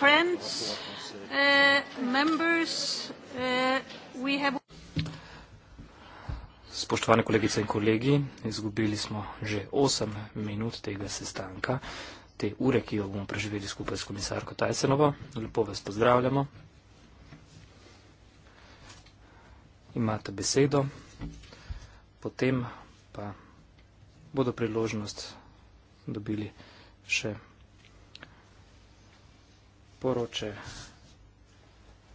friends, uh, members, uh, we have... Spoštovane kolegice in kolegi, izgubili smo že 8 minut tega sestanka, te ure, ki jo bomo preživeli skupaj s komisarko Tajsenovo. Lepo vas pozdravljamo. Imate besedo, potem pa bodo priložnost dobili še poroče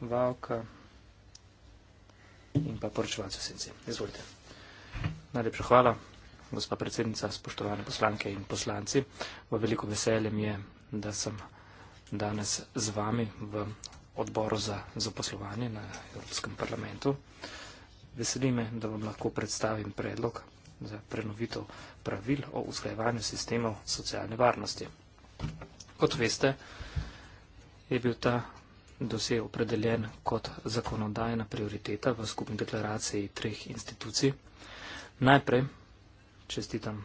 Valka in pa poročevalce Sence. Izvolite. Najlepša hvala, gospa predsednica, spoštovane poslanke in poslanci. V veliko veselje mi je, da sem danes z vami v odboru za zaposlovanje na Evropskem parlamentu. Veseli me, da vam lahko predstavim predlog za prenovitev pravil o usklajevanju sistemov socialne varnosti. Kot veste, je bil ta dosej opredeljen kot zakonodajna prioriteta v skupni deklaraciji treh institucij. Najprej čestitam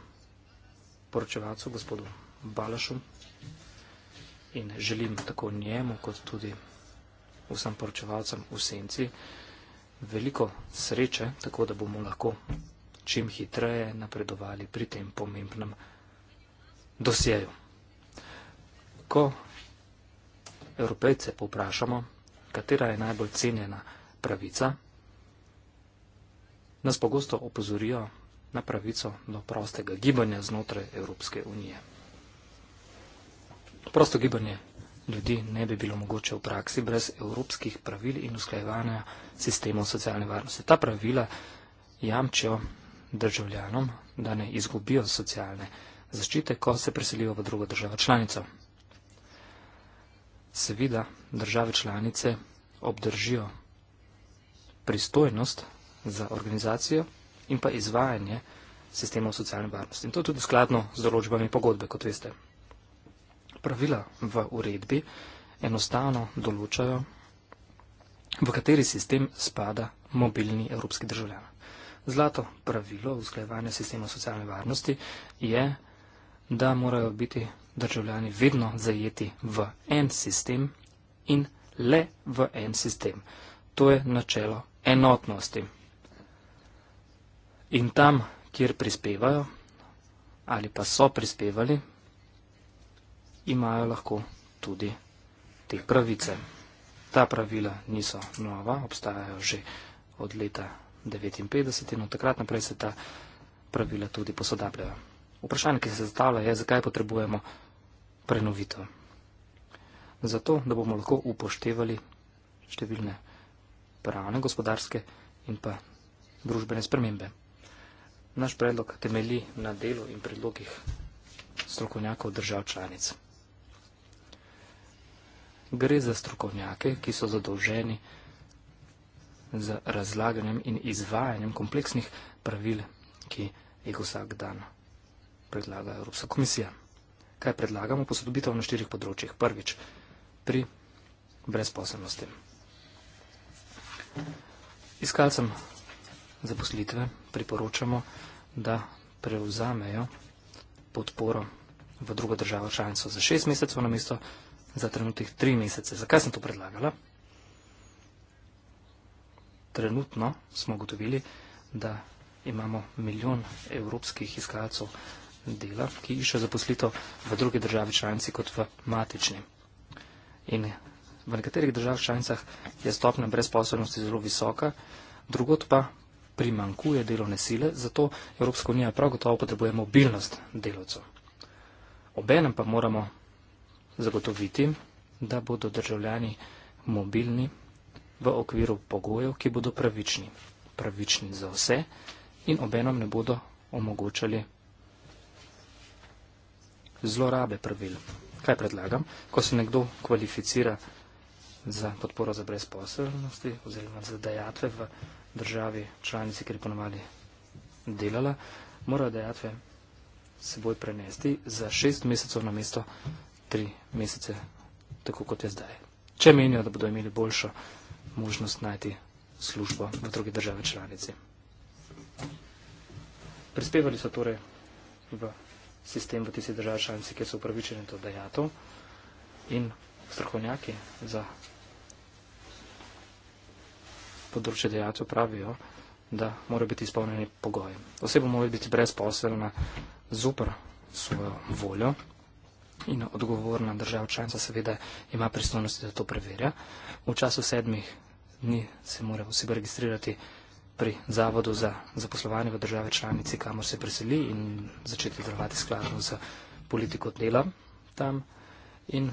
poročevalcu gospodu Balašu in želim tako njemu kot tudi vsem poročevalcem v senci veliko sreče, tako da bomo lahko čim hitreje napredovali pri tem pomembnem dosjeju. Ko evropejce povprašamo, katera je najbolj cenjena pravica, nas pogosto opozorijo na pravico do prostega gibanja znotraj Evropske unije. Prosto gibanje ljudi ne bi bilo mogoče v praksi brez evropskih pravil in usklajevanja sistemov socialne varnosti. Ta pravila jamčijo državljanom, da ne izgubijo socialne zaščite, ko se preselijo v drugo državo članico seveda države članice obdržijo pristojnost za organizacijo in pa izvajanje sistemov socialne varnosti. In to je tudi skladno z določbami pogodbe, kot veste. Pravila v uredbi enostavno določajo, v kateri sistem spada mobilni evropski državljan. Zlato pravilo vzglejevanja sistema socialne varnosti je, da morajo biti državljani vedno zajeti v en sistem in le v en sistem. To je načelo enotnosti. In tam, kjer prispevajo ali pa so prispevali, imajo lahko tudi te pravice. Ta pravila niso nova, obstajajo že od leta 1959 in od takrat naprej se ta pravila tudi posodabljajo. Vprašanje, ki se zastavlja, je, zakaj potrebujemo prenovitev. Zato, da bomo lahko upoštevali številne pravne, gospodarske in pa družbene spremembe. Naš predlog temeli na delu in predlogih strokovnjakov držav članic. Gre za strokovnjake, ki so zadolženi z razlaganjem in izvajanjem kompleksnih pravil, ki jih vsak dan predlaga Evropska komisija kaj predlagamo, posodobitev na štirih področjih. Prvič, pri brezposobnosti. Iskalcem zaposlitve priporočamo, da prevzamejo podporo v drugo državo članico za šest mesecev na mesto za trenutnih tri mesece. Zakaj sem to predlagala? Trenutno smo gotovili, da imamo milijon evropskih iskalcev dela, ki išče zaposlito v drugi državi članici kot v matični. In v nekaterih državah članicah je stopna brezposobnosti zelo visoka, drugot pa primankuje delovne sile, zato Evropska unija prav gotovo potrebuje mobilnost delovcev. Obenem pa moramo zagotoviti, da bodo državljani mobilni v okviru pogojev, ki bodo pravični. Pravični za vse in obenem ne bodo omogočali zlorabe pravil. Kaj predlagam? Ko se nekdo kvalificira za podporo za brezposelnosti oziroma za dejatve v državi članici, ki je ponovali delala, mora dejatve seboj prenesti za šest mesecev na mesto tri mesece, tako kot je zdaj. Če menijo, da bodo imeli boljšo možnost najti službo v drugi državi članici. Prispevali so torej v sistem v tisti državi članici, kjer so upravičeni to dejato in strokovnjaki za področje dejatev pravijo, da mora biti izpolnjeni pogoji. Oseba mora biti brezposelna zupr svojo voljo in odgovorna država članica seveda ima pristojnosti, da to preverja. V času sedmih dni se mora oseba registrirati pri Zavodu za zaposlovanje v države članici, kamor se preseli in začeti delovati skladno z politiko dela tam. In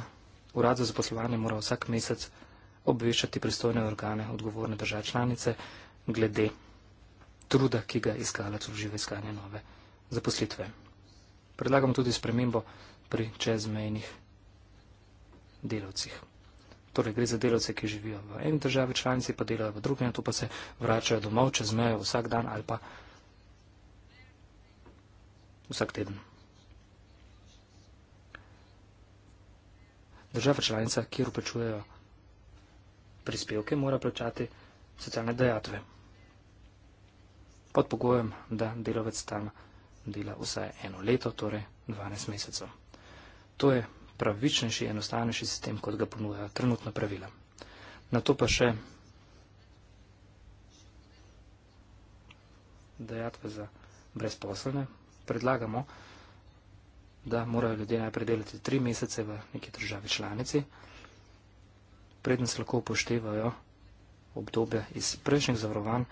urad za zaposlovanje mora vsak mesec obveščati pristojne organe odgovorne države članice glede truda, ki ga iskalec vživa iskanje nove zaposlitve. Predlagam tudi spremembo pri čezmejnih delavcih. Torej gre za delavce, ki živijo v eni državi članici, pa delajo v drugi, to pa se vračajo domov čez mejo vsak dan ali pa vsak teden. Država članica, kjer uplačujejo prispevke, mora plačati socialne dejatve. Pod pogojem, da delavec tam dela vsaj eno leto, torej 12 mesecev. To je pravičnejši, enostavnejši sistem, kot ga ponuja trenutna pravila. Na to pa še dejatve za brezposelne. Predlagamo, da morajo ljudje najprej delati tri mesece v neki državi članici, predn se lahko upoštevajo obdobje iz prejšnjih zavarovanj,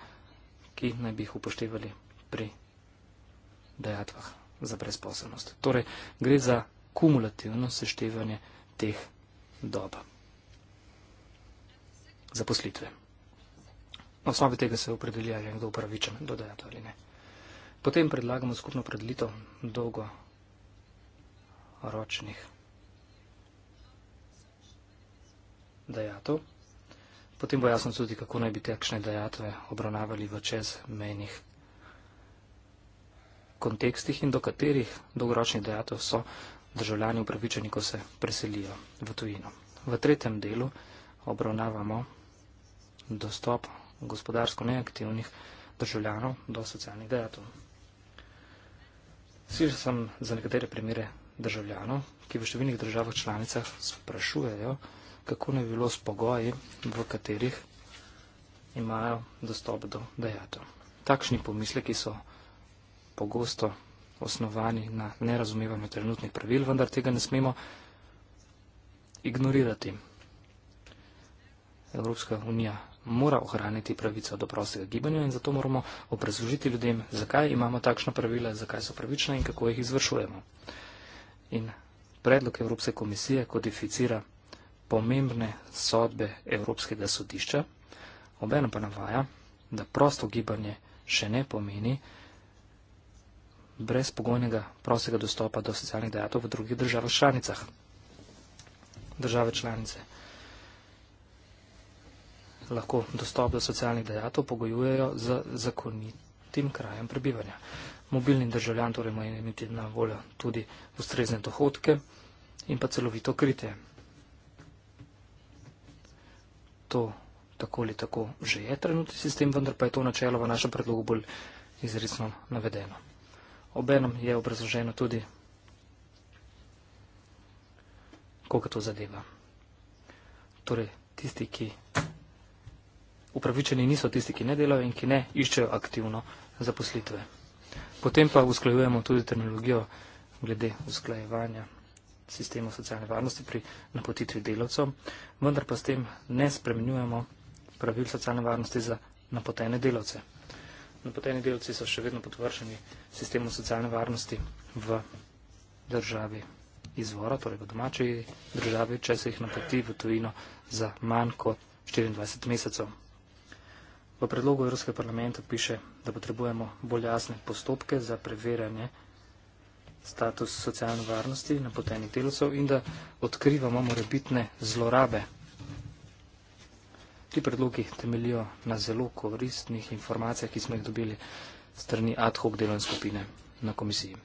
ki naj bi jih upoštevali pri dejatvah za brezposobnost. Torej, gre za kumulativno seštevanje teh dob. Zaposlitve. Na osnovi tega se opredeli, ali je kdo upravičen, dodajati ali ne. Potem predlagamo skupno predelitev dolgo ročnih dajatov. Potem bo jasno tudi, kako naj bi takšne dajatve obravnavali v čezmejnih kontekstih in do katerih dolgoročnih dajatov so državljani upravičeni, ko se preselijo v tujino. V tretjem delu obravnavamo dostop gospodarsko neaktivnih državljanov do socialnih dejatov. Slišal sem za nekatere primere državljanov, ki v številnih državah članicah sprašujejo, kako ne bi bilo s pogoji, v katerih imajo dostop do dejatov. Takšni pomisleki so pogosto osnovani na nerazumevanju trenutnih pravil, vendar tega ne smemo ignorirati. Evropska unija mora ohraniti pravico do prostega gibanja in zato moramo obrazložiti ljudem, zakaj imamo takšna pravila, zakaj so pravična in kako jih izvršujemo. In predlog Evropske komisije kodificira pomembne sodbe Evropskega sodišča, obeno pa navaja, da prosto gibanje še ne pomeni, brezpogojnega prostega dostopa do socialnih dejatov v drugih državah članicah. Države članice lahko dostop do socialnih dejatov pogojujejo z zakonitim krajem prebivanja. Mobilni državljan torej ima imeti na voljo tudi ustrezne dohodke in pa celovito kritje. To tako ali tako že je trenutni sistem, vendar pa je to načelo v našem predlogu bolj izrecno navedeno obenem je obrazloženo tudi, koliko to zadeva. Torej, tisti, ki upravičeni niso tisti, ki ne delajo in ki ne iščejo aktivno zaposlitve. Potem pa usklajujemo tudi terminologijo glede usklajevanja sistemov socialne varnosti pri napotitvi delavcev, vendar pa s tem ne spremenjujemo pravil socialne varnosti za napotene delavce napoteni no, delci so še vedno podvršeni sistemu socialne varnosti v državi izvora, torej v domači državi, če se jih napoti v tujino za manj kot 24 mesecev. V predlogu Evropskega parlamenta piše, da potrebujemo bolj jasne postopke za preverjanje status socialne varnosti napotenih delcev in da odkrivamo morebitne zlorabe Ti predlogi temeljijo na zelo koristnih informacijah, ki smo jih dobili strani ad hoc delovne skupine na komisiji.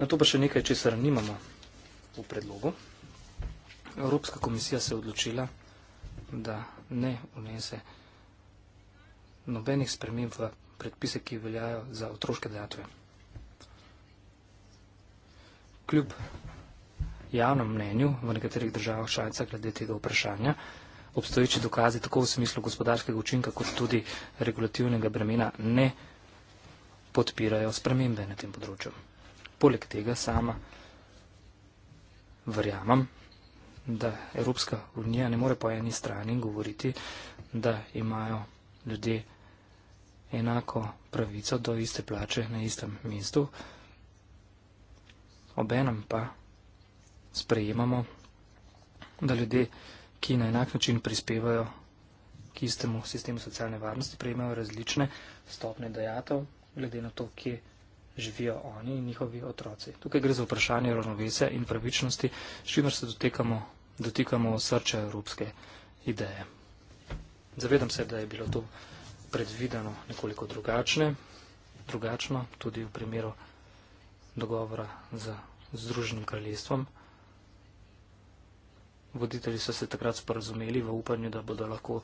Na to pa še nekaj, česar nimamo v predlogu. Evropska komisija se je odločila, da ne unese nobenih sprememb v predpise, ki veljajo za otroške dejatve. Kljub javnem mnenju v nekaterih državah članicah glede tega vprašanja. Obstoječi dokazi tako v smislu gospodarskega učinka, kot tudi regulativnega bremena ne podpirajo spremembe na tem področju. Poleg tega sama verjamem, da Evropska unija ne more po eni strani govoriti, da imajo ljudje enako pravico do iste plače na istem mestu, obenem pa sprejemamo, da ljudje, ki na enak način prispevajo k istemu sistemu socialne varnosti, prejemajo različne stopne dejatev, glede na to, kje živijo oni in njihovi otroci. Tukaj gre za vprašanje ravnovesja in pravičnosti, s čimer se dotekamo, dotikamo srča evropske ideje. Zavedam se, da je bilo to predvideno nekoliko drugačne, drugačno, tudi v primeru dogovora z Združenim kraljestvom. Voditelji so se takrat sporazumeli v upanju, da, lahko,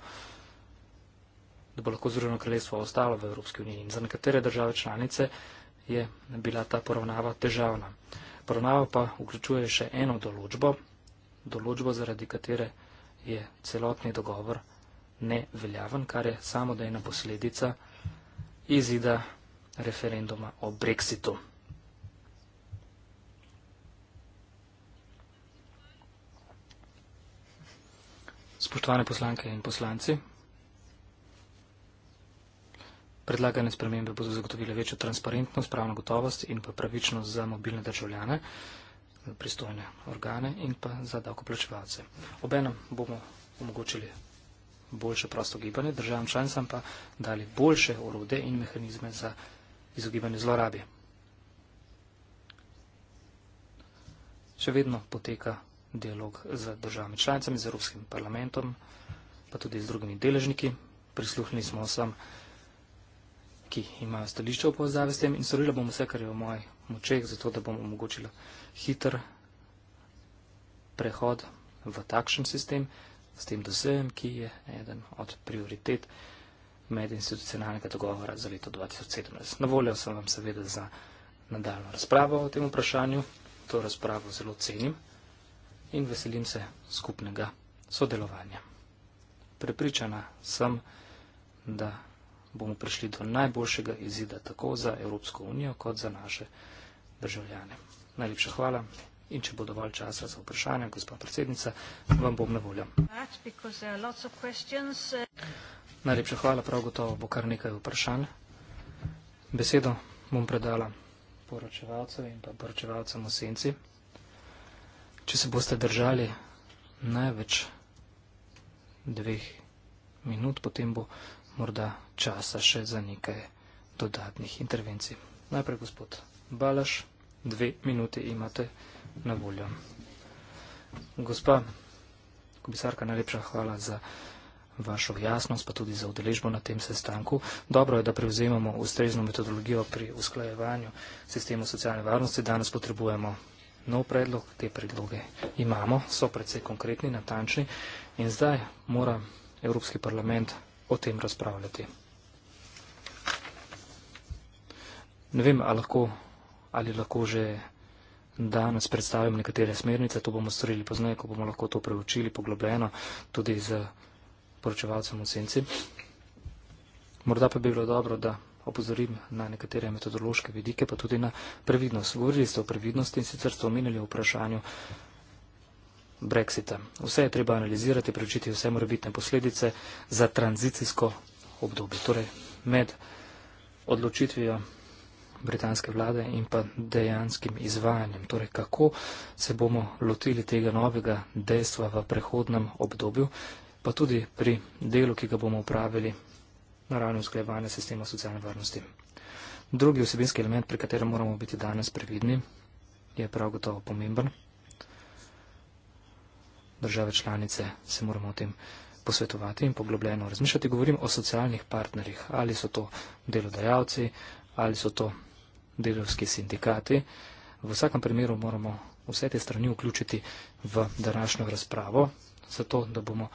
da bo lahko Združeno kraljestvo ostalo v Evropski uniji. In za nekatere države članice je bila ta poravnava težavna. Poravnava pa vključuje še eno določbo, določbo zaradi katere je celotni dogovor neveljaven, kar je samo da ena posledica izida referenduma o brexitu. Spoštovane poslanke in poslanci, predlagane spremembe bodo zagotovile večjo transparentnost, pravno gotovost in pa pravičnost za mobilne državljane, pristojne organe in pa za davkoplačevalce. Obenem bomo omogočili boljše prosto gibanje, državam članicam pa dali boljše orode in mehanizme za izogibanje zlorabi. Še vedno poteka dialog z državami članicami, z Evropskim parlamentom, pa tudi z drugimi deležniki. Prisluhnili smo vsem, ki imajo stališče o povezavi s tem in storila bom vse, kar je v mojih močeh, zato da bom omogočila hiter prehod v takšen sistem s tem dosejem, ki je eden od prioritet medinstitucionalnega dogovora za leto 2017. Na voljo sem vam seveda za nadaljno razpravo o tem vprašanju. To razpravo zelo cenim in veselim se skupnega sodelovanja. Prepričana sem, da bomo prišli do najboljšega izida tako za Evropsko unijo, kot za naše državljane. Najlepša hvala in če bo dovolj časa za vprašanje, gospa predsednica, vam bom na voljo. Najlepša hvala, prav gotovo bo kar nekaj vprašanj. Besedo bom predala poročevalcev in pa poročevalcem v senci če se boste držali največ dveh minut, potem bo morda časa še za nekaj dodatnih intervencij. Najprej gospod Balaš, dve minute imate na voljo. Gospa komisarka, najlepša hvala za vašo jasnost, pa tudi za udeležbo na tem sestanku. Dobro je, da prevzemamo ustrezno metodologijo pri usklajevanju sistemu socialne varnosti. Danes potrebujemo nov predlog, te predloge imamo, so predvsej konkretni, natančni in zdaj mora Evropski parlament o tem razpravljati. Ne vem, ali lahko, ali lahko že danes predstavim nekatere smernice, to bomo storili pozneje, ko bomo lahko to preučili poglobljeno tudi z poročevalcem v senci. Morda pa bi bilo dobro, da opozorim na nekatere metodološke vidike, pa tudi na previdnost. Govorili ste o previdnosti in sicer ste omenili o vprašanju Brexita. Vse je treba analizirati, preučiti vse morebitne posledice za tranzicijsko obdobje, torej med odločitvijo britanske vlade in pa dejanskim izvajanjem. Torej, kako se bomo lotili tega novega dejstva v prehodnem obdobju, pa tudi pri delu, ki ga bomo upravili na ravni usklajevanja sistema socialne varnosti. Drugi vsebinski element, pri katerem moramo biti danes previdni, je prav gotovo pomemben. Države članice se moramo o tem posvetovati in poglobljeno razmišljati. Govorim o socialnih partnerjih. Ali so to delodajalci, ali so to delovski sindikati. V vsakem primeru moramo vse te strani vključiti v današnjo razpravo, zato da bomo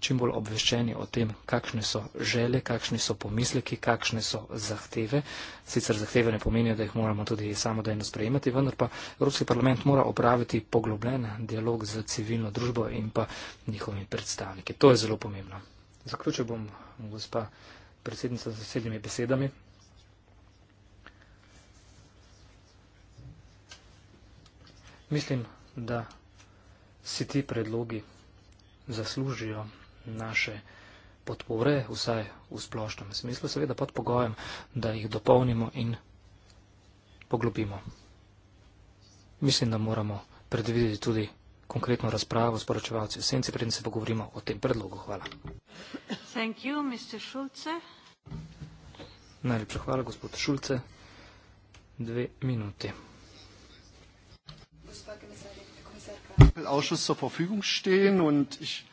čim bolj obveščeni o tem, kakšne so žele, kakšni so pomisleki, kakšne so zahteve. Sicer zahteve ne pomenijo, da jih moramo tudi samodejno sprejemati, vendar pa Evropski parlament mora opraviti poglobljen dialog z civilno družbo in pa njihovimi predstavniki. To je zelo pomembno. Zaključil bom, gospa predsednica, z naslednjimi besedami. Mislim, da si ti predlogi zaslužijo naše podpore, vsaj v splošnem smislu, seveda pod pogojem, da jih dopolnimo in poglobimo. Mislim, da moramo predvideti tudi konkretno razpravo s poročevalci v Senci, preden se pogovorimo o tem predlogu. Hvala. You, Najlepša hvala, gospod Šulce. Dve minuti. Ausschuss zur Verfügung stehen und ich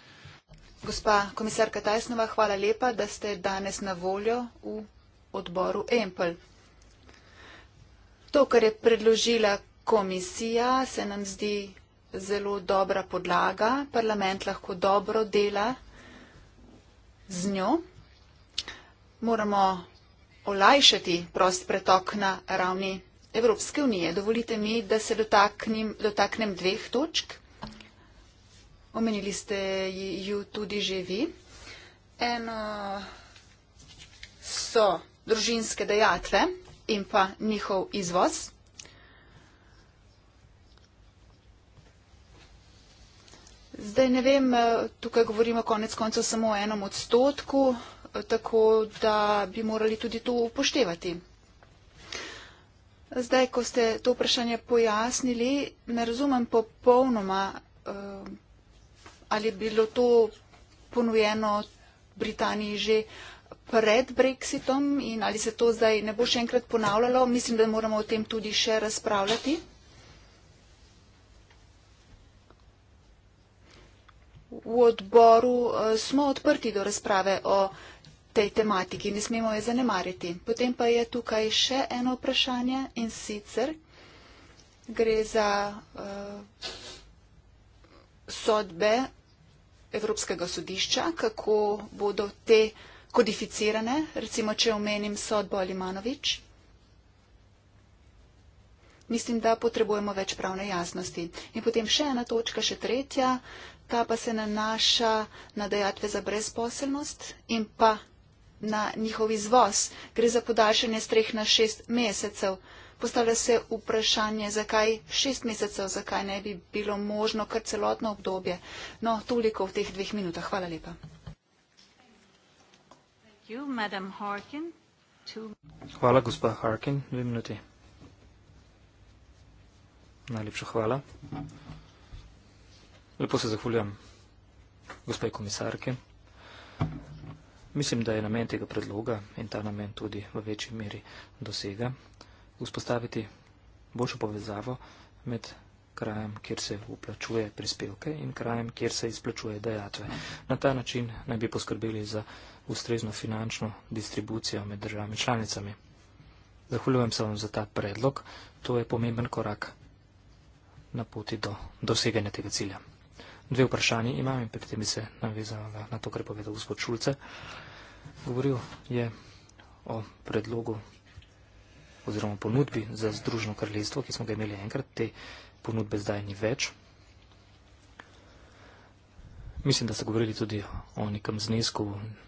Gospa komisarka Tajsnova, hvala lepa, da ste danes na voljo v odboru EMPL. To, kar je predložila komisija, se nam zdi zelo dobra podlaga. Parlament lahko dobro dela z njo. Moramo olajšati prost pretok na ravni Evropske unije. Dovolite mi, da se dotaknem, dotaknem dveh točk. Omenili ste ju tudi že vi. Eno so družinske dejatve in pa njihov izvoz. Zdaj ne vem, tukaj govorimo konec koncev samo o enem odstotku, tako da bi morali tudi to upoštevati. Zdaj, ko ste to vprašanje pojasnili, ne razumem popolnoma. Uh, ali je bilo to ponujeno Britaniji že pred Brexitom in ali se to zdaj ne bo še enkrat ponavljalo. Mislim, da moramo o tem tudi še razpravljati. V odboru eh, smo odprti do razprave o tej tematiki, ne smemo je zanemariti. Potem pa je tukaj še eno vprašanje in sicer gre za uh, sodbe Evropskega sodišča, kako bodo te kodificirane, recimo, če omenim sodbo ali Manovič. Mislim, da potrebujemo več pravne jasnosti. In potem še ena točka, še tretja, ta pa se nanaša na dejatve za brezposelnost in pa na njihov izvoz. Gre za podaljšanje streh na šest mesecev postavlja se vprašanje, zakaj šest mesecev, zakaj ne bi bilo možno kar celotno obdobje. No, toliko v teh dveh minutah. Hvala lepa. Hvala, gospa Harkin. Dve minuti. Najlepša hvala. Lepo se zahvaljam, gospe komisarke. Mislim, da je namen tega predloga in ta namen tudi v večji meri dosega vzpostaviti boljšo povezavo med krajem, kjer se uplačuje prispevke in krajem, kjer se izplačuje dejatve. Na ta način naj bi poskrbeli za ustrezno finančno distribucijo med državami članicami. Zahvaljujem se vam za ta predlog, to je pomemben korak na poti do doseganja tega cilja. Dve vprašanje imam in pri tem bi se navezala na to, kar je povedal gospod Šulce. Govoril je o predlogu oziroma ponudbi za Združeno kraljestvo, ki smo ga imeli enkrat, te ponudbe zdaj ni več. Mislim, da ste govorili tudi o nekem znesku,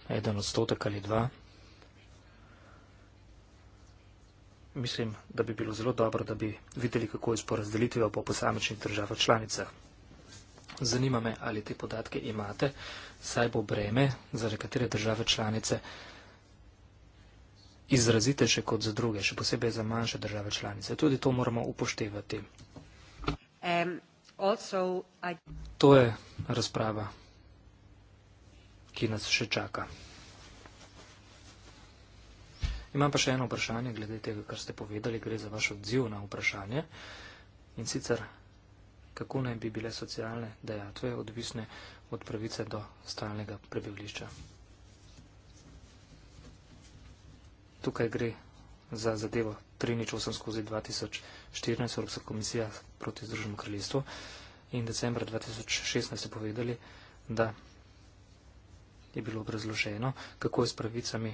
eden odstotek ali dva. Mislim, da bi bilo zelo dobro, da bi videli, kako je s porazdelitvijo po posamečnih državah članicah. Zanima me, ali te podatke imate, saj bo breme za nekatere države članice izraziteše kot za druge, še posebej za manjše države članice. Tudi to moramo upoštevati. Um, also, I... To je razprava, ki nas še čaka. Imam pa še eno vprašanje, glede tega, kar ste povedali, gre za vaš odziv na vprašanje. In sicer, kako naj bi bile socialne dejatve odvisne od pravice do stalnega prebivališča? tukaj gre za zadevo 38 skozi 2014 Evropska komisija proti Združenemu kraljestvu in decembra 2016 so povedali, da je bilo obrazloženo, kako je s pravicami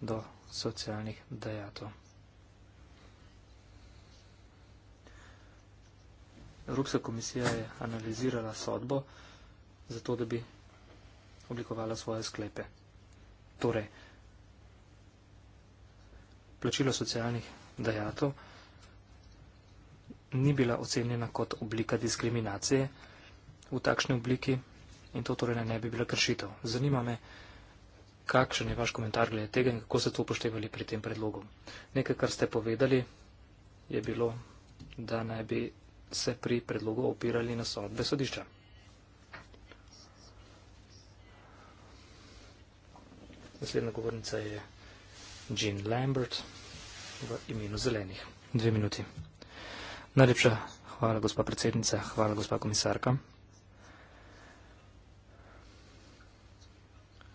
do socialnih dejatov. Evropska komisija je analizirala sodbo, zato da bi oblikovala svoje sklepe. Torej, plačilo socialnih dajatov ni bila ocenjena kot oblika diskriminacije v takšni obliki in to torej ne bi bila kršitev. Zanima me, kakšen je vaš komentar glede tega in kako ste to upoštevali pri tem predlogu. Nekaj, kar ste povedali, je bilo, da naj bi se pri predlogu opirali na sodbe sodišča. Naslednja govornica je Jean Lambert v imenu zelenih. Dve minuti. Najlepša hvala, gospa predsednica, hvala, gospa komisarka.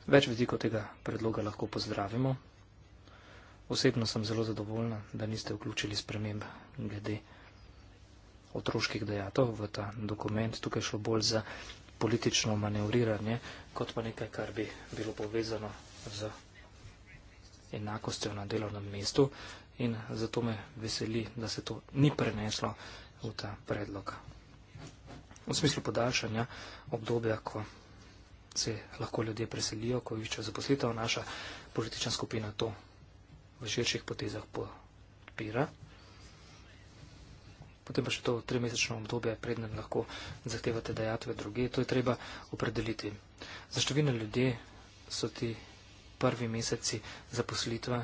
Več vidikov tega predloga lahko pozdravimo. Osebno sem zelo zadovoljna, da niste vključili sprememb glede otroških dejatov v ta dokument. Tukaj šlo bolj za politično manevriranje, kot pa nekaj, kar bi bilo povezano z enakostjo na delovnem mestu in zato me veseli, da se to ni preneslo v ta predlog. V smislu podaljšanja obdobja, ko se lahko ljudje preselijo, ko jih če zaposlitev naša politična skupina to v širših potezah podpira. Potem pa še to trimesečno obdobje, prednjem lahko zahtevate dajatve druge, to je treba opredeliti. Za številne ljudje so ti prvi meseci zaposlitve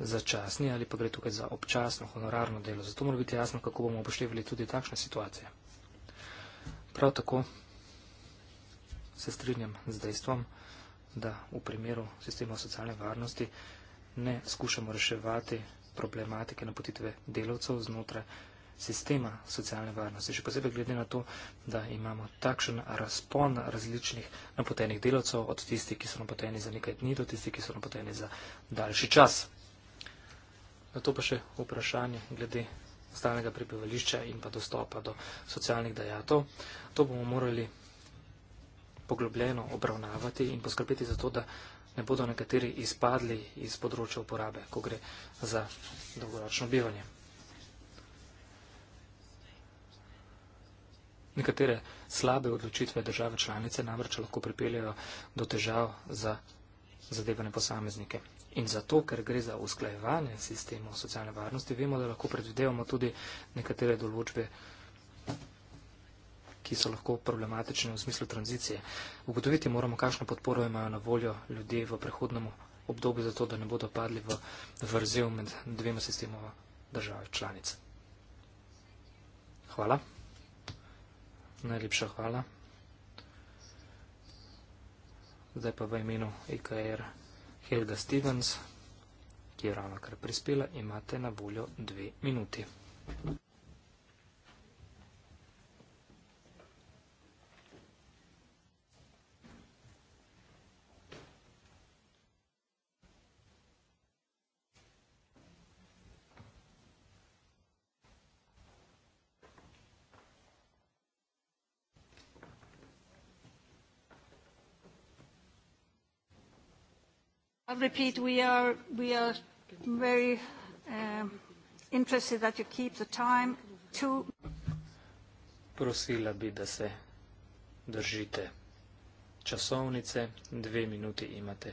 začasni ali pa gre tukaj za občasno, honorarno delo. Zato mora biti jasno, kako bomo upoštevali tudi takšne situacije. Prav tako se strinjam z dejstvom, da v primeru sistema socialne varnosti ne skušamo reševati problematike napotitve delavcev znotraj sistema socialne varnosti. Še posebej glede na to, da imamo takšen razpon različnih napotenih delavcev, od tistih, ki so napoteni za nekaj dni, do tistih, ki so napoteni za daljši čas. Na to pa še vprašanje glede stalnega prebivališča in pa dostopa do socialnih dajatov. To bomo morali poglobljeno obravnavati in poskrbeti za to, da ne bodo nekateri izpadli iz področja uporabe, ko gre za dolgoročno bivanje. Nekatere slabe odločitve države članice namreč lahko pripeljajo do težav za zadevane posameznike. In zato, ker gre za usklajevanje sistemov socialne varnosti, vemo, da lahko predvidevamo tudi nekatere določbe, ki so lahko problematične v smislu tranzicije. Ugotoviti moramo, kakšno podporo imajo na voljo ljudje v prehodnem obdobju, zato da ne bodo padli v vrzel med dvema sistemova države članice. Hvala. Najlepša hvala. Zdaj pa v imenu IKR. E Hilda Stevens, ki je ravno kar prispela, imate na voljo dve minuti. I'll repeat, we are, we are very um, interested that you keep the time to... Prosila bi, da se držite časovnice, dve minuti imate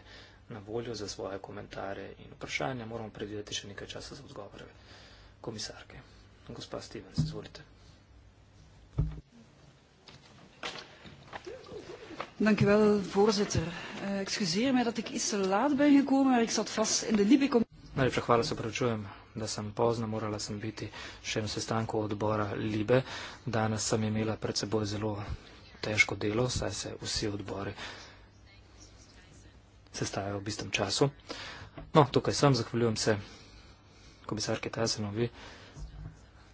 na voljo za svoje komentare in vprašanja. Moramo predvideti še nekaj časa za odgovore komisarke. Gospa Stevens, izvolite. Dank u wel, voorzitter. Uh, excuseer mij dat ik iets te laat ben gekomen, maar ik zat vast in de Libicom. Najlepša hvala se pravčujem, da sem pozna, morala sem biti še na sestanku odbora Libe. Danes sem imela pred seboj zelo težko delo, saj se vsi odbori sestajajo v bistvem času. No, tukaj sem, zahvaljujem se komisarki Tasenovi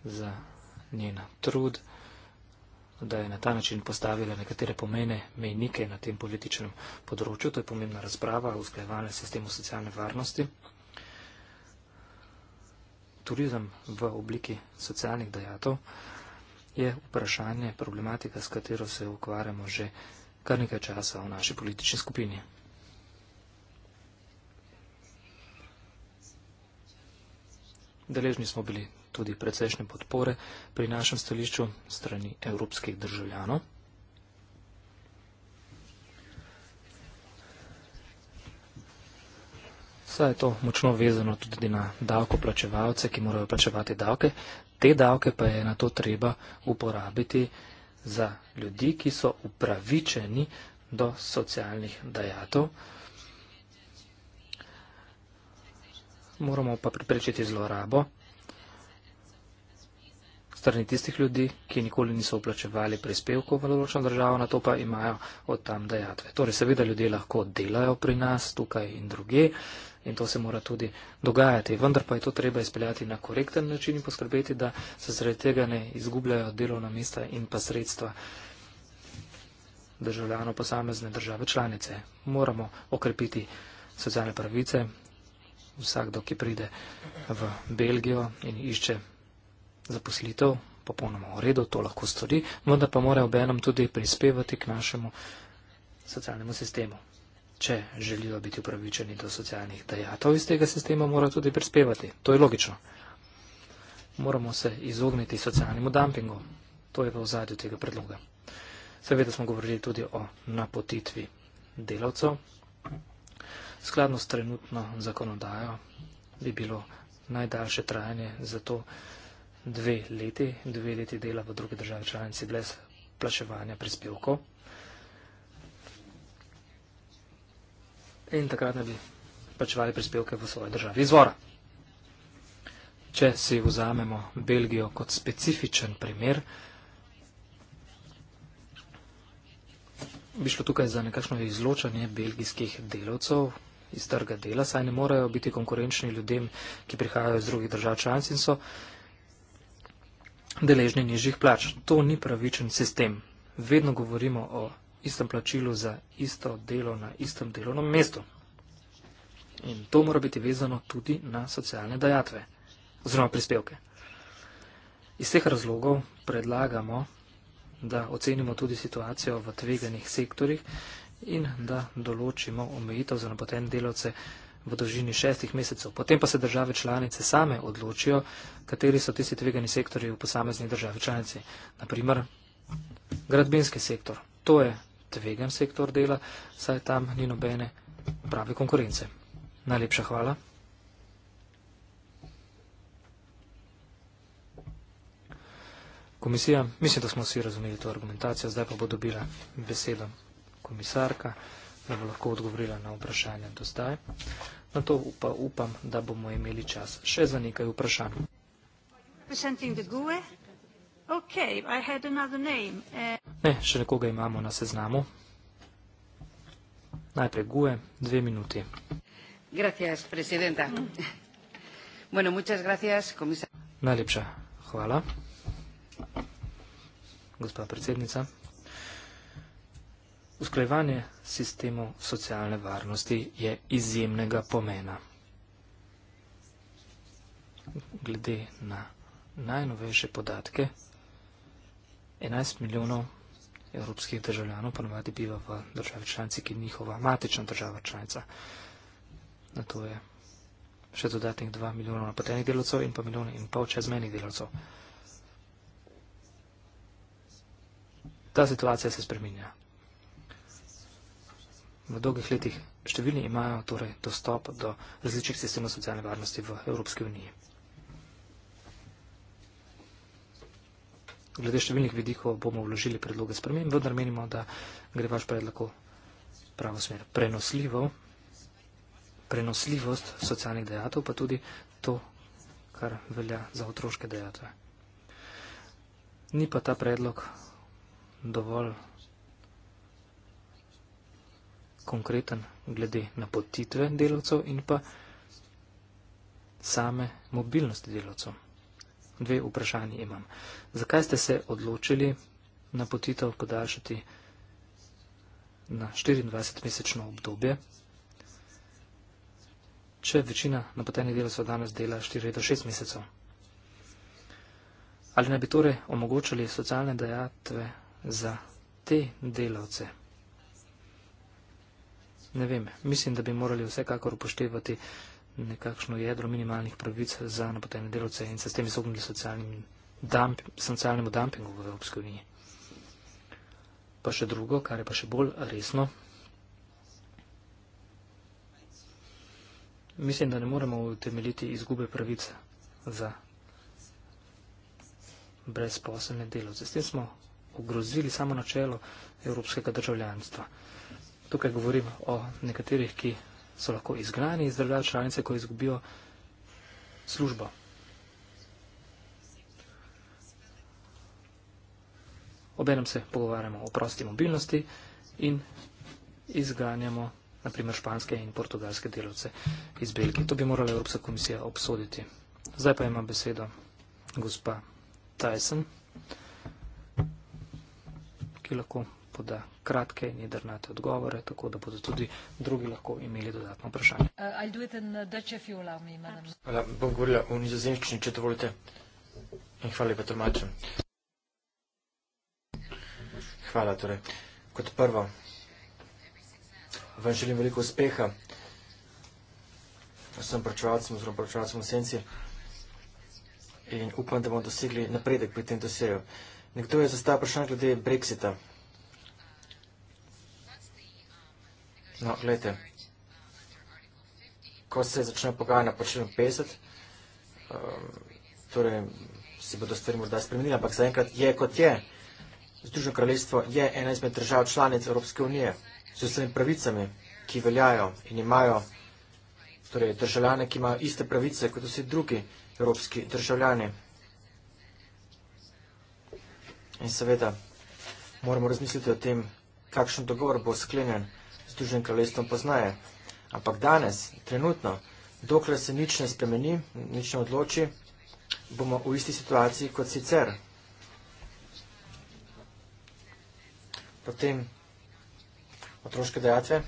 za njen trud da je na ta način postavila nekatere pomene mejnike na tem političnem področju. To je pomembna razprava o usklajevanju sistemu socialne varnosti. Turizem v obliki socialnih dejatov je vprašanje, problematika, s katero se ukvarjamo že kar nekaj časa v naši politični skupini. Deležni smo bili tudi precejšnje podpore pri našem stališču strani evropskih državljanov. Saj je to močno vezano tudi na davkoplačevalce, ki morajo plačevati davke. Te davke pa je na to treba uporabiti za ljudi, ki so upravičeni do socialnih dajatov. Moramo pa priprečiti zlorabo strani tistih ljudi, ki nikoli niso uplačevali prispevkov v določeno državo, na to pa imajo od tam dejatve. Torej, seveda ljudje lahko delajo pri nas, tukaj in druge in to se mora tudi dogajati. Vendar pa je to treba izpeljati na korekten način in poskrbeti, da se zaradi tega ne izgubljajo delovna mesta in pa sredstva državljano posamezne države članice. Moramo okrepiti socialne pravice. Vsakdo, ki pride v Belgijo in išče zaposlitev, popolnoma v redu, to lahko stori, vendar pa mora obenem tudi prispevati k našemu socialnemu sistemu. Če želijo biti upravičeni do socialnih dejatov iz tega sistema, mora tudi prispevati. To je logično. Moramo se izogniti socialnemu dumpingu. To je pa v zadju tega predloga. Seveda smo govorili tudi o napotitvi delavcev. Skladno s trenutno zakonodajo bi bilo najdaljše trajanje za to, dve leti, dve leti dela v druge države članice brez plaševanja prispevkov. In takrat ne bi plačevali prispevke v svoje države izvora. Če si vzamemo Belgijo kot specifičen primer, bi šlo tukaj za nekakšno izločanje belgijskih delavcev iz trga dela, saj ne morejo biti konkurenčni ljudem, ki prihajajo iz drugih držav članic in so deležni nižjih plač. To ni pravičen sistem. Vedno govorimo o istem plačilu za isto delo na istem delovnem mestu. In to mora biti vezano tudi na socialne dajatve oziroma prispevke. Iz teh razlogov predlagamo, da ocenimo tudi situacijo v tveganih sektorjih in da določimo omejitev za napoten delavce v dolžini šestih mesecev. Potem pa se države članice same odločijo, kateri so tisti tvegani sektori v posamezni državi članici. Naprimer, gradbinski sektor. To je tvegan sektor dela, saj tam ni nobene prave konkurence. Najlepša hvala. Komisija, mislim, da smo vsi razumeli to argumentacijo, zdaj pa bo dobila besedo komisarka da bo lahko odgovorila na vprašanje do zdaj. Na to upa, upam, da bomo imeli čas še za nekaj vprašanj. E? Okay, uh... Ne, še nekoga imamo na seznamu. Najprej Gue, dve minuti. Gracias, presidenta. Bueno, muchas gracias, komisar. Najlepša hvala, gospa predsednica. Usklajevanje sistemov socialne varnosti je izjemnega pomena. Glede na najnovejše podatke, 11 milijonov evropskih državljanov ponovadi biva v državi članci, ki je njihova matična država članica. Na to je še dodatnih 2 milijonov napotenih delovcev in pa milijon in pol čezmenih delovcev. Ta situacija se spreminja v dolgih letih številni imajo torej dostop do različnih sistemov socialne varnosti v Evropski uniji. Glede številnih vidikov bomo vložili predloge spremem, vendar menimo, da gre vaš predlako pravo smer. Prenosljivo, prenosljivost socialnih dejatov, pa tudi to, kar velja za otroške dejatve. Ni pa ta predlog dovolj vsega, konkreten glede napotitve delavcev in pa same mobilnosti delavcev. Dve vprašanje imam. Zakaj ste se odločili napotitev podaljšati na 24-mesečno obdobje? Če večina napotenih delavcev danes dela 4 do 6 mesecev. Ali ne bi torej omogočili socialne dejatve za te delavce? ne vem. Mislim, da bi morali vsekakor upoštevati nekakšno jedro minimalnih pravic za napotene delovce in se s tem izogniti damp socialnemu dumpingu v Evropski uniji. Pa še drugo, kar je pa še bolj resno. Mislim, da ne moremo utemeljiti izgube pravice za brezposelne delovce. S tem smo ogrozili samo načelo evropskega državljanstva. Tukaj govorim o nekaterih, ki so lahko izgnani iz države članice, ko izgubijo službo. Obenem se pogovarjamo o prosti mobilnosti in izganjamo naprimer španske in portugalske delovce iz Belgije. To bi morala Evropska komisija obsoditi. Zdaj pa ima besedo gospa Tyson, ki lahko gospoda kratke in jedrnate odgovore, tako da bodo tudi drugi lahko imeli dodatno vprašanje. Uh, uh hvala, bom govorila o nizozemščini, če dovolite. In hvala lepa tolmačem. Hvala torej. Kot prvo, vam želim veliko uspeha. Vsem pročevalcem oziroma pročevalcem v senci in upam, da bomo dosegli napredek pri tem doseju. Nekdo je zastavil vprašanje glede Brexita. No, gledajte, ko se začne pogajanja po členu 50, um, ehm, torej si bodo stvari morda spremenili, ampak zaenkrat je kot je. Združeno kraljestvo je ena izmed držav članic Evropske unije z vsemi pravicami, ki veljajo in imajo torej, državljane, ki imajo iste pravice kot vsi drugi evropski državljani. In seveda moramo razmisliti o tem, kakšen dogovor bo sklenjen. Združenim kraljestvom poznaje. Ampak danes, trenutno, dokler se nič ne spremeni, nič ne odloči, bomo v isti situaciji kot sicer. Potem otroške dejatve,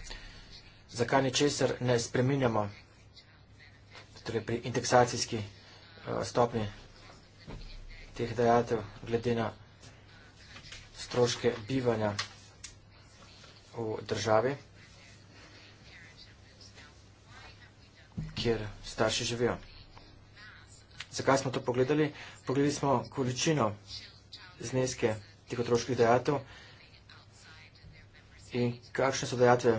zakaj ničesar ne spreminjamo, torej pri indeksacijski eh, stopni teh dejatev, glede na stroške bivanja v državi. kjer starši živijo. Zakaj smo to pogledali? Pogledali smo količino zneske teh otroških dejatev in kakšne so dejatve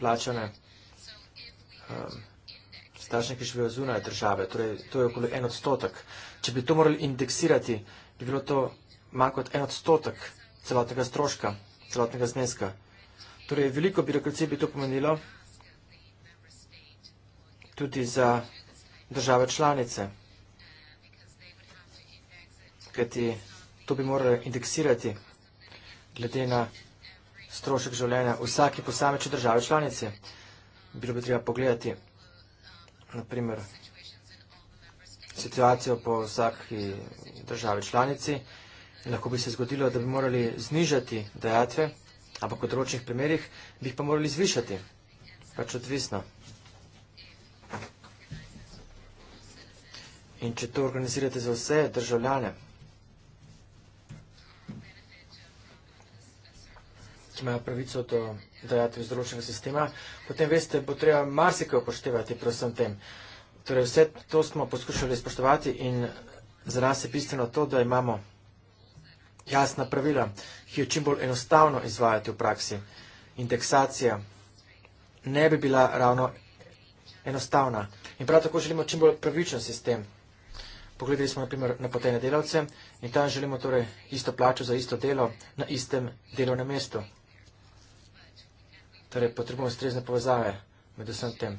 plačane um, starši, ki živijo zunaj države. Torej, to je okoli en odstotek. Če bi to morali indeksirati, bi bilo to manj kot en odstotek celotnega stroška, celotnega zneska. Torej, veliko birokracije bi to pomenilo tudi za države članice, kajti to bi morali indeksirati glede na strošek življenja vsake posameče države članice. Bilo bi treba pogledati, naprimer, situacijo po vsaki državi članici. Lahko bi se zgodilo, da bi morali znižati dejatve, ampak v odročnih primerih bi jih pa morali zvišati, pač odvisno. In če to organizirate za vse državljane, ki imajo pravico do dajatev iz določenega sistema, potem veste, bo treba marsikaj upoštevati pri vsem tem. Torej vse to smo poskušali spoštovati in za nas je bistveno to, da imamo jasna pravila, ki jo čim bolj enostavno izvajati v praksi. Indeksacija ne bi bila ravno enostavna. In prav tako želimo čim bolj pravičen sistem. Pogledali smo naprimer na potene delavce in tam želimo torej isto plačo za isto delo na istem delovnem mestu. Torej potrebujemo strezne povezave med vsem tem.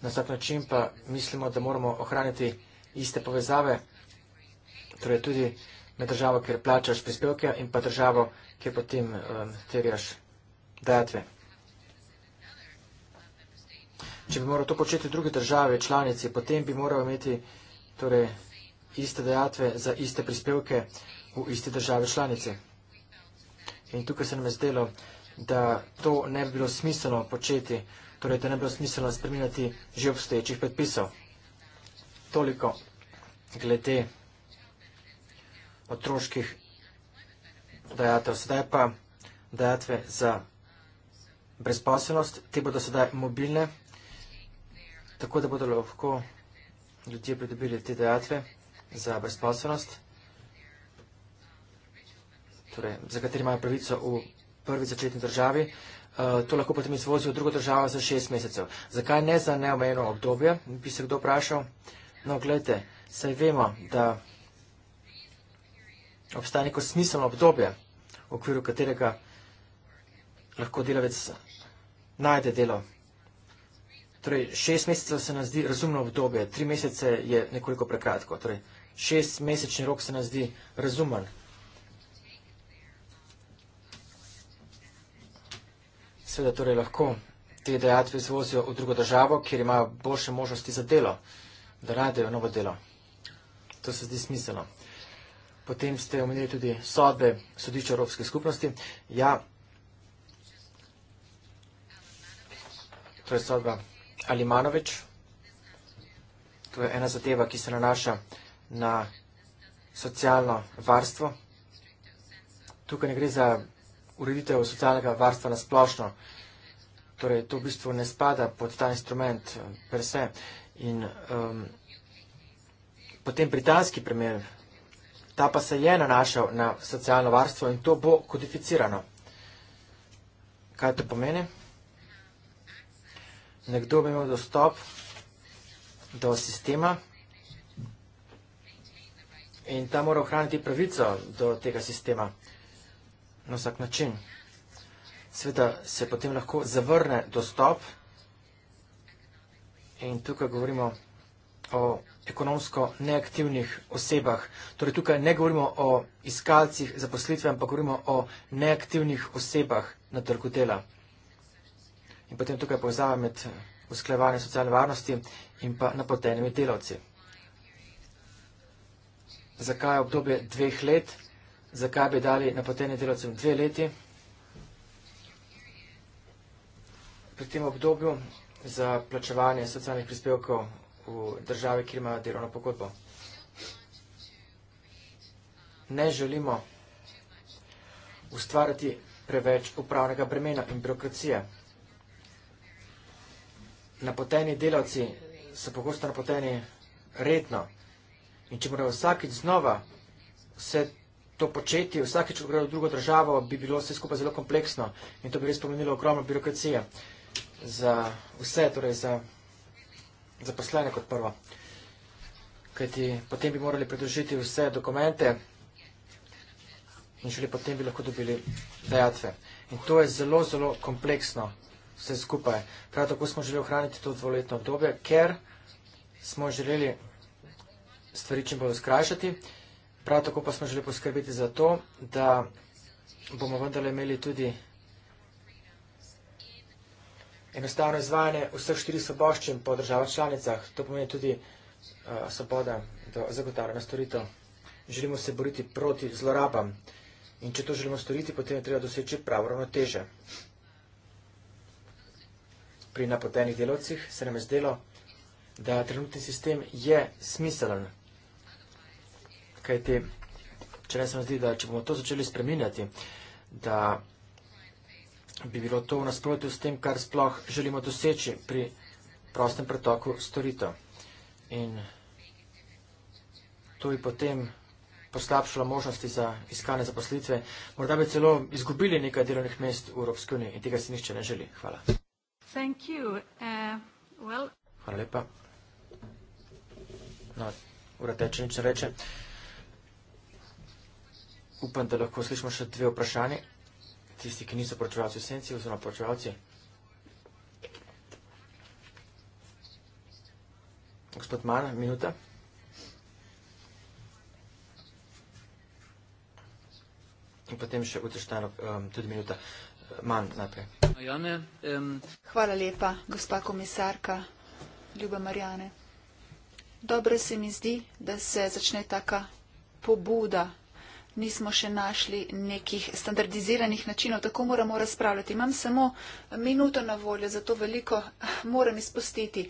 Na vsak način pa mislimo, da moramo ohraniti iste povezave, torej tudi med državo, kjer plačaš prispevke in pa državo, kjer potem um, terjaš dajatve. Če bi moral to početi v drugi državi, članici, potem bi moral imeti torej, iste dejatve za iste prispevke v iste države članice. In tukaj se nam je zdelo, da to ne bi bilo smiselno početi, torej da ne bi bilo smiselno spremljati že obstoječih predpisov. Toliko glede otroških dajatev. Sedaj pa dajatve za brezposobnost, te bodo sedaj mobilne, tako da bodo lahko ljudje pridobili te dajatve za brezposobnost, torej, za kateri imajo pravico v prvi začetni državi, eh, to lahko potem izvozijo v drugo državo za šest mesecev. Zakaj ne za neomejeno obdobje, bi se kdo vprašal. No, gledajte, saj vemo, da obstaja neko smiselno obdobje, v okviru katerega lahko delavec najde delo. Torej, šest mesecev se nam zdi razumno obdobje, tri mesece je nekoliko prekratko. Torej, šestmesečni rok se nam zdi razumen. Seveda torej lahko te dejatve izvozijo v drugo državo, kjer imajo boljše možnosti za delo, da najdejo novo delo. To se zdi smiselno. Potem ste omenili tudi sodbe sodišča Evropske skupnosti. Ja, to je sodba Alimanovič. To je ena zadeva, ki se nanaša na socialno varstvo. Tukaj ne gre za ureditev socialnega varstva na splošno. Torej, to v bistvu ne spada pod ta instrument eh, per se. In um, potem britanski primer, ta pa se je nanašal na socialno varstvo in to bo kodificirano. Kaj to pomeni? Nekdo bi imel dostop do sistema, In ta mora ohraniti pravico do tega sistema na vsak način. Sveda se potem lahko zavrne dostop in tukaj govorimo o ekonomsko neaktivnih osebah. Torej tukaj ne govorimo o iskalcih zaposlitve, ampak govorimo o neaktivnih osebah na trgu dela. In potem tukaj povezava med usklajevanjem socialne varnosti in pa napotenimi delavci zakaj je obdobje dveh let, zakaj bi dali napotenim delovcem dve leti. Pri tem obdobju za plačevanje socialnih prispevkov v državi, kjer ima delovno pogodbo. Ne želimo ustvariti preveč upravnega bremena in birokracije. Napoteni delavci so pogosto napoteni redno. In če morajo vsakeč znova vse to početi, vsakeč, ko grejo v drugo državo, bi bilo vse skupaj zelo kompleksno in to bi res pomenilo ogromno birokracije za vse, torej za zaposlene kot prvo. Kajti potem bi morali predložiti vse dokumente in šele potem bi lahko dobili dejatve. In to je zelo, zelo kompleksno vse skupaj. Prav tako smo želeli ohraniti to dvoletno obdobje, ker smo želeli stvari čim bolj skrajšati. Prav tako pa smo želeli poskrbeti za to, da bomo vendarle imeli tudi enostavno izvajanje vseh štirih svoboščin po državah članicah. To pomeni tudi uh, svoboda do zagotavljanja storitev. Želimo se boriti proti zlorabam in če to želimo storiti, potem je treba doseči pravo ravnoteže. Pri napotenih delovcih se nam je zdelo, da trenutni sistem je smiselen kajti če ne se mi zdi, da če bomo to začeli spreminjati, da bi bilo to v nasprotju s tem, kar sploh želimo doseči pri prostem pretoku storitev. In to bi potem poslabšalo možnosti za iskanje zaposlitve. Morda bi celo izgubili nekaj delovnih mest v Evropski uniji in tega si nišče ne želi. Hvala. Uh, Hvala lepa. No, ura teče, nič ne reče upam, da lahko slišimo še dve vprašanje. Tisti, ki niso poročevalci v senci, oziroma poročevalci. Gospod Man, minuta. In potem še utrištajno um, tudi minuta. Man, najprej. Marjane. Hvala lepa, gospa komisarka, ljuba Marjane. Dobro se mi zdi, da se začne taka pobuda nismo še našli nekih standardiziranih načinov, tako moramo razpravljati. Imam samo minuto na voljo, zato veliko moram izpustiti.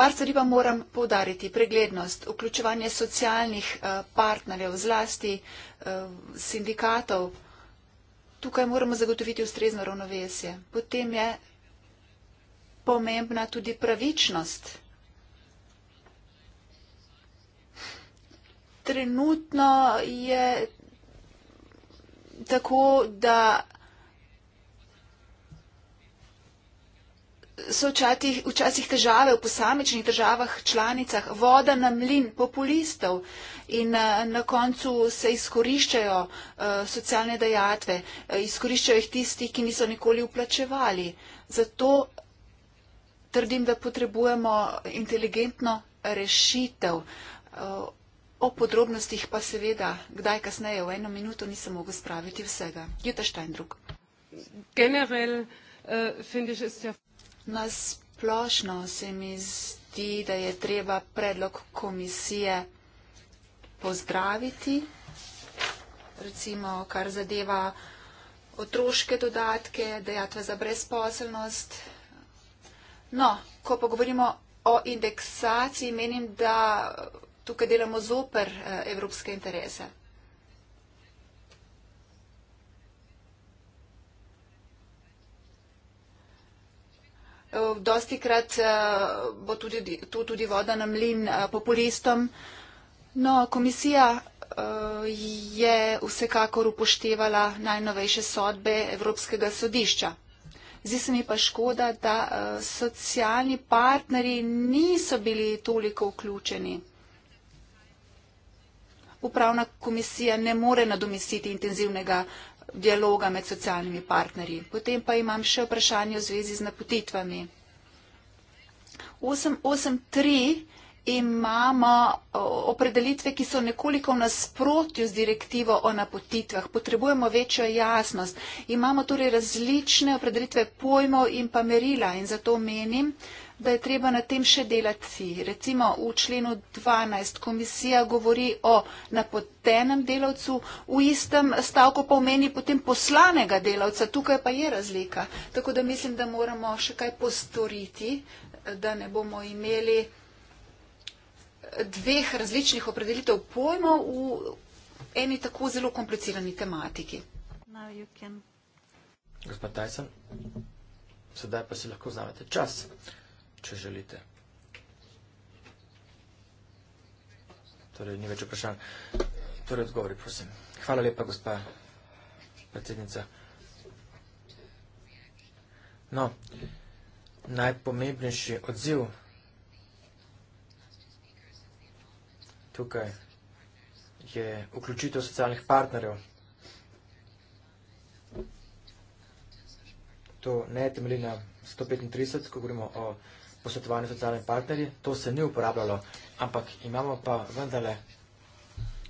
Par stvari pa moram povdariti. Preglednost, vključevanje socialnih eh, partnerjev, zlasti eh, sindikatov. Tukaj moramo zagotoviti ustrezno ravnovesje. Potem je pomembna tudi pravičnost. Trenutno je tako, da so včatih, včasih težave v posamečnih državah, članicah, voda na mlin populistov in eh, na koncu se izkoriščajo uh, socialne dejatve, eh, izkoriščajo jih tisti, ki niso nikoli uplačevali. Zato trdim, da potrebujemo inteligentno rešitev. Uh, O podrobnostih pa seveda, kdaj kasneje v eno minuto nisem mogel spraviti vsega. Jutta Steindruck. Generell, uh, ja... Na splošno se mi zdi, da je treba predlog komisije pozdraviti, recimo kar zadeva otroške dodatke, dejatve za brezposelnost. No, ko pa govorimo o indeksaciji, menim, da tukaj delamo zoper eh, evropske interese. Eh, Dosti krat eh, bo tudi, to tudi voda na mlin populistom. No, komisija je vsekakor upoštevala najnovejše sodbe Evropskega sodišča. Zdi se mi pa škoda, da socialni partneri niso bili toliko vključeni upravna komisija ne more nadomestiti intenzivnega dialoga med socialnimi partnerji. Potem pa imam še vprašanje v zvezi z napotitvami. 8.3 imamo opredelitve, ki so nekoliko v nasprotju z direktivo o napotitvah. Potrebujemo večjo jasnost. Imamo torej različne opredelitve pojmov in pa merila in zato menim, da da je treba na tem še delati. Recimo v členu 12 komisija govori o napotenem delavcu, v istem stavku pa omeni potem poslanega delavca. Tukaj pa je razlika. Tako da mislim, da moramo še kaj postoriti, da ne bomo imeli dveh različnih opredelitev pojmov v eni tako zelo komplicirani tematiki. Gospod Dyson, sedaj pa si lahko vzamete čas. Uh, če želite. Torej, ni več vprašanj. Torej, odgovori, prosim. Hvala lepa, gospa predsednica. No, najpomembnejši odziv tukaj je vključitev socialnih partnerjev. To ne temeli na 135, ko govorimo o posvetovanje socialne partnerje, to se ni uporabljalo, ampak imamo pa vendarle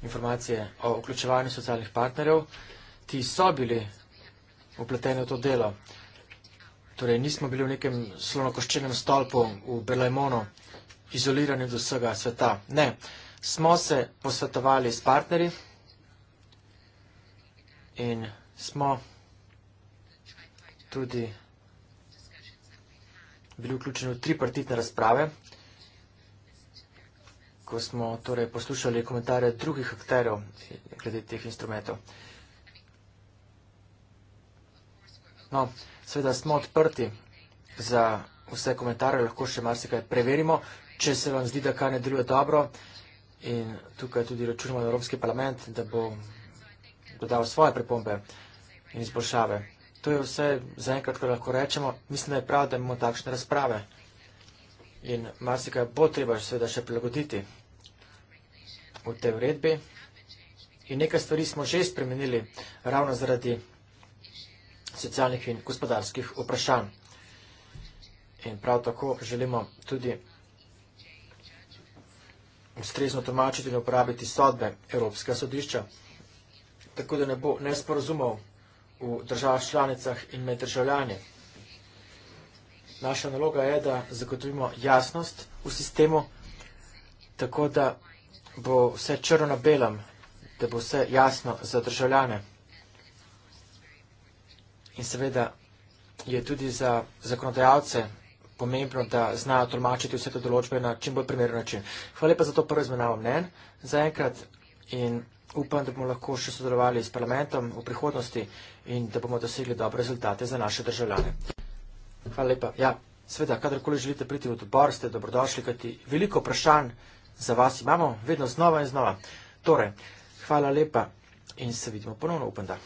informacije o vključevanju socialnih partnerjev, ti so bili upleteni v to delo. Torej, nismo bili v nekem slonokoščenem stolpu v Berlajmonu, izolirani od vsega sveta. Ne, smo se posvetovali s partnerji in smo tudi bili vključeni v tripartitne razprave, ko smo torej poslušali komentarje drugih akterjev glede teh instrumentov. No, seveda smo odprti za vse komentarje, lahko še marsikaj preverimo, če se vam zdi, da kaj ne deluje dobro in tukaj tudi računamo na Evropski parlament, da bo dodal svoje pripombe in izboljšave. To je vse zaenkrat, kar lahko rečemo. Mislim, da je prav, da imamo takšne razprave. In marsikaj bo treba seveda še prilagoditi v tej vredbi. In nekaj stvari smo že spremenili ravno zaradi socialnih in gospodarskih vprašanj. In prav tako želimo tudi ustrezno tomačiti in uporabiti sodbe Evropskega sodišča, tako da ne bo nesporozumov v državah članicah in med državljanje. Naša naloga je, da zagotovimo jasnost v sistemu, tako da bo vse črno na belem, da bo vse jasno za državljane. In seveda je tudi za zakonodajalce pomembno, da znajo tolmačiti vse te določbe na čim bolj primeren način. Hvala lepa za to prvo izmenavo mnen. Zaenkrat in. Upam, da bomo lahko še sodelovali s parlamentom v prihodnosti in da bomo dosegli dobre rezultate za naše državljane. Hvala lepa. Ja, sveda, kadarkoli želite priti v odbor, ste dobrodošli, kajti veliko vprašanj za vas imamo vedno znova in znova. Torej, hvala lepa in se vidimo ponovno, upam da.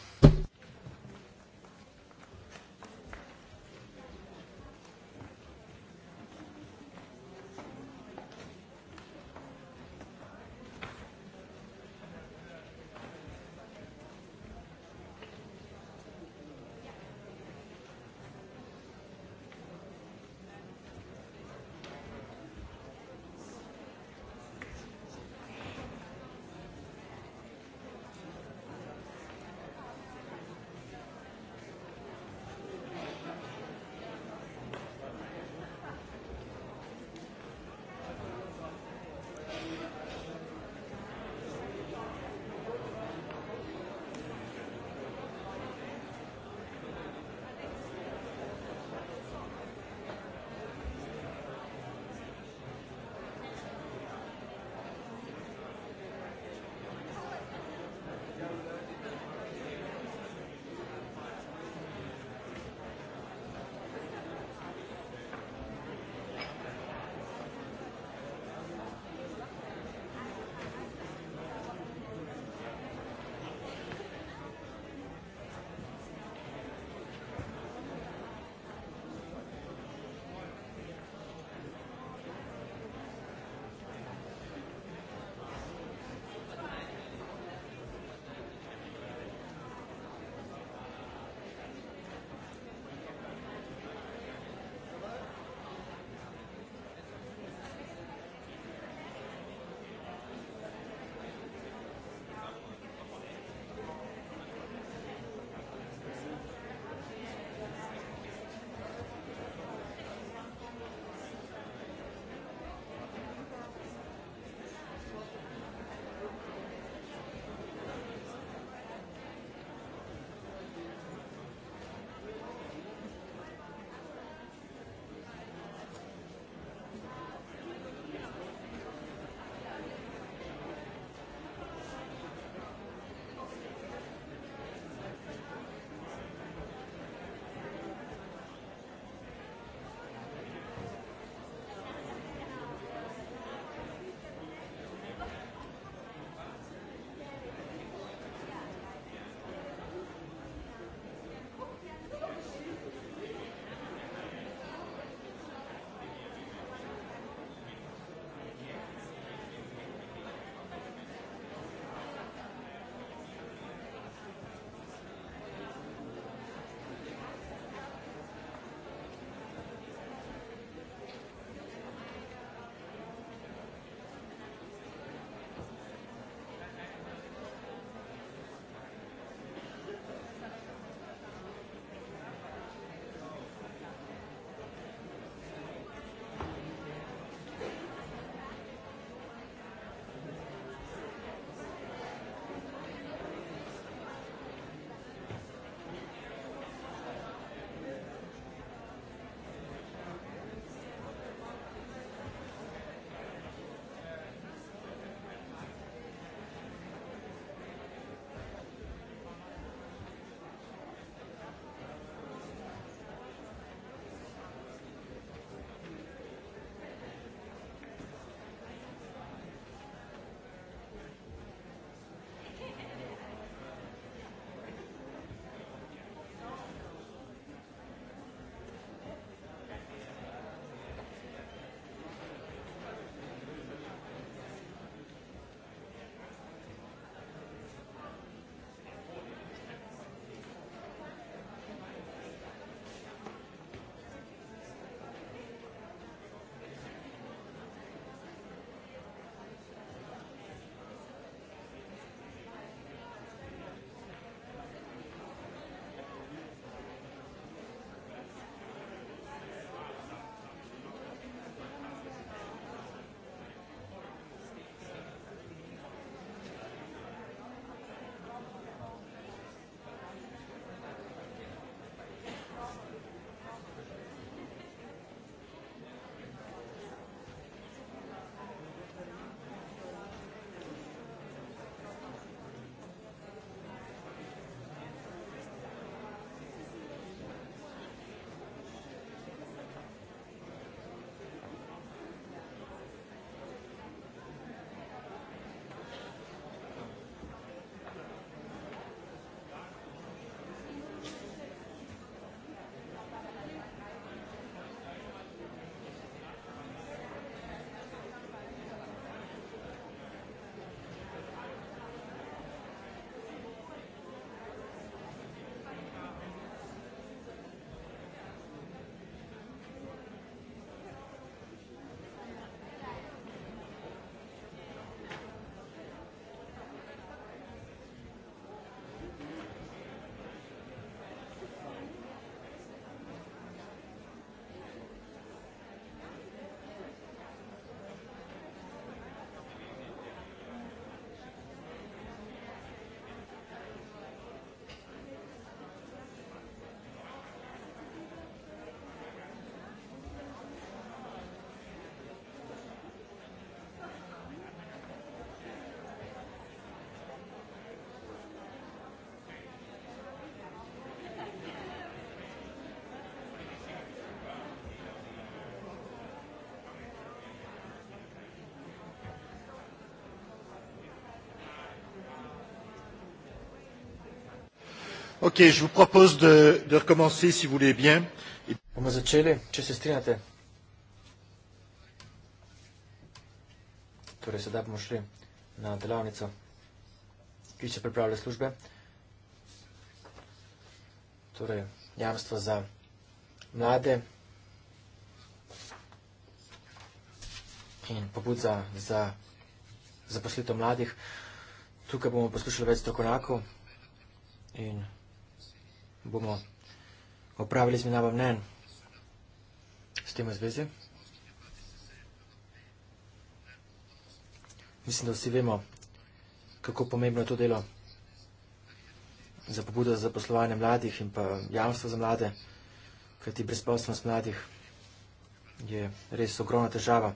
Ok, je vous propose de, de recommencer si vous voulez bien. Bomo začeli, če se strinjate. Torej, sedaj bomo šli na delavnico, ki se pripravlja službe. Torej, jamstvo za mlade in pobud za, za zaposlitev mladih. Tukaj bomo poslušali več strokovnjakov in bomo opravili izmenjavo mnen s tem v zvezi. Mislim, da vsi vemo, kako pomembno je to delo za pobudo za zaposlovanje mladih in pa javnstvo za mlade, kajti brezposobnost mladih je res ogromna težava.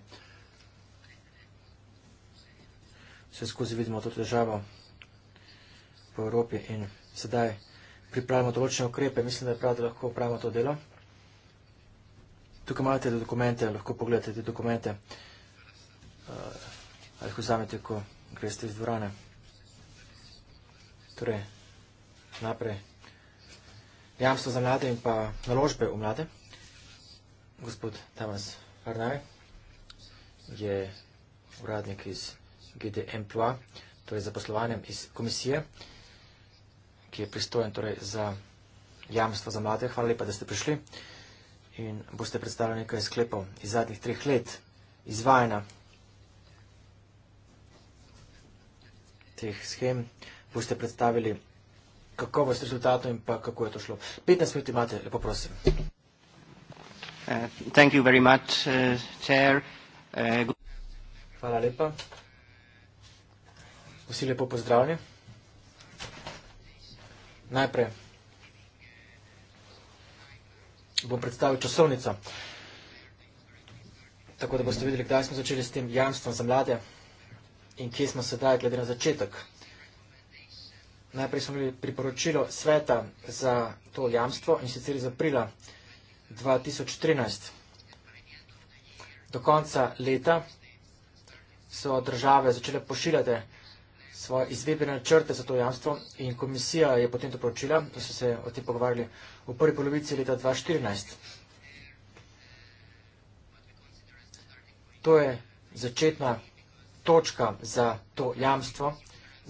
Vse skozi vidimo to težavo po Evropi in sedaj pripravimo določene ukrepe, mislim, da je prav, da lahko upravimo to delo. Tukaj imate dokumente, lahko pogledate te dokumente, uh, ali jih vzamete, ko greste iz dvorane. Torej, naprej. Jamstvo za mlade in pa naložbe v mlade. Gospod Tamas Arnaj je uradnik iz GDM2, torej zaposlovanjem iz komisije ki je pristojen torej, za jamstvo za mlade. Hvala lepa, da ste prišli in boste predstavili nekaj sklepov iz zadnjih treh let izvajanja teh schem. Boste predstavili kakovost rezultatov in pa kako je to šlo. 15 minut imate, lepo prosim. Uh, thank you very much, uh, chair. Uh, Hvala lepa. Vsi lepo pozdravljeni najprej bom predstavil časovnico. Tako da boste videli, kdaj smo začeli s tem jamstvom za mlade in kje smo sedaj, glede na začetek. Najprej smo imeli priporočilo sveta za to jamstvo in sicer iz aprila 2013. Do konca leta so države začele pošiljati svoje izvedbene načrte za to jamstvo in komisija je potem to poročila, da so se o tem pogovarjali v prvi polovici leta 2014. To je začetna točka za to jamstvo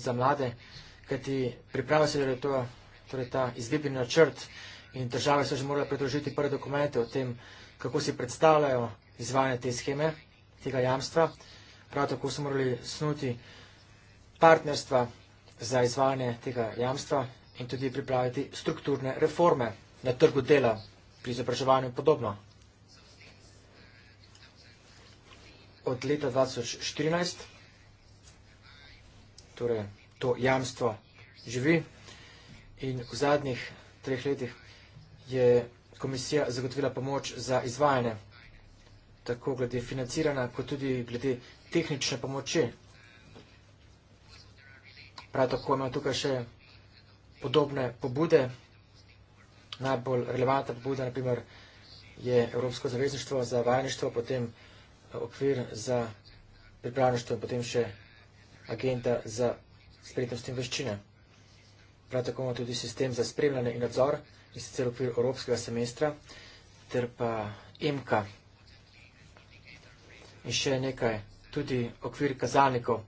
za mlade, kajti pripravo se je to, torej ta izvedbeni načrt in države so že morali predložiti prve dokumente o tem, kako si predstavljajo izvajanje te scheme, tega jamstva. Prav tako so morali snuti partnerstva za izvajanje tega jamstva in tudi pripraviti strukturne reforme na trgu dela, pri izobraževanju in podobno. Od leta 2014 torej to jamstvo živi in v zadnjih treh letih je komisija zagotovila pomoč za izvajanje tako glede financirana, kot tudi glede tehnične pomoči Prav tako imamo tukaj še podobne pobude, najbolj relevantna pobuda, naprimer, je Evropsko zavezništvo za vajništvo, potem eh, okvir za pripravništvo in potem še agenda za spretnost in veščine. Prav tako imamo tudi sistem za spremljanje in nadzor, in sicer okvir Evropskega semestra, ter pa EMKA. In še nekaj, tudi okvir kazalnikov,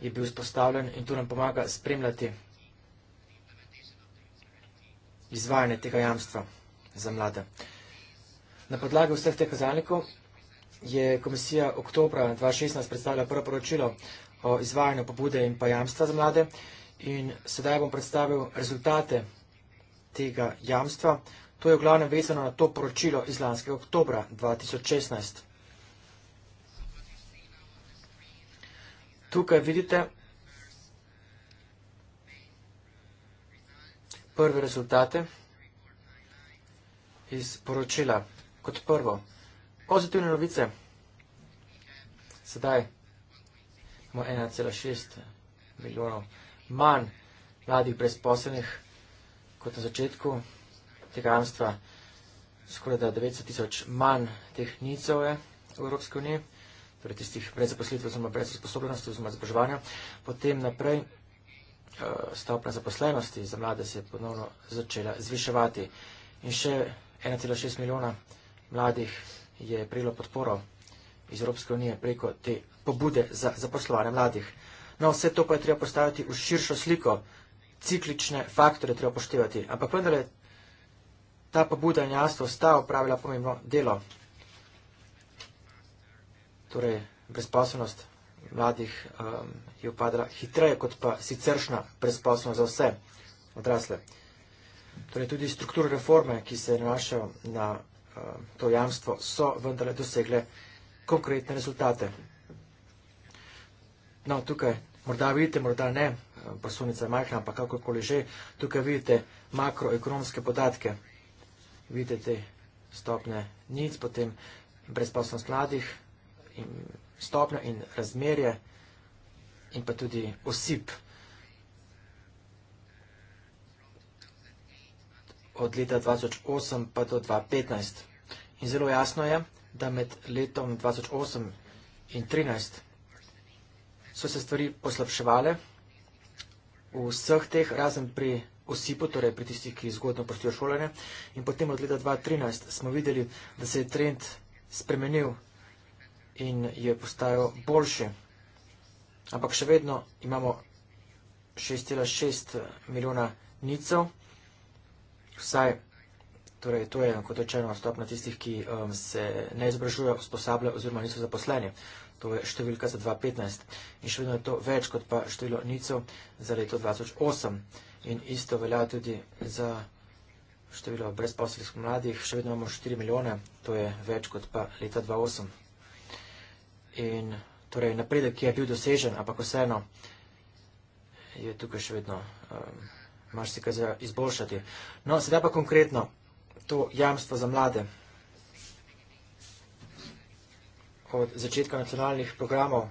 je bil spostavljen in to nam pomaga spremljati izvajanje tega jamstva za mlade. Na podlagi vseh teh kazalnikov je komisija oktobra 2016 predstavila prvo poročilo o izvajanju pobude in pa jamstva za mlade in sedaj bom predstavil rezultate tega jamstva. To je v glavnem vezano na to poročilo iz lanskega oktobra 2016. Tukaj vidite prve rezultate iz poročila. Kot prvo, pozitivne novice. Sedaj imamo 1,6 milijonov manj mladih brezposelnih kot na začetku tega amstva. Skoraj da 900 tisoč manj teh nicov je v Evropske unije torej tistih brez zaposlitve oziroma brez sposobnosti oziroma izobraževanja. Potem naprej eh, stopna zaposlenosti za mlade se je ponovno začela zviševati in še 1,6 milijona mladih je prejelo podporo iz Evropske unije preko te pobude za zaposlovanje mladih. No, vse to pa je treba postaviti v širšo sliko, ciklične faktore treba poštevati, ampak vendar je ta pobuda in jastvo sta opravila pomembno delo torej brezposobnost mladih um, je upadla hitreje kot pa siceršna brezposobnost za vse odrasle. Torej tudi strukture reforme, ki se nanašajo na um, to jamstvo, so vendarle dosegle konkretne rezultate. No, tukaj morda vidite, morda ne, um, prosunica je majhna, ampak kakorkoli že, tukaj vidite makroekonomske podatke, vidite te stopne nic, potem brezposobnost mladih, in stopnjo in razmerje in pa tudi osip. od leta 2008 pa do 2015. In zelo jasno je, da med letom 2008 in 2013 so se stvari poslabševale v vseh teh, razen pri osipu, torej pri tistih, ki zgodno postijo šolanje. In potem od leta 2013 smo videli, da se je trend spremenil in je postajal boljši. Ampak še vedno imamo 6,6 eh, milijona nicev, vsaj, torej to je, kot rečeno, stopna tistih, ki um, se ne izbražujo, sposablja oziroma niso zaposleni. To je številka za 2015 in še vedno je to več kot pa število nicev za leto 2008. In isto velja tudi za število brezposelskih mladih, še vedno imamo 4 milijone, to je več kot pa leta 2008 in torej napredek je bil dosežen, ampak vseeno je tukaj še vedno um, marsikaj za izboljšati. No, sedaj pa konkretno to jamstvo za mlade od začetka nacionalnih programov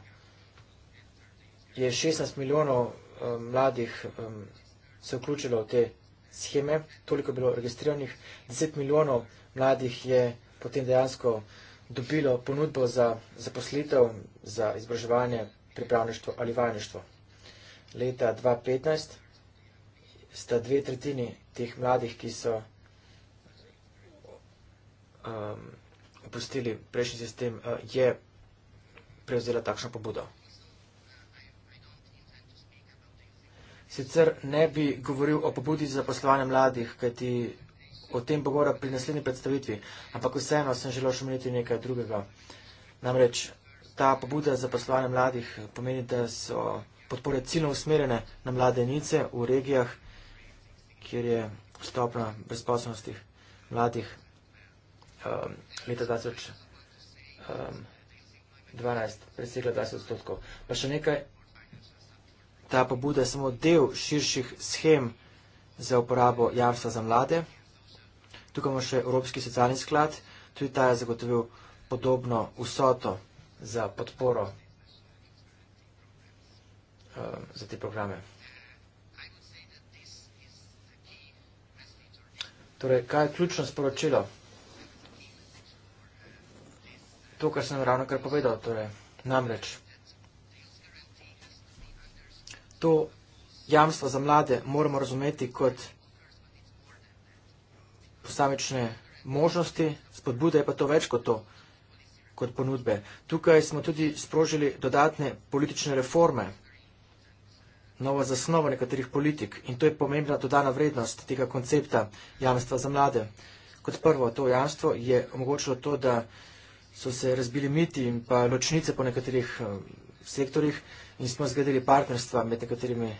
je 16 milijonov um, mladih um, se vključilo v te scheme, toliko je bilo registriranih, 10 milijonov mladih je potem dejansko dobilo ponudbo za zaposlitev, za izobraževanje, pripravništvo ali vajništvo. Leta 2015 sta dve tretjini teh mladih, ki so um, opustili prejšnji sistem, uh, je prevzela takšno pobudo. Sicer ne bi govoril o pobudi za poslovanje mladih, kajti o tem pogovora pri naslednji predstavitvi, ampak vseeno sem želel še omeniti nekaj drugega. Namreč ta pobuda za poslovanje mladih pomeni, da so podpore ciljno usmerjene na mlade enice v regijah, kjer je stopna brezposobnosti mladih um, leta 2012 um, presegla 20 odstotkov. Pa še nekaj, ta pobuda je samo del širših schem za uporabo javstva za mlade. Tukaj imamo še Evropski socialni sklad, tudi ta je zagotovil podobno vsoto za podporo eh, za te programe. Torej, kaj je ključno sporočilo? To, kar sem ravno kar povedal, torej, namreč. To jamstvo za mlade moramo razumeti kot vsega, posamične možnosti, spodbude je pa to več kot to, kot ponudbe. Tukaj smo tudi sprožili dodatne politične reforme, novo zasnovo nekaterih politik in to je pomembna dodana vrednost tega koncepta jamstva za mlade. Kot prvo, to jamstvo je omogočilo to, da so se razbili miti in pa ločnice po nekaterih eh, sektorjih in smo zgledali partnerstva med nekaterimi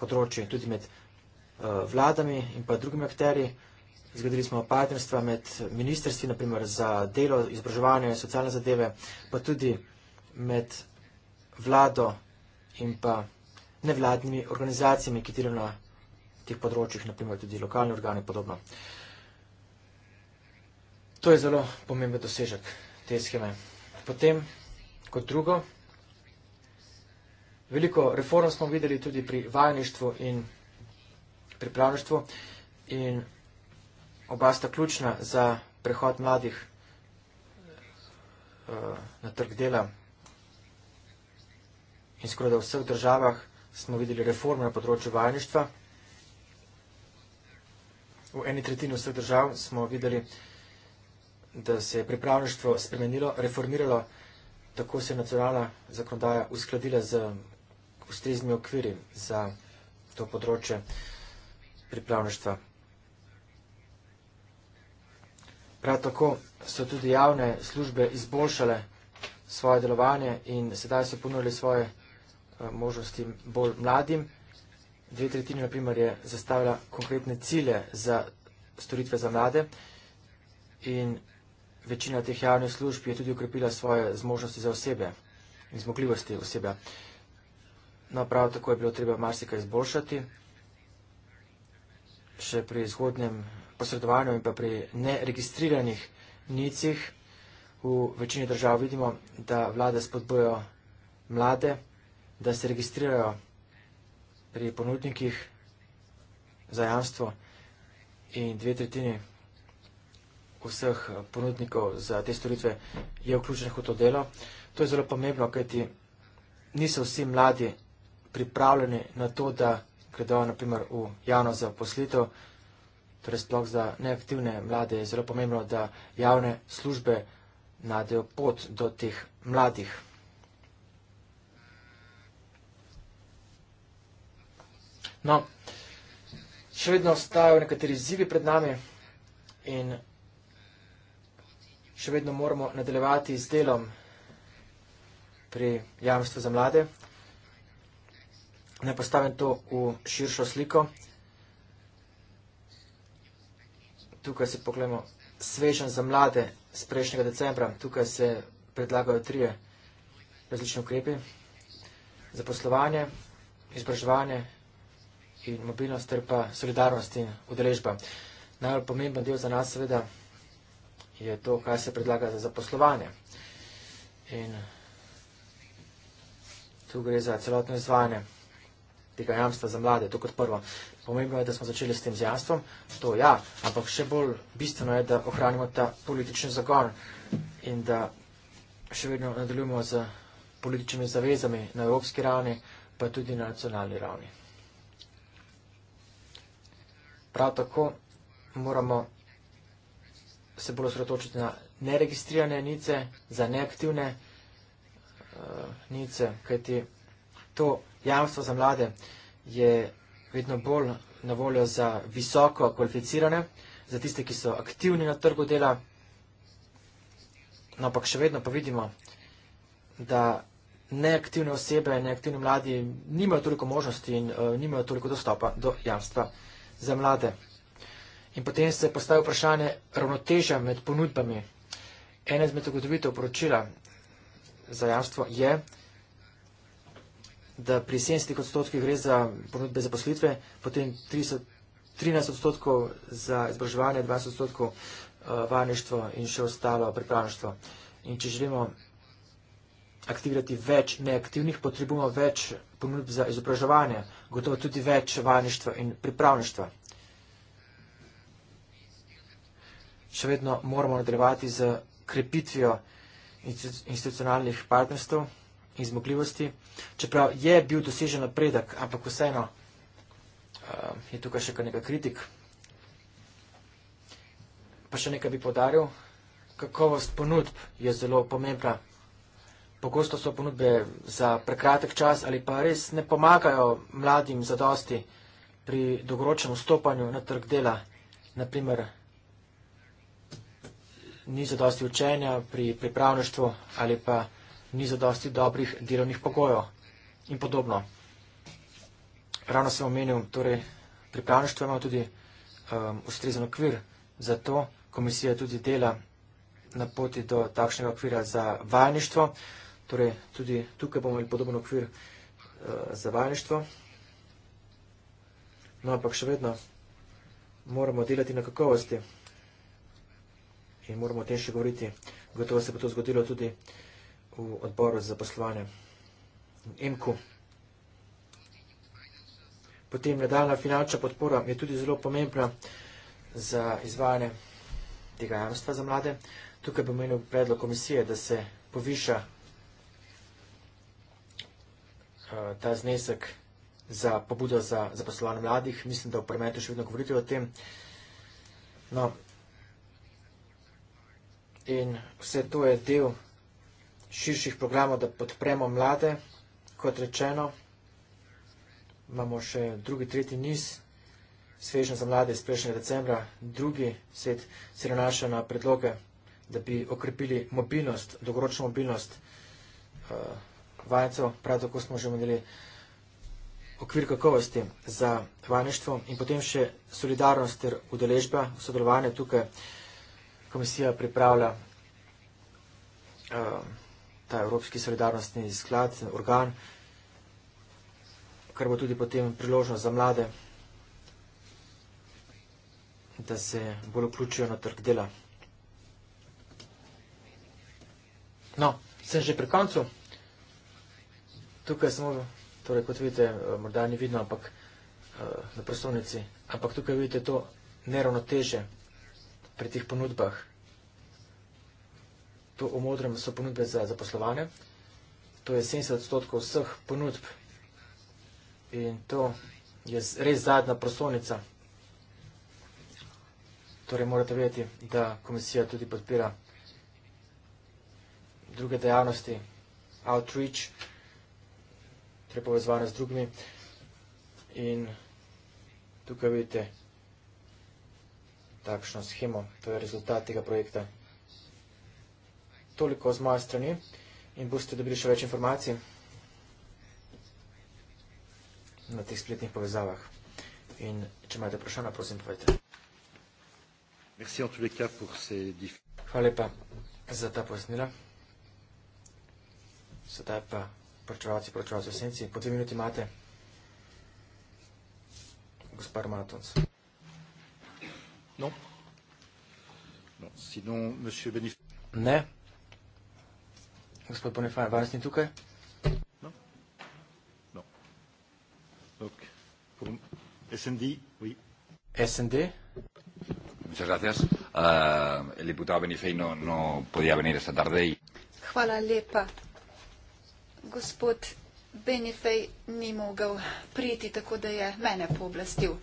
področji, tudi med eh, vladami in pa drugimi akterji. Zgodili smo partnerstva med ministrstvi, naprimer za delo, izobraževanje in socialne zadeve, pa tudi med vlado in pa nevladnimi organizacijami, ki delajo na teh področjih, naprimer tudi lokalni organi in podobno. To je zelo pomemben dosežek te scheme. Potem, kot drugo, veliko reform smo videli tudi pri vajništvu in pripravništvu in oba sta ključna za prehod mladih eh, na trg dela. In skoraj da v vseh državah smo videli reforme na področju vajništva. V eni tretjini vseh držav smo videli, da se je pripravništvo spremenilo, reformiralo, tako se je nacionalna zakonodaja uskladila z ustreznimi okviri za to področje pripravništva. Prav tako so tudi javne službe izboljšale svoje delovanje in sedaj so ponudili svoje eh, možnosti bolj mladim. Dve tretjine, na primer, je zastavila konkretne cilje za storitve za mlade in večina teh javnih služb je tudi ukrepila svoje zmožnosti za osebe in zmogljivosti osebe. No, prav tako je bilo treba marsikaj izboljšati. Še pri zgodnjem posredovanju in pa pri neregistriranih nicih v večini držav vidimo, da vlade spodbojo mlade, da se registrirajo pri ponudnikih za jamstvo in dve tretjini vseh ponudnikov za te storitve je vključenih v to delo. To je zelo pomembno, kajti niso vsi mladi pripravljeni na to, da gredo naprimer v javno zaposlitev, torej sploh za neaktivne mlade je zelo pomembno, da javne službe nadejo pot do teh mladih. No, še vedno ostajajo nekateri zivi pred nami in še vedno moramo nadaljevati z delom pri jamstvu za mlade. Ne postavim to v širšo sliko. tukaj se poglemo svežen za mlade z prejšnjega decembra. Tukaj se predlagajo trije različni ukrepi za poslovanje, izbraževanje in mobilnost ter pa solidarnost in udeležba. Najbolj pomemben del za nas seveda je to, kaj se predlaga za zaposlovanje. In tu gre za celotno izvajanje tega jamstva za mlade, to kot prvo. Pomembno je, da smo začeli s tem z jamstvom, to ja, ampak še bolj bistveno je, da ohranimo ta politični zagon in da še vedno nadaljujemo z političnimi zavezami na evropski ravni, pa tudi na nacionalni ravni. Prav tako moramo se bolj osredotočiti na neregistrirane enice, za neaktivne enice, eh, uh, kajti to jamstvo za mlade je vedno bolj na voljo za visoko kvalificirane, za tiste, ki so aktivni na trgu dela. No, ampak še vedno pa vidimo, da neaktivne osebe, neaktivni mladi nimajo toliko možnosti in uh, nimajo toliko dostopa do jamstva za mlade. In potem se postavi vprašanje ravnoteža med ponudbami. Ena izmed ugotovitev poročila za jamstvo je, da pri 70 odstotkih gre za ponudbe za poslitve, potem 30, 13 odstotkov za izobraževanje, 20 odstotkov uh, varništvo in še ostalo pripravništvo. In če želimo aktivirati več neaktivnih, potrebujemo več ponudb za izobraževanje, gotovo tudi več varništva in pripravništva. Še vedno moramo nadaljevati z krepitvijo institucionalnih partnerstv in zmogljivosti, čeprav je bil dosežen napredek, ampak vseeno eh, je tukaj še kar nekaj kritik. Pa še nekaj bi podaril, kakovost ponudb je zelo pomembna. Pogosto so ponudbe za prekratek čas ali pa res ne pomagajo mladim zadosti pri dolgoročnem vstopanju na trg dela. Naprimer, ni zadosti učenja pri pripravništvu ali pa ni zadosti dobrih delovnih pogojev in podobno. Ravno sem omenil, torej pripravništvo ima tudi um, ustrezen okvir, zato komisija tudi dela na poti do takšnega okvira za vajništvo, torej tudi tukaj bomo imeli podoben okvir uh, za vajništvo. No, ampak še vedno moramo delati na kakovosti in moramo o tem še govoriti. Gotovo se bo to zgodilo tudi uh, v odboru za poslovanje v EMKU. Potem nadaljna finančna podpora je tudi zelo pomembna za izvajanje tega jamstva za mlade. Tukaj bom imel predlog komisije, da se poviša eh, ta znesek za pobudo za zaposlovanje mladih. Mislim, da v parlamentu še vedno govorite o tem. No, in vse to je del širših programov, da podpremo mlade, kot rečeno. Imamo še drugi, tretji niz, svežen za mlade iz prejšnjega decembra. Drugi svet se nanaša na predloge, da bi okrepili mobilnost, dolgoročno mobilnost uh, vajencev. Prav tako smo že imeli okvir kakovosti za vajništvo in potem še solidarnost ter udeležba, sodelovanje tukaj komisija pripravlja. Uh, ta Evropski solidarnostni sklad, organ, kar bo tudi potem priložnost za mlade, da se bolj vključijo na trg dela. No, sem že pri koncu. Tukaj smo, torej kot vidite, morda ni vidno, ampak eh, na prostornici, ampak tukaj vidite to neravnoteže pri tih ponudbah po omodrem so ponudbe za zaposlovanje. To je 70 odstotkov vseh ponudb in to je res zadnja prostornica. Torej morate vedeti, da komisija tudi podpira druge dejavnosti, outreach, torej povezovanje z drugimi. In tukaj vidite takšno schemo, to je rezultat tega projekta toliko z moje strani in boste dobili še več informacij na teh spletnih povezavah. In če imate vprašanja, prosim, povejte. Hvala lepa za ta pojasnila. Sedaj pa pročevalci, pročevalci v senci. Po dve minuti imate gospa Romana Tonc. Ne. Ne. Gospod Ponefaj, varnostni tukaj? No. No. Ok. SND, oui. SND? Muchas gracias. Uh, el diputado Benifei no, no podía venir esta tarde. Y... Hvala lepa. Gospod Benifej ni mogel priti, tako da je mene pooblastil.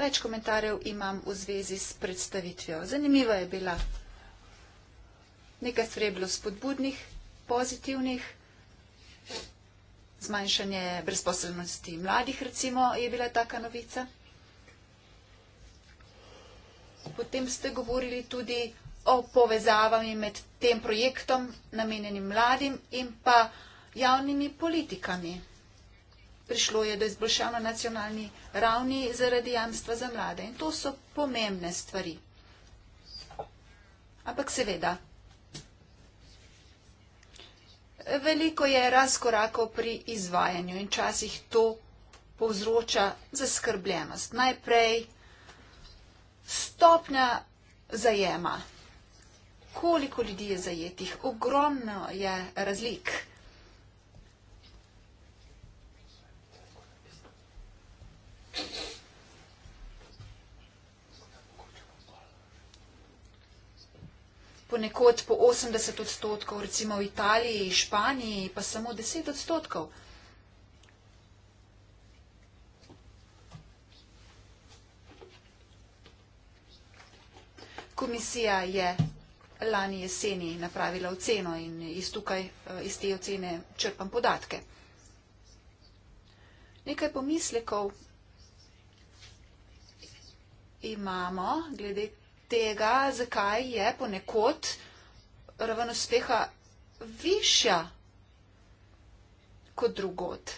Več komentarjev imam v zvezi s predstavitvijo. Zanimiva je bila. Nekaj stvari je bilo spodbudnih, pozitivnih. Zmanjšanje brezposelnosti mladih, recimo, je bila taka novica. Potem ste govorili tudi o povezavami med tem projektom, namenjenim mladim, in pa javnimi politikami. Prišlo je do izboljšanja nacionalni ravni zaradi jamstva za mlade. In to so pomembne stvari. Ampak seveda, veliko je razkorakov pri izvajanju in časih to povzroča zaskrbljenost. Najprej stopnja zajema. Koliko ljudi je zajetih? Ogromno je razlik. Thank you. ponekod po 80 odstotkov, recimo v Italiji, Španiji pa samo 10 odstotkov. Komisija je lani jeseni napravila oceno in iz, tukaj, eh, iz te ocene črpam podatke. Nekaj pomislekov imamo glede tega, zakaj je ponekod raven uspeha višja kot drugot.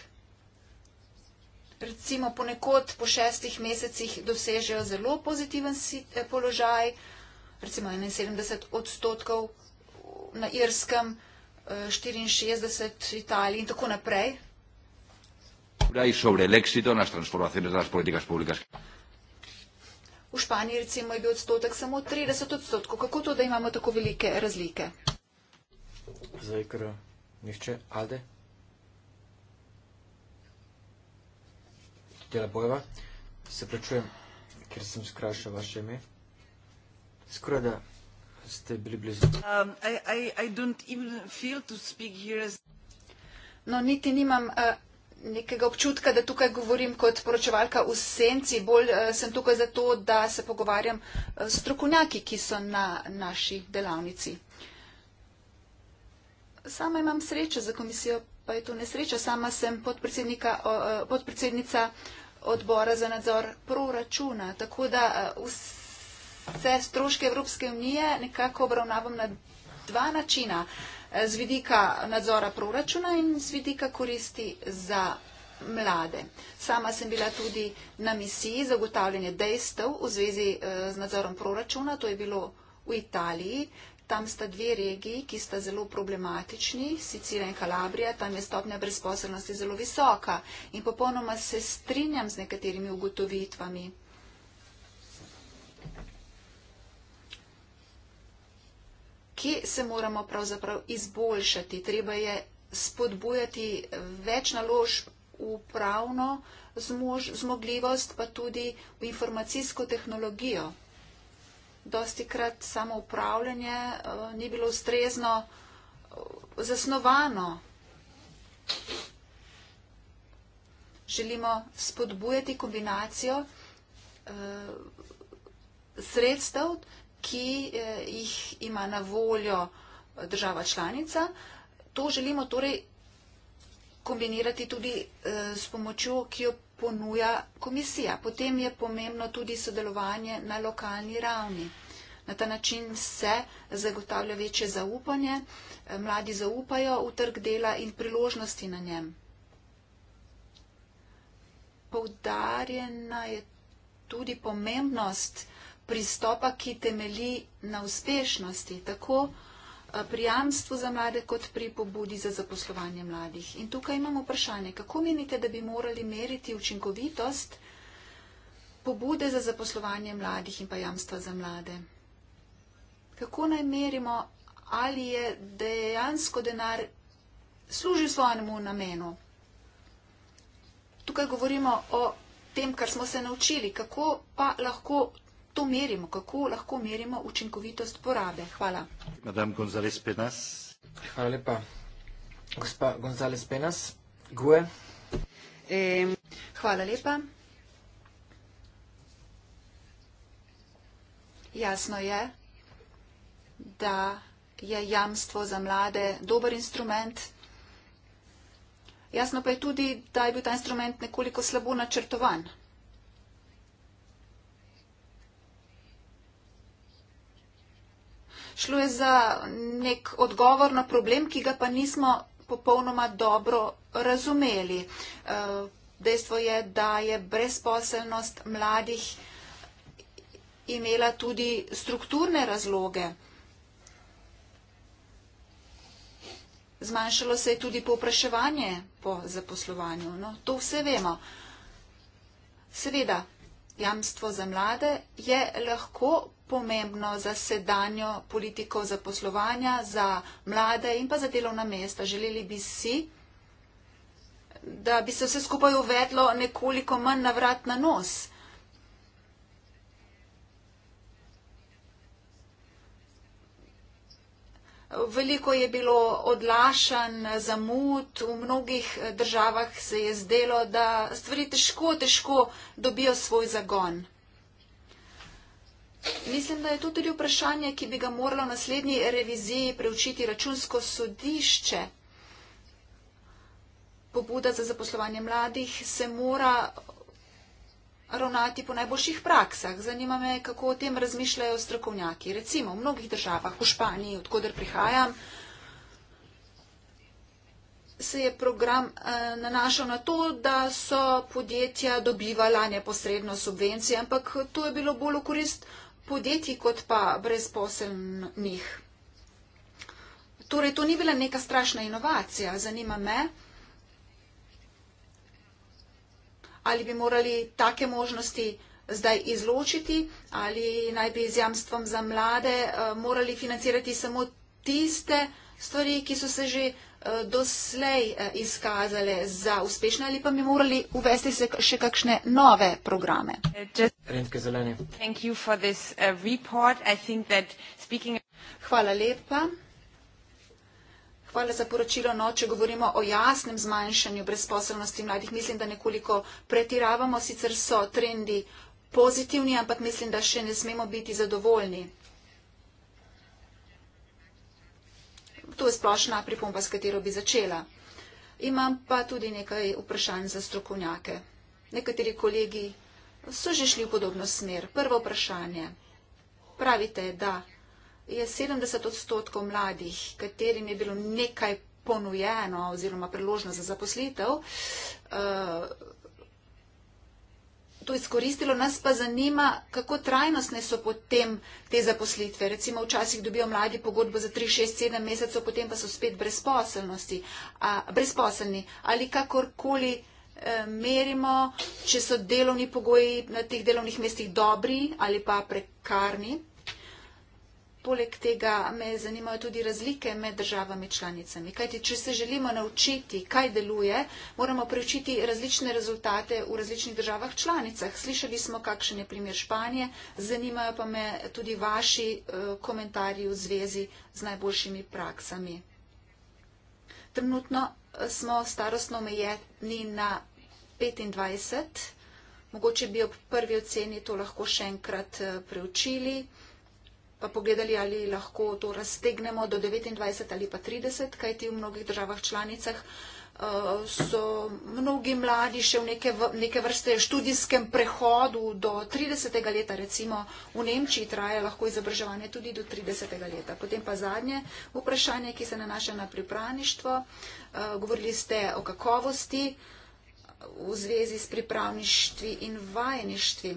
Recimo ponekod po šestih mesecih dosežejo zelo pozitiven eh, položaj, recimo 71 odstotkov na Irskem, 64 eh, v Italiji in tako naprej. Sobre el éxito en las transformaciones de las políticas públicas. V Španiji recimo je bil odstotek samo 30 odstotkov. Kako to, da imamo tako velike razlike? Zdaj, ker eh, nihče ade. Tela bojeva. Se prečujem, ker sem skrašal vaše ime. Skoraj da ste bili blizu. Um, I, I, I don't even feel to speak here as... No, niti nimam uh, nekega občutka, da tukaj govorim kot poročevalka v senci, bolj eh, sem tukaj zato, da se pogovarjam eh, s strokovnjaki, ki so na naši delavnici. Sama imam srečo za komisijo, pa je to nesreča. Sama sem eh, podpredsednica odbora za nadzor proračuna, tako da vse stroške Evropske unije nekako obravnavam na dva načina. Uh, z vidika nadzora proračuna in z vidika koristi za mlade. Sama sem bila tudi na misiji zagotavljanje dejstev v zvezi eh, z nadzorom proračuna, to je bilo v Italiji. Tam sta dve regiji, ki sta zelo problematični, Sicilija in Kalabrija, tam je stopnja brezposelnosti zelo visoka in popolnoma se strinjam z nekaterimi ugotovitvami kje se moramo pravzaprav izboljšati. Treba je spodbujati več naložb v pravno zmož, zmogljivost, pa tudi v informacijsko tehnologijo. Dosti krat samo upravljanje uh, eh, ni bilo ustrezno uh, zasnovano. Želimo spodbujati kombinacijo uh, sredstev, ki eh, jih ima na voljo država članica. To želimo torej kombinirati tudi eh, s pomočjo, ki jo ponuja komisija. Potem je pomembno tudi sodelovanje na lokalni ravni. Na ta način se zagotavlja večje zaupanje, eh, mladi zaupajo v trg dela in priložnosti na njem. Poudarjena je tudi pomembnost, pristopa, ki temeli na uspešnosti, tako eh, pri jamstvu za mlade, kot pri pobudi za zaposlovanje mladih. In tukaj imamo vprašanje, kako menite, da bi morali meriti učinkovitost pobude za zaposlovanje mladih in pa jamstva za mlade? Kako naj merimo, ali je dejansko denar služil svojemu namenu? Tukaj govorimo o tem, kar smo se naučili, kako pa lahko to merimo, kako lahko merimo učinkovitost porabe. Hvala. Hvala lepa. Gospa González Penas, GUE. E, hvala lepa. Jasno je, da je jamstvo za mlade dober instrument. Jasno pa je tudi, da je bil ta instrument nekoliko slabo načrtovan. šlo je za nek odgovor na problem, ki ga pa nismo popolnoma dobro razumeli. E, dejstvo je, da je brezposelnost mladih imela tudi strukturne razloge. Zmanjšalo se je tudi popraševanje po zaposlovanju. No, to vse vemo. Seveda, jamstvo za mlade je lahko pomembno za sedanjo politiko zaposlovanja, za mlade in pa za delovna mesta. Želeli bi si, da bi se vse skupaj uvedlo nekoliko manj na vrat na nos. Veliko je bilo odlašan, zamud, v mnogih državah se je zdelo, da stvari težko, težko dobijo svoj zagon. Mislim, da je to tudi vprašanje, ki bi ga moralo v naslednji reviziji preučiti računsko sodišče. Pobuda za zaposlovanje mladih se mora ravnati po najboljših praksah. Zanima me, kako o tem razmišljajo strokovnjaki. Recimo v mnogih državah, v Španiji, odkuder prihajam, se je program eh, nanašal na to, da so podjetja dobivala neposredno subvencije, ampak to je bilo bolj v korist podjetij kot pa brezposelnih. Torej, to ni bila neka strašna inovacija. Zanima me, ali bi morali take možnosti zdaj izločiti, ali naj bi z jamstvom za mlade eh, morali financirati samo tiste stvari, ki so se že eh, doslej eh, izkazale za uspešne ali pa bi morali uvesti se še kakšne nove programe. Eh, Hvala lepa. Hvala za poročilo. No, če govorimo o jasnem zmanjšanju brezposelnosti mladih, mislim, da nekoliko pretiravamo. Sicer so trendi pozitivni, ampak mislim, da še ne smemo biti zadovoljni. to je splošna pripomba, s katero bi začela. Imam pa tudi nekaj vprašanj za strokovnjake. Nekateri kolegi so že šli v podobno smer. Prvo vprašanje. Pravite, da je 70 odstotkov mladih, katerim je bilo nekaj ponujeno oziroma priložno za zaposlitev, uh, to izkoristilo, nas pa zanima, kako trajnostne so potem te zaposlitve. Recimo včasih dobijo mladi pogodbo za 3, 6, 7 mesecev, potem pa so spet brezposelnosti, a, brezposelni. Ali kakorkoli e, merimo, če so delovni pogoji na teh delovnih mestih dobri ali pa prekarni. Poleg tega me zanimajo tudi razlike med državami članicami. Kajti, če se želimo naučiti, kaj deluje, moramo preučiti različne rezultate v različnih državah članicah. Slišali smo, kakšen je primer Španije, zanimajo pa me tudi vaši eh, komentarji v zvezi z najboljšimi praksami. Trenutno eh, smo starostno omejeni na 25. Mogoče bi ob prvi oceni to lahko še enkrat eh, preučili pa pogledali, ali lahko to raztegnemo do 29 ali pa 30, kajti v mnogih državah članicah eh, so mnogi mladi še v neke, v neke vrste študijskem prehodu do 30. leta, recimo v Nemčiji traje lahko izobraževanje tudi do 30. leta. Potem pa zadnje vprašanje, ki se nanaša na pripravništvo. Eh, govorili ste o kakovosti v zvezi s pripravništvi in vajeništvi.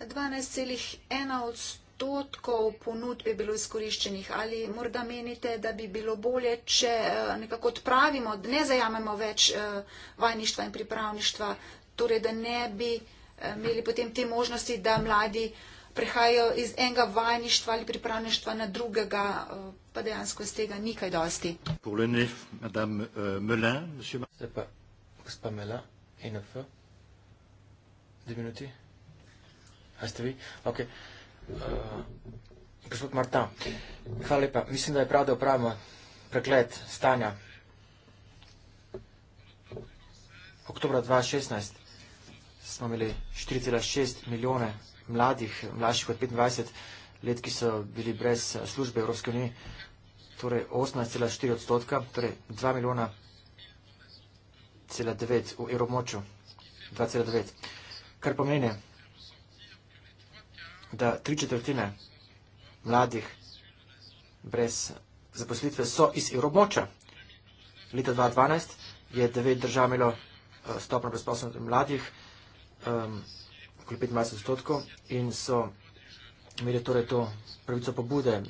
12,1 odstotka odstotkov ponudbe bilo izkoriščenih ali morda menite, da bi bilo bolje, če eh, nekako odpravimo, da ne zajamemo več eh, vajništva in pripravništva, torej da ne bi eh, imeli potem te možnosti, da mladi prehajajo iz enega vajništva ali pripravništva na drugega, pa dejansko iz tega ni kaj dosti. Euh, Dve minuti. A ste vi? Okay. Uh, gospod Marta, hvala lepa. Mislim, da je prav, da opravimo pregled stanja oktobra 2016 smo imeli 4,6 milijone mladih, mlajših od 25 let, ki so bili brez eh, službe Evropske unije, torej 18,4 odstotka, torej 2 milijona cela 9 v evromoču, 2,9. Kar pomeni, da tri četrtine mladih brez zaposlitve so iz evromoča. Leta 2012 je devet držav imelo eh, stopno brezposobnosti mladih, okoli 25 odstotkov, in so imeli torej to pravico pobude.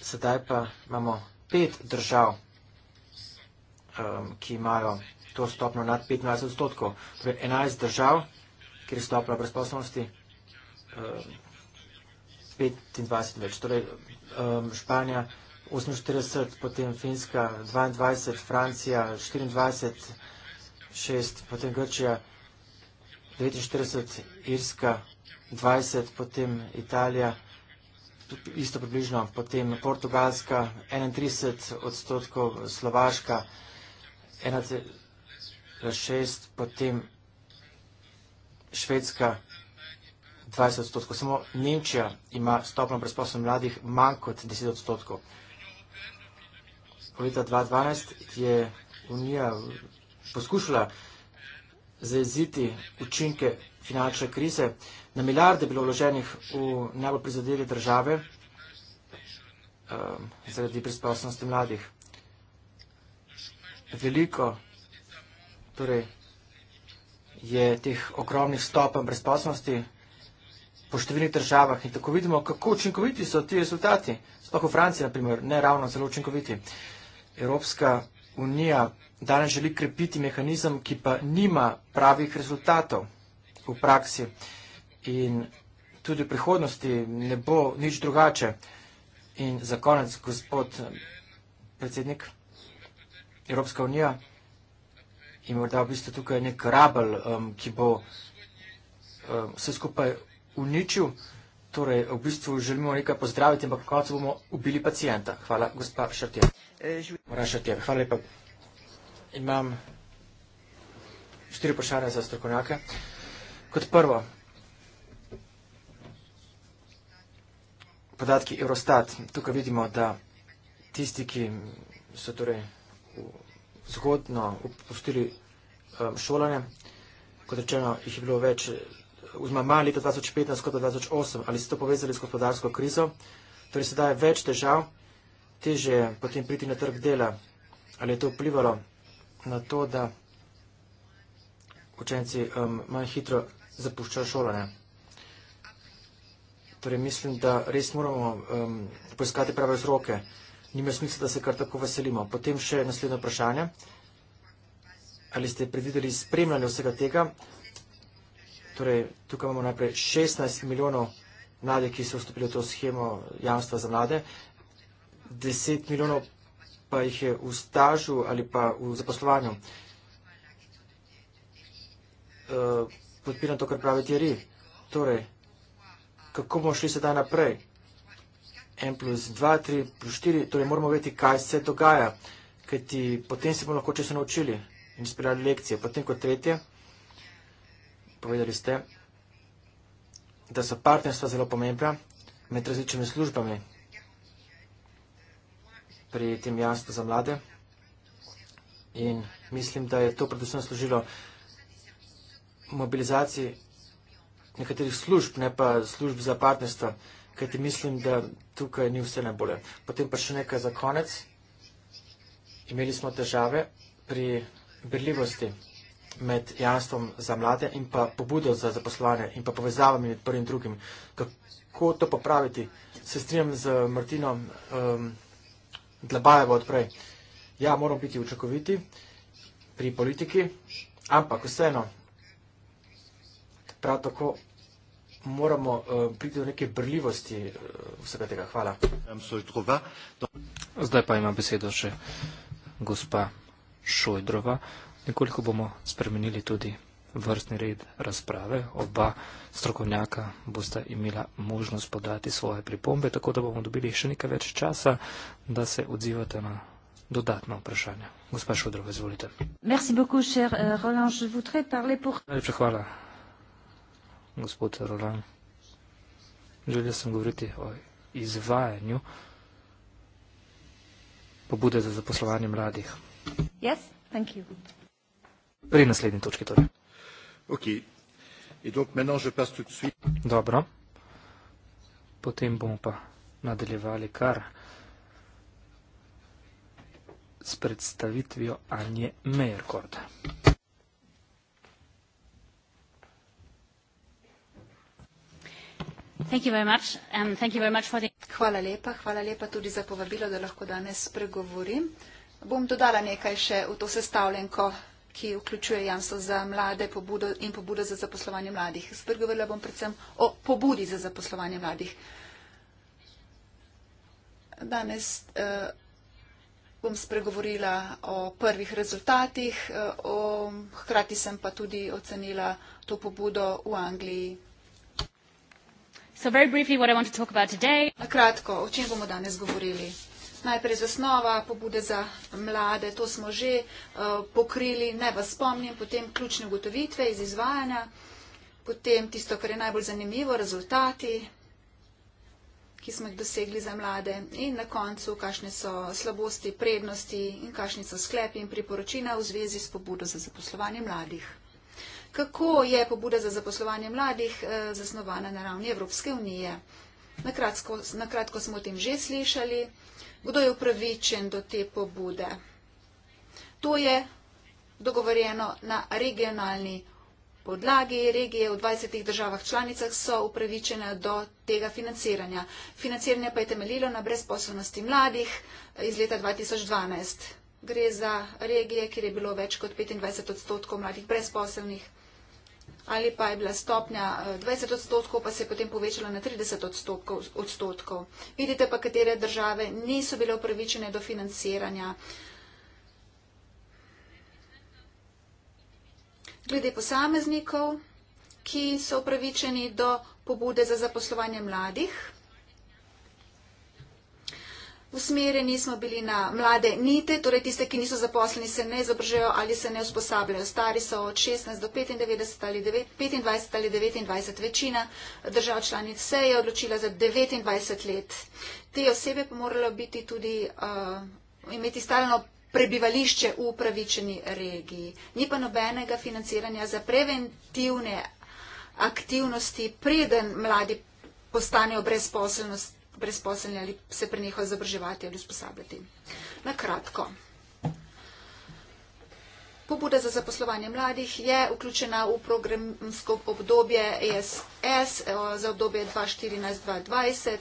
Sedaj pa imamo pet držav, ki imajo to stopno nad 25 odstotkov, torej 11 držav kjer je stopla brezposobnosti um, eh, 25 in več. Torej, um, Španija 48, potem Finska 22, Francija 24, 6, potem Grčija 49, Irska 20, potem Italija isto približno, potem Portugalska 31 odstotkov, Slovaška 1,6, potem Švedska 20 odstotkov, samo Nemčija ima stopno brezposobnih mladih manj kot 10 odstotkov. Leta 2012 je Unija poskušala zaeziti učinke finančne krize. Na milijarde je bilo vloženih v najbolj prizadele države um, zaradi brezposobnosti mladih. Veliko torej, je teh ogromnih stopenj brezposobnosti po številnih državah in tako vidimo, kako učinkoviti so ti rezultati. Sploh v Franciji, na primer, ne ravno zelo učinkoviti. Evropska unija danes želi krepiti mehanizem, ki pa nima pravih rezultatov v praksi in tudi v prihodnosti ne bo nič drugače. In za konec, gospod predsednik Evropska unija in morda v bistvu tukaj nek rabel, um, ki bo um, vse skupaj uničil. Torej, v bistvu želimo nekaj pozdraviti, ampak kako se bomo ubili pacijenta. Hvala, gospa Šrtje. Hvala lepa. Imam štiri vprašanja za strokovnjake. Kot prvo, podatki Eurostat. Tukaj vidimo, da tisti, ki so torej zgodno opustili um, šolanje. Kot rečeno, jih je bilo več, eh, oziroma manj leta 2015 kot 2008, ali ste to povezali s gospodarsko krizo. Torej sedaj je več težav, teže je potem priti na trg dela. Ali je to vplivalo na to, da učenci um, manj hitro zapuščajo šolanje? Torej mislim, da res moramo um, poiskati prave vzroke nima smisla, da se kar tako veselimo. Potem še naslednje vprašanje. Ali ste predvideli spremljanje vsega tega? Torej, tukaj imamo najprej 16 milijonov mlade, ki so vstopili v to schemo jamstva za mlade. 10 milijonov pa jih je v stažu ali pa v zaposlovanju. Eh, podpiram to, kar pravi Tjeri. Torej, kako bomo šli sedaj naprej? en plus dva, tri plus štiri, torej moramo vedeti, kaj se dogaja, kajti potem se bomo lahko če se naučili in izpeljali lekcije. Potem kot tretje, povedali ste, da so partnerstva zelo pomembna med različnimi službami pri tem jastu za mlade in mislim, da je to predvsem služilo mobilizaciji nekaterih služb, ne pa služb za partnerstva ker ti mislim, da tukaj ni vse najbolje. Potem pa še nekaj za konec. Imeli smo težave pri berljivosti med jamstvom za mlade in pa pobudo za zaposlovanje in pa povezavami med prvim in drugim. Kako to popraviti? Se strinjam z Martino um, Dlabajevo odprej. Ja, moram biti učakoviti pri politiki, ampak vseeno, prav tako moramo uh, priti do neke brljivosti uh, vsega tega. Hvala. Zdaj pa ima besedo še gospa Šojdrova. Nekoliko bomo spremenili tudi vrstni red razprave. Oba strokovnjaka bosta imela možnost podati svoje pripombe, tako da bomo dobili še nekaj več časa, da se odzivate na. Dodatno vprašanje. Gospa Šudrova, izvolite. Merci beaucoup, cher eh, Roland. Je voudrais parler pour... Najlepša hvala, gospod Roland. Želel sem govoriti o izvajanju pobude za zaposlovanje mladih. Yes, thank you. Pri naslednji točki torej. Ok. In donc maintenant je passe tout de suite. Dobro. Potem bomo pa nadaljevali kar s predstavitvijo Anje Meyerkorda. Hvala lepa, hvala lepa tudi za povabilo, da lahko danes spregovorim. Bom dodala nekaj še v to sestavljenko, ki vključuje jamstvo za mlade pobudo in pobudo za zaposlovanje mladih. Spregovorila bom predvsem o pobudi za zaposlovanje mladih. Danes eh, bom spregovorila o prvih rezultatih, eh, o, hkrati sem pa tudi ocenila to pobudo v Angliji. So very briefly what I want to talk about today. Kratko, o čem bomo danes govorili? Najprej z osnova pobude za mlade, to smo že uh, pokrili, ne vas spomnim, potem ključne ugotovitve iz izvajanja, potem tisto, kar je najbolj zanimivo, rezultati, ki smo jih dosegli za mlade in na koncu, kakšne so slabosti, prednosti in kakšni so sklepi in priporočila v zvezi s pobudo za zaposlovanje mladih kako je pobuda za zaposlovanje mladih eh, zasnovana na ravni Evropske unije. Na kratko smo o tem že slišali, kdo je upravičen do te pobude. To je dogovorjeno na regionalni podlagi. Regije v 20 državah članicah so upravičene do tega financiranja. Financiranje pa je temeljilo na brezposobnosti mladih eh, iz leta 2012 gre za regije, kjer je bilo več kot 25 odstotkov mladih brezposelnih ali pa je bila stopnja 20 eh, odstotkov, pa se je potem povečala na 30 odstotkov, odstotkov. Vidite pa, katere države niso bile upravičene do financiranja. Glede posameznikov, ki so upravičeni do pobude za zaposlovanje mladih usmerjeni smo bili na mlade nite, torej tiste, ki niso zaposleni, se ne izobražujejo ali se ne usposabljajo. Stari so od 16 do 95 ali 25 ali 29. Večina držav članic se je odločila za 29 let. Te osebe pa moralo biti tudi uh, imeti stalno prebivališče v upravičeni regiji. Ni pa nobenega financiranja za preventivne aktivnosti, preden mladi postanejo brezposelnosti brezposelni ali se prenehajo izobraževati ali usposabljati. Na kratko. Pobuda za zaposlovanje mladih je vključena v programsko obdobje ESS eh, za obdobje 2014-2020.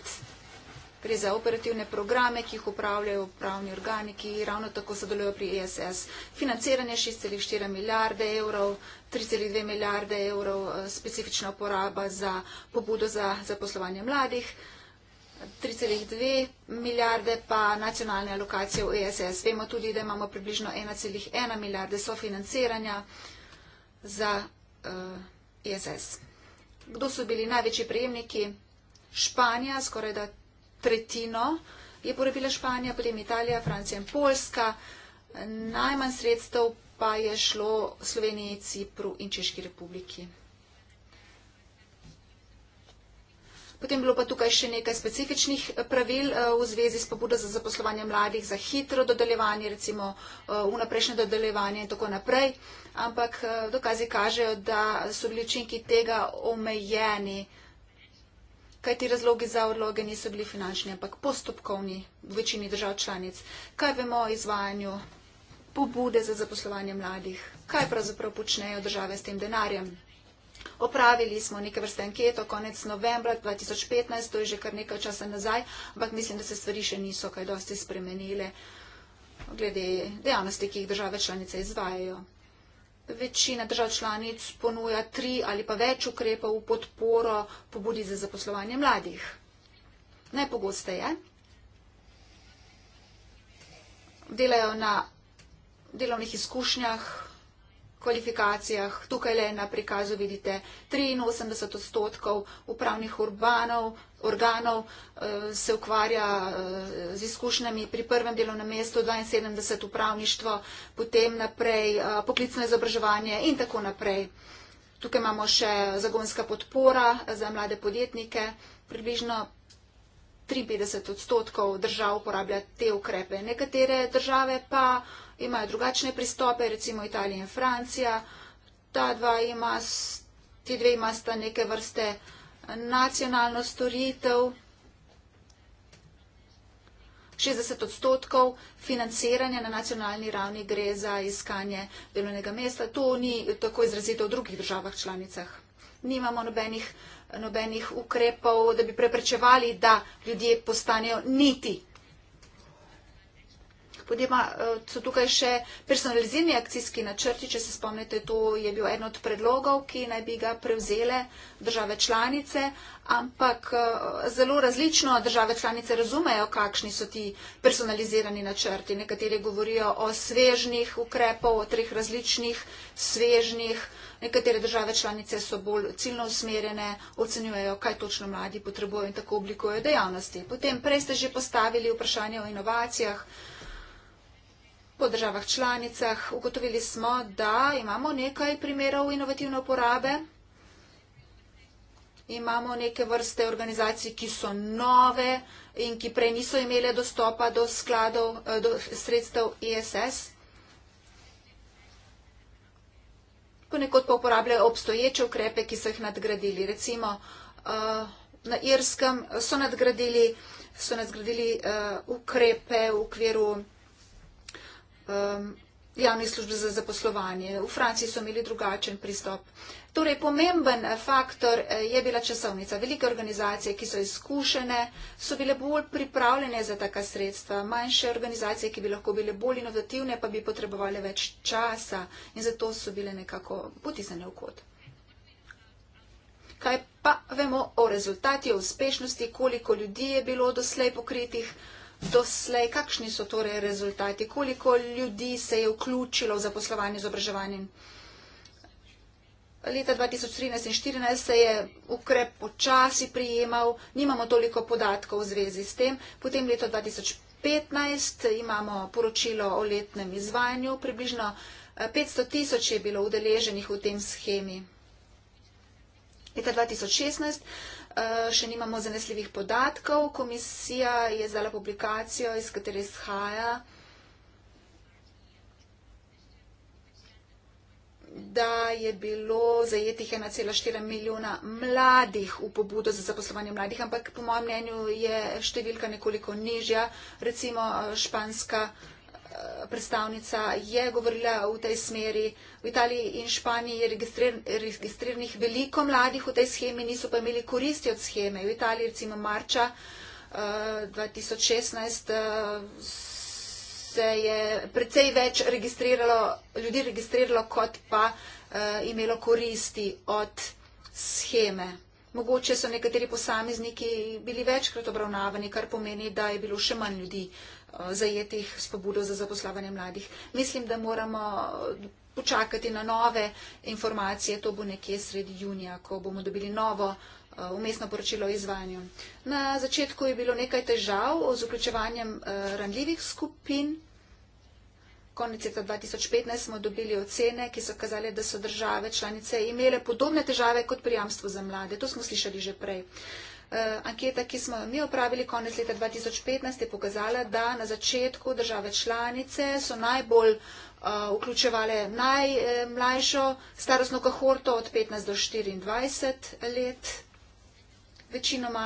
Gre za operativne programe, ki jih upravljajo pravni organi, ki ravno tako sodelujo pri ESS. Financiranje 6,4 milijarde evrov, 3,2 milijarde evrov eh, specifična uporaba za pobudo za zaposlovanje mladih. 3,2 milijarde pa nacionalne alokacije v ESS. Vemo tudi, da imamo približno 1,1 milijarde sofinanciranja za uh, eh, ESS. Kdo so bili največji prejemniki? Španija, skoraj da tretjino je porabila Španija, potem Italija, Francija in Poljska. Najmanj sredstev pa je šlo Sloveniji, Cipru in Češki republiki. Potem bilo pa tukaj še nekaj specifičnih eh, pravil eh, v zvezi s pobudo za zaposlovanje mladih, za hitro dodeljevanje, recimo eh, vnaprejšnje dodeljevanje in tako naprej. Ampak dokazi kažejo, da so bili učinki tega omejeni, kaj ti razlogi za odloge niso bili finančni, ampak postopkovni v večini držav članic. Kaj vemo o izvajanju pobude za zaposlovanje mladih? Kaj pravzaprav počnejo države s tem denarjem? Opravili smo neke vrste anketo konec novembra 2015, to je že kar nekaj časa nazaj, ampak mislim, da se stvari še niso kaj dosti spremenile glede dejavnosti, ki jih države članice izvajajo. Večina držav članic ponuja tri ali pa več ukrepov v podporo pobudi za zaposlovanje mladih. Najpogosteje delajo na delovnih izkušnjah kvalifikacijah. Tukaj le na prikazu vidite 83 odstotkov upravnih urbanov, organov eh, se ukvarja eh, z izkušnjami pri prvem delovnem mestu, 72 upravništvo, potem naprej eh, poklicno izobraževanje in tako naprej. Tukaj imamo še zagonska podpora za mlade podjetnike. Približno 53 odstotkov držav uporablja te ukrepe. Nekatere države pa imajo drugačne pristope, recimo Italija in Francija. Ta dva ima, ti dve ima sta neke vrste eh, nacionalno storitev. 60 odstotkov financiranja na nacionalni ravni gre za iskanje delovnega mesta. To ni tako izrazito v drugih državah članicah. Nimamo nobenih, nobenih ukrepov, da bi preprečevali, da ljudje postanejo niti Potem eh, so tukaj še personalizirani akcijski načrti, če se spomnite, to je bil en od predlogov, ki naj bi ga prevzele države članice, ampak eh, zelo različno države članice razumejo, kakšni so ti personalizirani načrti. Nekateri govorijo o svežnih ukrepov, o treh različnih svežnih. Nekatere države članice so bolj ciljno usmerjene, ocenjujejo, kaj točno mladi potrebujejo in tako oblikujejo dejavnosti. Potem prej ste že postavili vprašanje o inovacijah. Po državah članicah ugotovili smo, da imamo nekaj primerov inovativne uporabe. Imamo neke vrste organizacij, ki so nove in ki prej niso imele dostopa do skladov, eh, do sredstev ISS. E Ponekod pa uporabljajo obstoječe ukrepe, ki so jih nadgradili. Recimo eh, na Irskem so nadgradili, so nadgradili eh, ukrepe v okviru um, javne službe za zaposlovanje. V Franciji so imeli drugačen pristop. Torej, pomemben eh, faktor eh, je bila časovnica. Velike organizacije, ki so izkušene, so bile bolj pripravljene za taka sredstva. Manjše organizacije, ki bi lahko bile bolj inovativne, pa bi potrebovali več časa in zato so bile nekako potisane v kod. Kaj pa vemo o rezultati, o uspešnosti, koliko ljudi je bilo doslej pokritih? doslej, kakšni so torej rezultati, koliko ljudi se je vključilo v zaposlovanje, izobraževanje. Leta 2013 in 2014 se je ukrep počasi prijemal, nimamo toliko podatkov v zvezi s tem. Potem leto 2015 imamo poročilo o letnem izvajanju, približno 500 eh, tisoč je bilo udeleženih v tem schemi. Leta 2016 Eh, še nimamo zanesljivih podatkov. Komisija je zdala publikacijo, iz katere izhaja, da je bilo zajetih 1,4 milijona mladih v pobudo za zaposlovanje mladih, ampak po mojem mnenju je številka nekoliko nižja. Recimo eh, španska predstavnica je govorila v tej smeri. V Italiji in Španiji je registriranih veliko mladih v tej schemi, niso pa imeli koristi od scheme. V Italiji recimo marča uh, 2016. Uh, se je precej več ljudi registriralo, kot pa uh, imelo koristi od scheme. Mogoče so nekateri posamezniki bili večkrat obravnavani, kar pomeni, da je bilo še manj ljudi uh, Eh, zajetih s pobudo za zaposlovanje mladih. Mislim, da moramo eh, počakati na nove informacije. To bo nekje sredi junija, ko bomo dobili novo eh, umestno poročilo o izvanju. Na začetku je bilo nekaj težav z vključevanjem ranljivih skupin. Konec leta 2015 smo dobili ocene, ki so kazali, da so države članice imele podobne težave kot prijamstvo za mlade. To smo slišali že prej. Uh, Eh, anketa, ki smo mi opravili konec leta 2015, je pokazala, da na začetku države članice so najbolj eh, vključevale najmlajšo eh, starostno kohorto od 15 do 24 let. Večinoma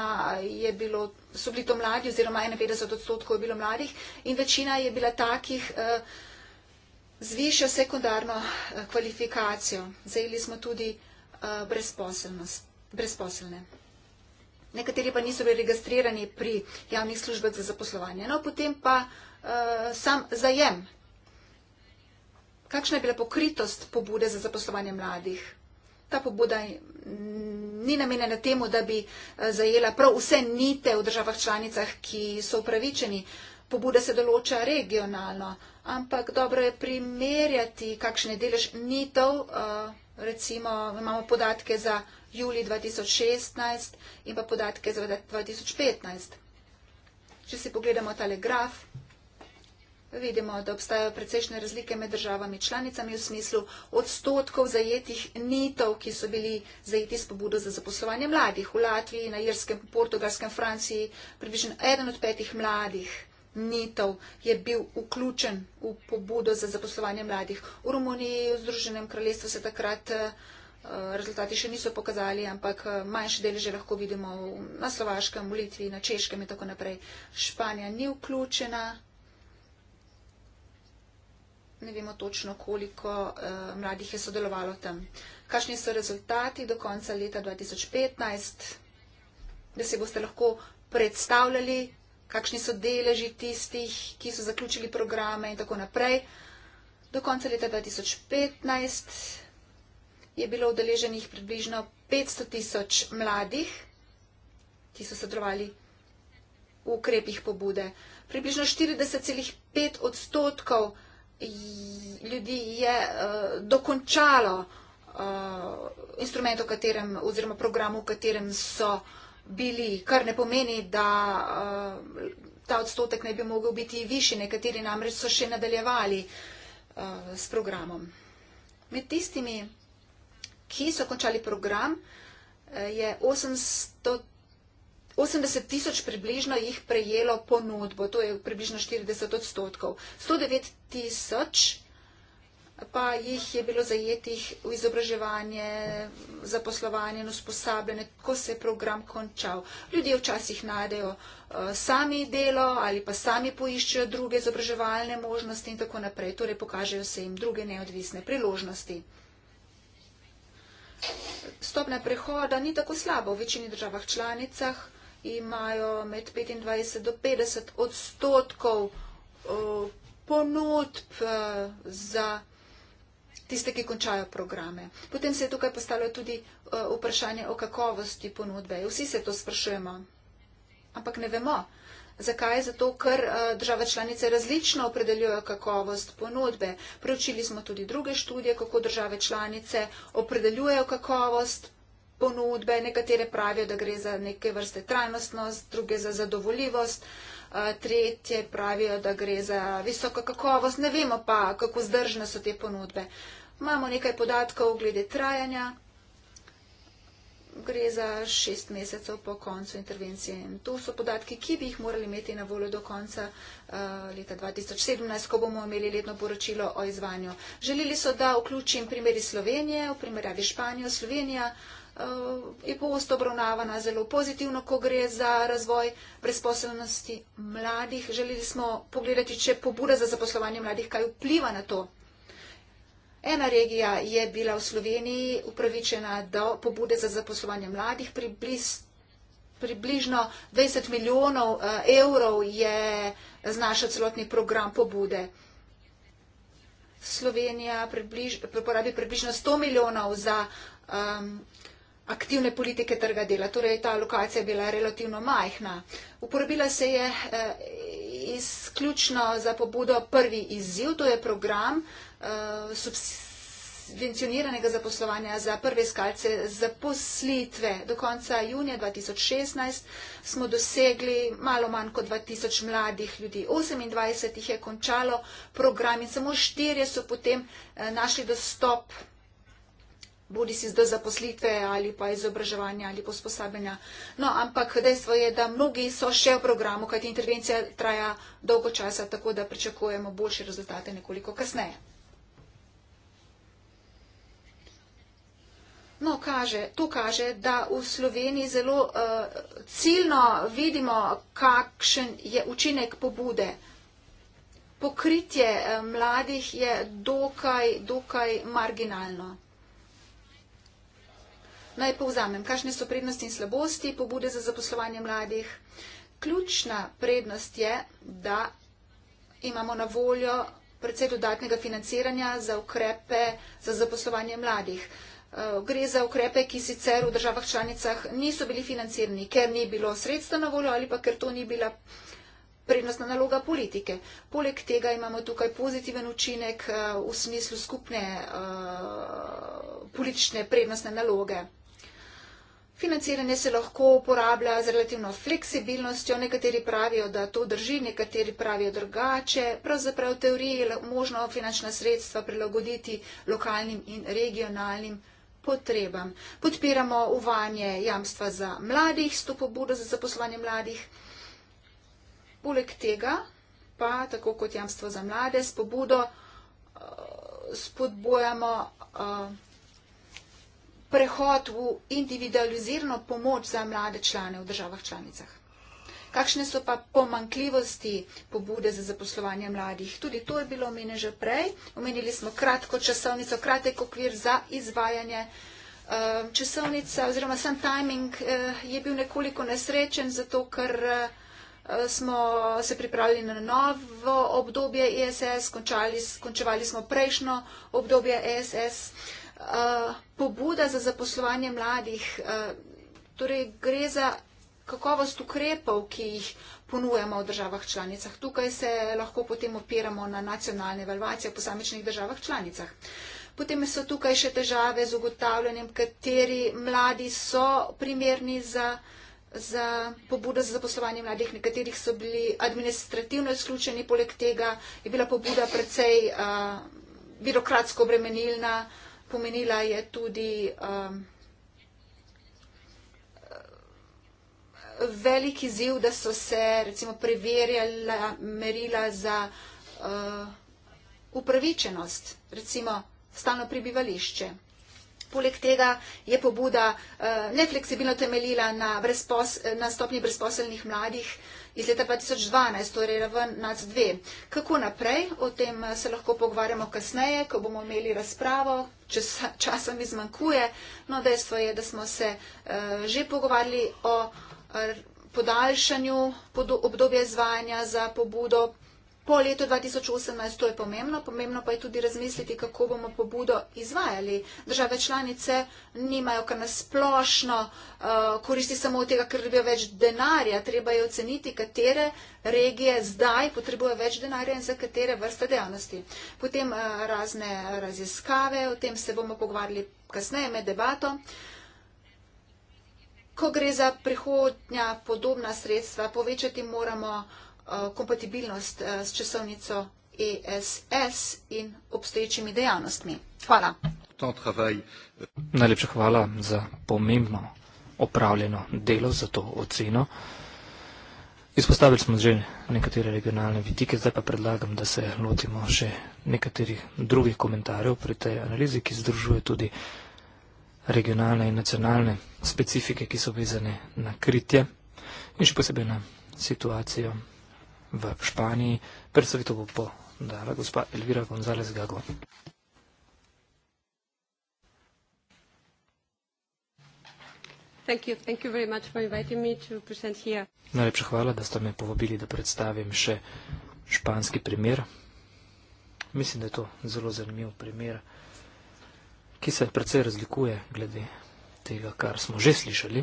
bilo, so bili to mladi oziroma 51 odstotkov je bilo mladih in večina je bila takih z višjo sekundarno kvalifikacijo. Zajeli smo tudi brezposelne nekateri pa niso bili registrirani pri javnih službah za zaposlovanje. No, potem pa uh, sam zajem. Kakšna je bila pokritost pobude za zaposlovanje mladih? Ta pobuda mm, ni namenjena temu, da bi eh, zajela prav vse nite v državah članicah, ki so upravičeni. Pobuda se določa regionalno, ampak dobro je primerjati, kakšen je delež nitev. Uh, eh, recimo imamo podatke za juli 2016 in pa podatke za 2015. Če si pogledamo tale graf, vidimo, da obstajajo precejšnje razlike med državami članicami v smislu odstotkov zajetih nitov, ki so bili zajeti s pobudo za zaposlovanje mladih. V Latviji, na Irskem, Portugalskem, Franciji približno eden od petih mladih nitov je bil vključen v pobudo za zaposlovanje mladih. V Romuniji in v Združenem kraljestvu se takrat eh, rezultati še niso pokazali, ampak eh, manjše dele že lahko vidimo na Slovaškem, v Litvi, na Češkem in tako naprej. Španija ni vključena. Ne vemo točno, koliko uh, mladih je sodelovalo tam. Kakšni so rezultati do konca leta 2015, da se boste lahko predstavljali kakšni so deleži tistih, ki so zaključili programe in tako naprej. Do konca leta 2015 je bilo udeleženih približno 500 tisoč mladih, ki so sodelovali v ukrepih pobude. Približno 40,5 odstotkov ljudi je uh, dokončalo uh, instrument, v katerem, oziroma program, v katerem so uh, bili, kar ne pomeni, da eh, ta odstotek ne bi mogel biti višji. Nekateri namreč so še nadaljevali eh, s programom. Med tistimi, ki so končali program, eh, je 800. 80 tisoč približno jih prejelo ponudbo, to je približno 40 odstotkov. 109 tisoč pa jih je bilo zajetih v izobraževanje, zaposlovanje in usposabljanje, ko se je program končal. Ljudje včasih najdejo eh, sami delo ali pa sami poiščejo druge izobraževalne možnosti in tako naprej. Torej pokažejo se jim druge neodvisne priložnosti. Stopna prehoda ni tako slaba. V večini državah članicah imajo med 25 do 50 odstotkov eh, ponudb eh, za tiste, ki končajo programe. Potem se je tukaj postalo tudi eh, vprašanje o kakovosti ponudbe. Ja, vsi se to sprašujemo, ampak ne vemo. Zakaj? Zato, ker eh, države članice različno opredeljujejo kakovost ponudbe. Preučili smo tudi druge študije, kako države članice opredeljujejo kakovost ponudbe. Nekatere pravijo, da gre za neke vrste trajnostnost, druge za zadovoljivost, eh, tretje pravijo, da gre za visoko kakovost. Ne vemo pa, kako zdržne so te ponudbe. Imamo nekaj podatkov glede trajanja. Gre za šest mesecev po koncu intervencije. In to so podatki, ki bi jih morali imeti na voljo do konca uh, leta 2017, ko bomo imeli letno poročilo o izvanju. Želeli so, da vključim primeri Slovenije, v primerjavi Španijo. Slovenija uh, je pogosto obravnavana zelo pozitivno, ko gre za razvoj brezposelnosti mladih. Želeli smo pogledati, če pobuda za zaposlovanje mladih kaj vpliva na to. Ena regija je bila v Sloveniji upravičena do pobude za zaposlovanje mladih. Približ, približno 20 milijonov eh, evrov je znašal celotni program pobude. Slovenija približ, porabi približno 100 milijonov za um, aktivne politike trga dela. Torej, ta lokacija je bila relativno majhna. Uporabila se je eh, izključno za pobudo prvi izziv, to je program. Eh, Eh, subvencioniranega zaposlovanja za prve iskalce zaposlitve. Do konca junija 2016 smo dosegli malo manj kot 2000 mladih ljudi. 28 jih je končalo program in samo štirje so potem eh, našli dostop bodi si do zaposlitve ali pa izobraževanja ali posposabljanja. No, ampak dejstvo je, da mnogi so še v programu, kajti intervencija traja dolgo časa, tako da pričakujemo boljše rezultate nekoliko kasneje. No, kaže, to kaže, da v Sloveniji zelo uh, ciljno vidimo, kakšen je učinek pobude. Pokritje uh, mladih je dokaj, dokaj marginalno. Naj povzamem, kakšne so prednosti in slabosti pobude za zaposlovanje mladih. Ključna prednost je, da imamo na voljo predvsej dodatnega financiranja za ukrepe za zaposlovanje mladih. Uh, Eh, gre za ukrepe, ki sicer v državah članicah niso bili financirani, ker ni bilo sredstva na voljo ali pa ker to ni bila prednostna naloga politike. Poleg tega imamo tukaj pozitiven učinek eh, v smislu skupne uh, politične prednostne naloge. Financiranje se lahko uporablja z relativno fleksibilnostjo, nekateri pravijo, da to drži, nekateri pravijo drugače. Pravzaprav v teoriji je možno finančna sredstva prilagoditi lokalnim in regionalnim potrebam. Podpiramo uvajanje jamstva za mladih, sto pobudo za zaposlovanje mladih. Poleg tega pa, tako kot jamstvo za mlade, s pobudo eh, spodbojamo eh, prehod v individualizirano pomoč za mlade člane v državah članicah. Kakšne so pa pomankljivosti pobude za zaposlovanje mladih? Tudi to je bilo omenjeno že prej. Omenili smo kratko časovnico, kratek okvir za izvajanje. Eh, Časovnica oziroma sam timing eh, je bil nekoliko nesrečen, zato ker eh, smo se pripravili na novo obdobje ESS, končali, končevali smo prejšnjo obdobje ESS. Pobuda za zaposlovanje mladih, torej gre za kakovost ukrepov, ki jih ponujemo v državah članicah. Tukaj se lahko potem opiramo na nacionalne evalvacije v posamečnih državah članicah. Potem so tukaj še težave z ugotavljanjem, kateri mladi so primerni za, za pobudo za zaposlovanje mladih, nekaterih so bili administrativno izključeni, poleg tega je bila pobuda precej uh, birokratsko obremenilna, pomenila je tudi. Uh, velik izziv, da so se recimo preverjala merila za uh, upravičenost, recimo stalno prebivališče. Poleg tega je pobuda uh, nefleksibilno temeljila na, brezpos, na stopni brezposelnih mladih iz leta 2012, torej raven NAC2. Kako naprej, o tem uh, se lahko pogovarjamo kasneje, ko bomo imeli razpravo, če časa mi zmanjkuje. No, dejstvo je, da smo se uh, že pogovarjali o podaljšanju obdobja izvajanja za pobudo po letu 2018. To je pomembno. Pomembno pa je tudi razmisliti, kako bomo pobudo izvajali. Države članice nimajo kar nasplošno uh, koristi samo od tega, ker dobijo več denarja. Treba je oceniti, katere regije zdaj potrebujejo več denarja in za katere vrste dejavnosti. Potem uh, razne raziskave, o tem se bomo pogovarjali kasneje med debato. Ko gre za prihodnja podobna sredstva, povečati moramo eh, kompatibilnost eh, s časovnico ESS in obstoječimi dejavnostmi. Hvala. Najlepša hvala za pomembno opravljeno delo, za to oceno. Izpostavili smo že nekatere regionalne vidike, zdaj pa predlagam, da se lotimo še nekaterih drugih komentarjev pri tej analizi, ki združuje tudi regionalne in nacionalne specifike, ki so vezane na kritje in še posebej na situacijo v Španiji. Predstavitev bo po dala gospa Elvira González Gago. Thank you. Thank you very much for inviting me to present here. Najlepša hvala, da ste me povabili, da predstavim še španski primer. Mislim, da je to zelo zanimiv primer ki se precej razlikuje glede tega, kar smo že slišali.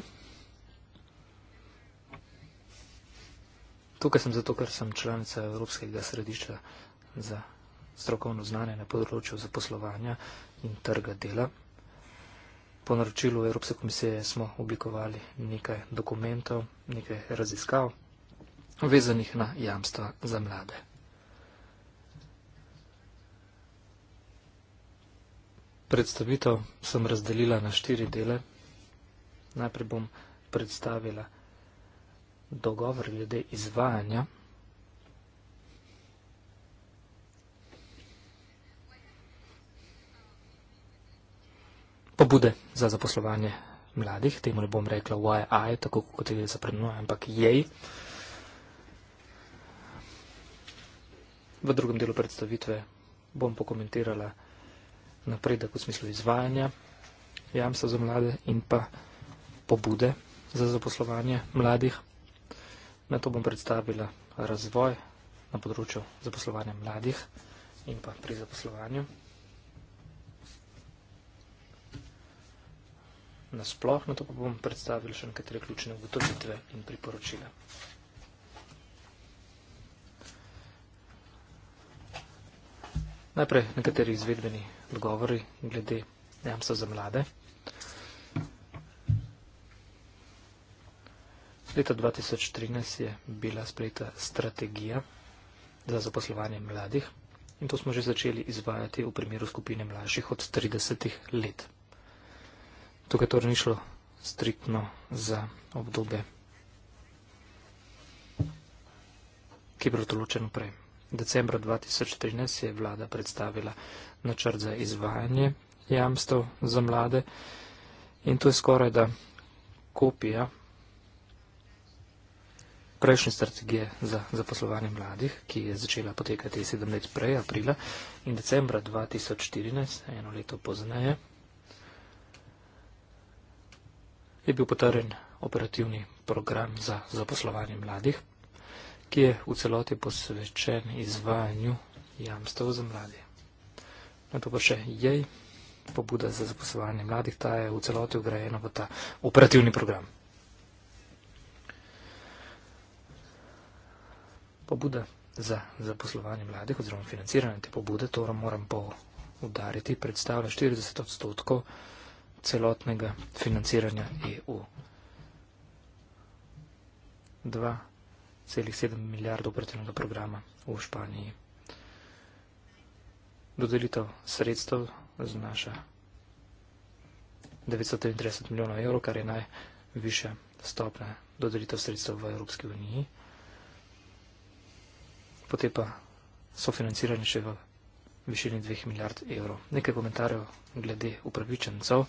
Tukaj sem zato, ker sem članica Evropskega središča za strokovno znanje na področju zaposlovanja in trga dela. Po naročilu Evropske komisije smo oblikovali nekaj dokumentov, nekaj raziskav, vezanih na jamstva za mlade. Predstavitev sem razdelila na štiri dele. Najprej bom predstavila dogovor glede izvajanja. Pobude za zaposlovanje mladih, temu ne bom rekla why I, tako kot je zaprednula, ampak jej. V drugem delu predstavitve bom pokomentirala vsega, napredek v smislu izvajanja jamstva za mlade in pa pobude za zaposlovanje mladih. Na to bom predstavila razvoj na področju zaposlovanja mladih in pa pri zaposlovanju. Nasploh, na to pa bom predstavila še nekatere ključne ugotovitve in priporočila. Najprej nekateri izvedbeni odgovori glede jamstva za mlade. Leta 2013 je bila sprejeta strategija za zaposlovanje mladih in to smo že začeli izvajati v primeru skupine mlajših od 30 let. Tukaj torej ni šlo striktno za obdobje, ki je bilo določeno prej. Decembra 2013 je vlada predstavila načrt za izvajanje jamstev za mlade in to je skoraj da kopija prejšnje strategije za zaposlovanje mladih, ki je začela potekati 7 let prej, aprila in decembra 2014, eno leto pozneje, je bil potrjen operativni program za zaposlovanje mladih ki je v celoti posvečen izvajanju jamstev za mlade. Na no, to pa še jej, pobuda za zaposlovanje mladih, ta je v celoti ugrajena v ta operativni program. Pobuda za zaposlovanje mladih oziroma financiranje te pobude, to torej moram poudariti, predstavlja 40 odstotkov celotnega financiranja EU. 2 1,7 milijardov operativnega programa v Španiji. Dodelitev sredstev znaša 933 milijonov evrov, kar je najviše stopne dodelitev sredstev v Evropski uniji. Potem pa so financirani še v višini 2 milijard evrov. Nekaj komentarjev glede upravičencev,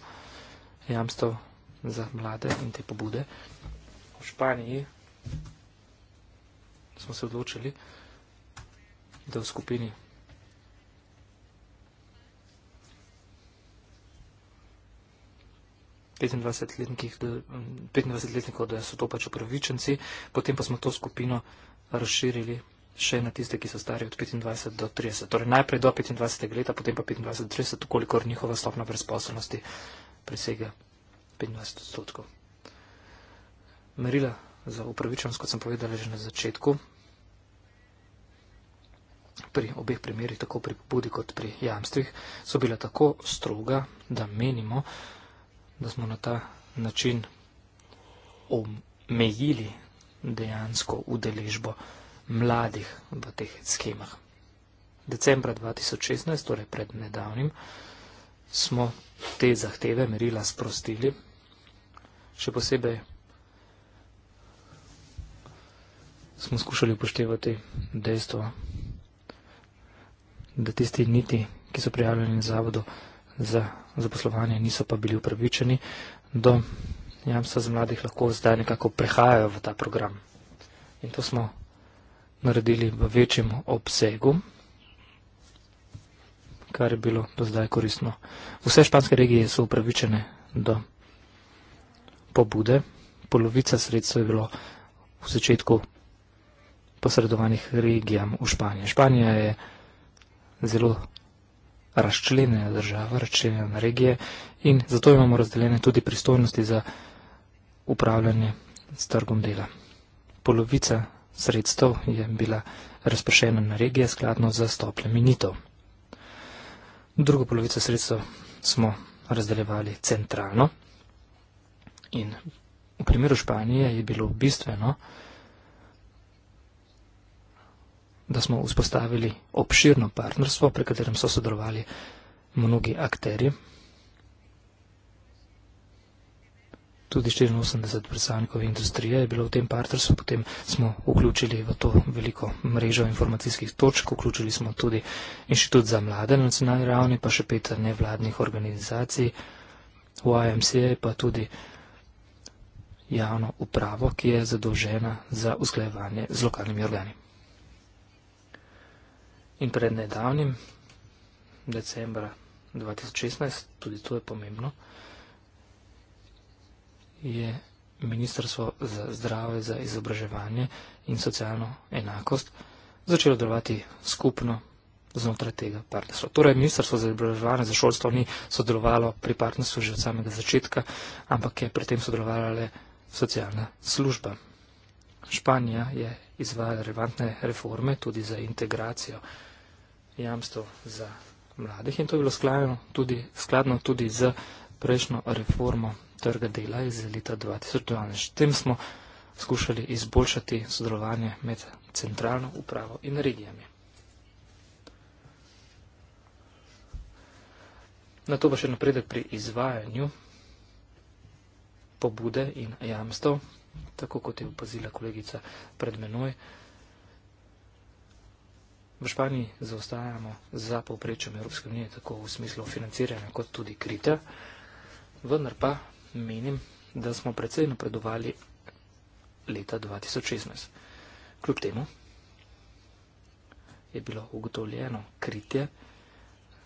jamstv za mlade in te pobude. V Španiji smo se odločili, da v skupini petindvajsetletnikov, da so to pač upravičenci, potem pa smo to skupino razširili še na tiste, ki so stari od 25 do 30. Torej najprej do 25. leta, potem pa 25 do 30, kolikor njihova stopna brezposobnosti presega 25 odstotkov. Merila za upravičenost, kot sem povedala že na začetku, pri obeh primerjih, tako pri pobudi kot pri jamstvih, so bila tako stroga, da menimo, da smo na ta način omejili dejansko udeležbo mladih v teh schemah. Decembra 2016, torej pred nedavnim, smo te zahteve merila sprostili, še posebej smo skušali upoštevati dejstvo, da tisti niti, ki so prijavljeni na zavodu za zaposlovanje, niso pa bili upravičeni do jamstva za mladih, lahko zdaj nekako prehajajo v ta program. In to smo naredili v večjem obsegu, kar je bilo do zdaj koristno. Vse španske regije so upravičene do pobude. Polovica sredstva je bilo v začetku posredovanih regijam v Španiji. Španija je zelo razčlenjena država, razčlenjena regije in zato imamo razdeljene tudi pristojnosti za upravljanje s trgom dela. Polovica sredstev je bila razpršena na regije skladno za stopne minitev. Drugo polovico sredstev smo razdeljevali centralno in v primeru Španije je bilo bistveno, da smo vzpostavili obširno partnerstvo, pri katerem so sodelovali mnogi akteri. Tudi 84 predstavnikov industrije je bilo v tem partnerstvu, potem smo vključili v to veliko mrežo informacijskih točk, vključili smo tudi Inštitut za mlade na nacionalni ravni, pa še pet nevladnih organizacij, YMCA, pa tudi javno upravo, ki je zadolžena za usklajevanje z lokalnimi organi. In pred nedavnim, decembra 2016, tudi to je pomembno, je Ministrstvo za zdrave, za izobraževanje in socialno enakost začelo delovati skupno znotraj tega partnerstva. Torej, Ministrstvo za izobraževanje za šolstvo ni sodelovalo pri partnerstvu že od samega začetka, ampak je pri tem sodelovala le socialna služba. Španija je izvajala relevantne reforme tudi za integracijo jamstvo za mladih in to je bilo tudi, skladno tudi z prejšnjo reformo trga dela iz leta 2012. S tem smo skušali izboljšati sodelovanje med centralno upravo in regijami. Na to pa še napredek pri izvajanju pobude in jamstev, tako kot je opazila kolegica pred menoj. V Španiji zaostajamo za povprečjem Evropske unije, tako v smislu financiranja kot tudi kritja. Vendar pa menim, da smo precej napredovali leta 2016. Kljub temu je bilo ugotovljeno kritje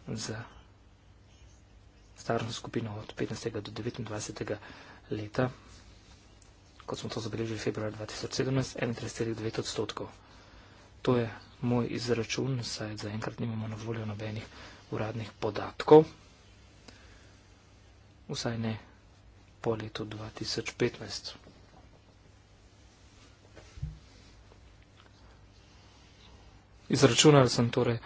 za starostno skupino od 15. do 29. leta, kot smo to zabeležili februar 2017, 31,9 odstotkov. To je moj izračun, saj zaenkrat nimamo na voljo nobenih uradnih podatkov, vsaj ne po letu 2015. Izračunal sem torej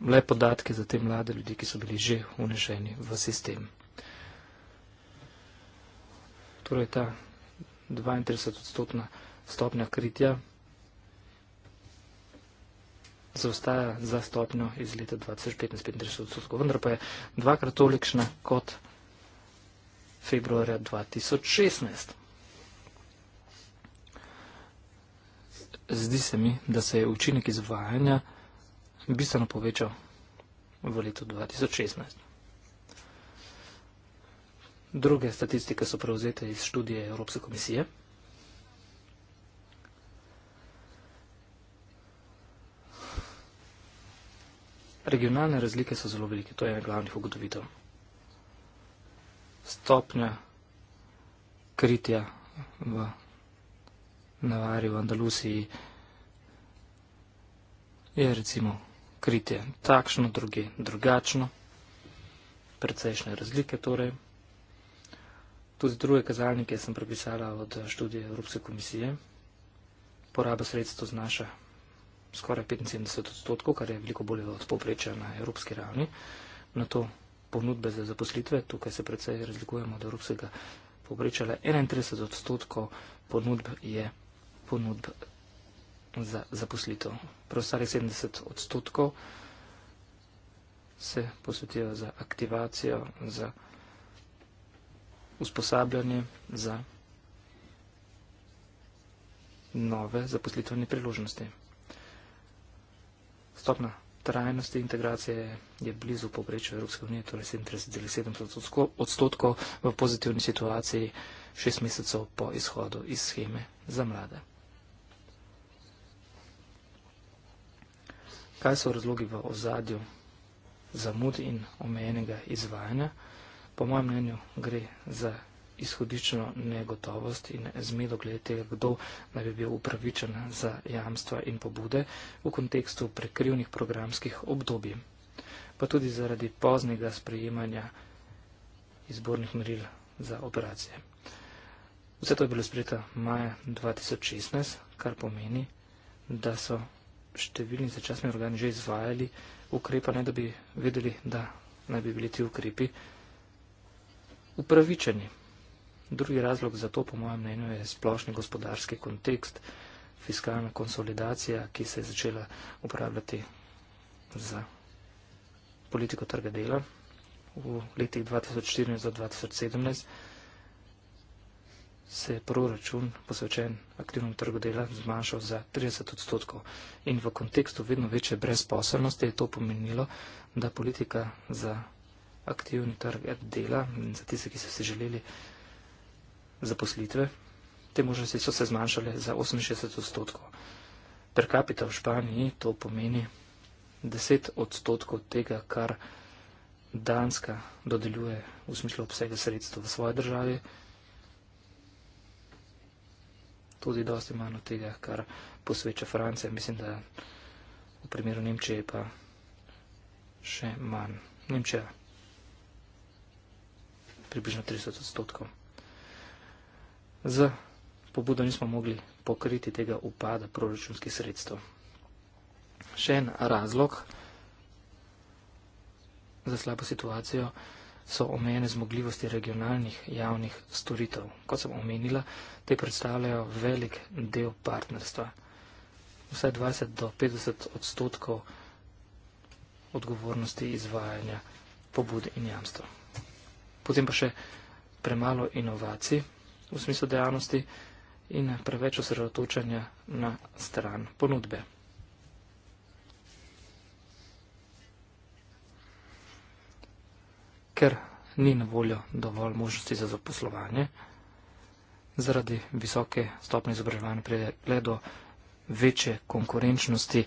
le podatke za te mlade ljudi, ki so bili že uneženi v sistem. Torej ta 32-odstotna stopnja kritja zaostaja za stopnjo iz leta 2015-2015 odstotkov, vendar pa je dvakrat tolikšna kot februarja 2016. Zdi se mi, da se je učinek izvajanja bistveno povečal v letu 2016. Druge statistike so prevzete iz študije Evropske komisije. Regionalne razlike so zelo velike, to je ena glavnih ugotovitev. Stopnja kritja v Navari, v Andalusiji je recimo kritje takšno, druge drugačno, precejšnje razlike torej. Tudi druge kazalnike sem prepisala od študije Evropske komisije. Poraba sredstva znaša skoraj 75 odstotkov, kar je veliko bolje od poprečja na evropski ravni. Na to ponudbe za zaposlitve, tukaj se predvsej razlikujemo od evropskega poprečja, le 31 odstotkov ponudb je ponudb za zaposlitev. Preostalih 70 odstotkov se posvetijo za aktivacijo, za usposabljanje, za nove zaposlitvene priložnosti stopna trajnosti integracije je blizu povprečju Evropske unije, torej 37,7 odstotkov v pozitivni situaciji šest mesecev po izhodu iz scheme za mlade. Kaj so razlogi v ozadju zamud in omejenega izvajanja? Po mojem mnenju gre za izhodično negotovost in zmedo glede tega, kdo naj bi bil upravičen za jamstva in pobude v kontekstu prekrivnih programskih obdobij, pa tudi zaradi poznega sprejemanja izbornih meril za operacije. Vse to je bilo sprejeto maja 2016, kar pomeni, da so številni začasni organi že izvajali ukrepa, ne da bi vedeli, da naj bi bili ti ukrepi upravičeni. Drugi razlog za to, po mojem mnenju, je splošni gospodarski kontekst, fiskalna konsolidacija, ki se je začela uporabljati za politiko trga dela v letih 2014 do 2017 se je proračun posvečen aktivnemu trgu dela zmanjšal za 30 odstotkov in v kontekstu vedno večje brezposobnosti je to pomenilo, da politika za aktivni trg dela in za tiste, ki so si želeli zaposlitve. Te možnosti so se zmanjšale za 68 odstotkov. Per capita v Španiji to pomeni 10 odstotkov tega, kar Danska dodeljuje v smislu obsega sredstva v svoji državi. Tudi dosti manj od tega, kar posveča Francija. Mislim, da v primeru Nemčije je pa še manj. Nemčija približno 30 odstotkov z pobudo nismo mogli pokriti tega upada proračunskih sredstev. Še en razlog za slabo situacijo so omejene zmogljivosti regionalnih javnih storitev. Kot sem omenila, te predstavljajo velik del partnerstva. Vsaj 20 do 50 odstotkov odgovornosti izvajanja pobud in jamstva. Potem pa še premalo inovacij v smislu dejavnosti in preveč osredotočanja na stran ponudbe. Ker ni na voljo dovolj možnosti za zaposlovanje, zaradi visoke stopne izobraževanja prije do večje konkurenčnosti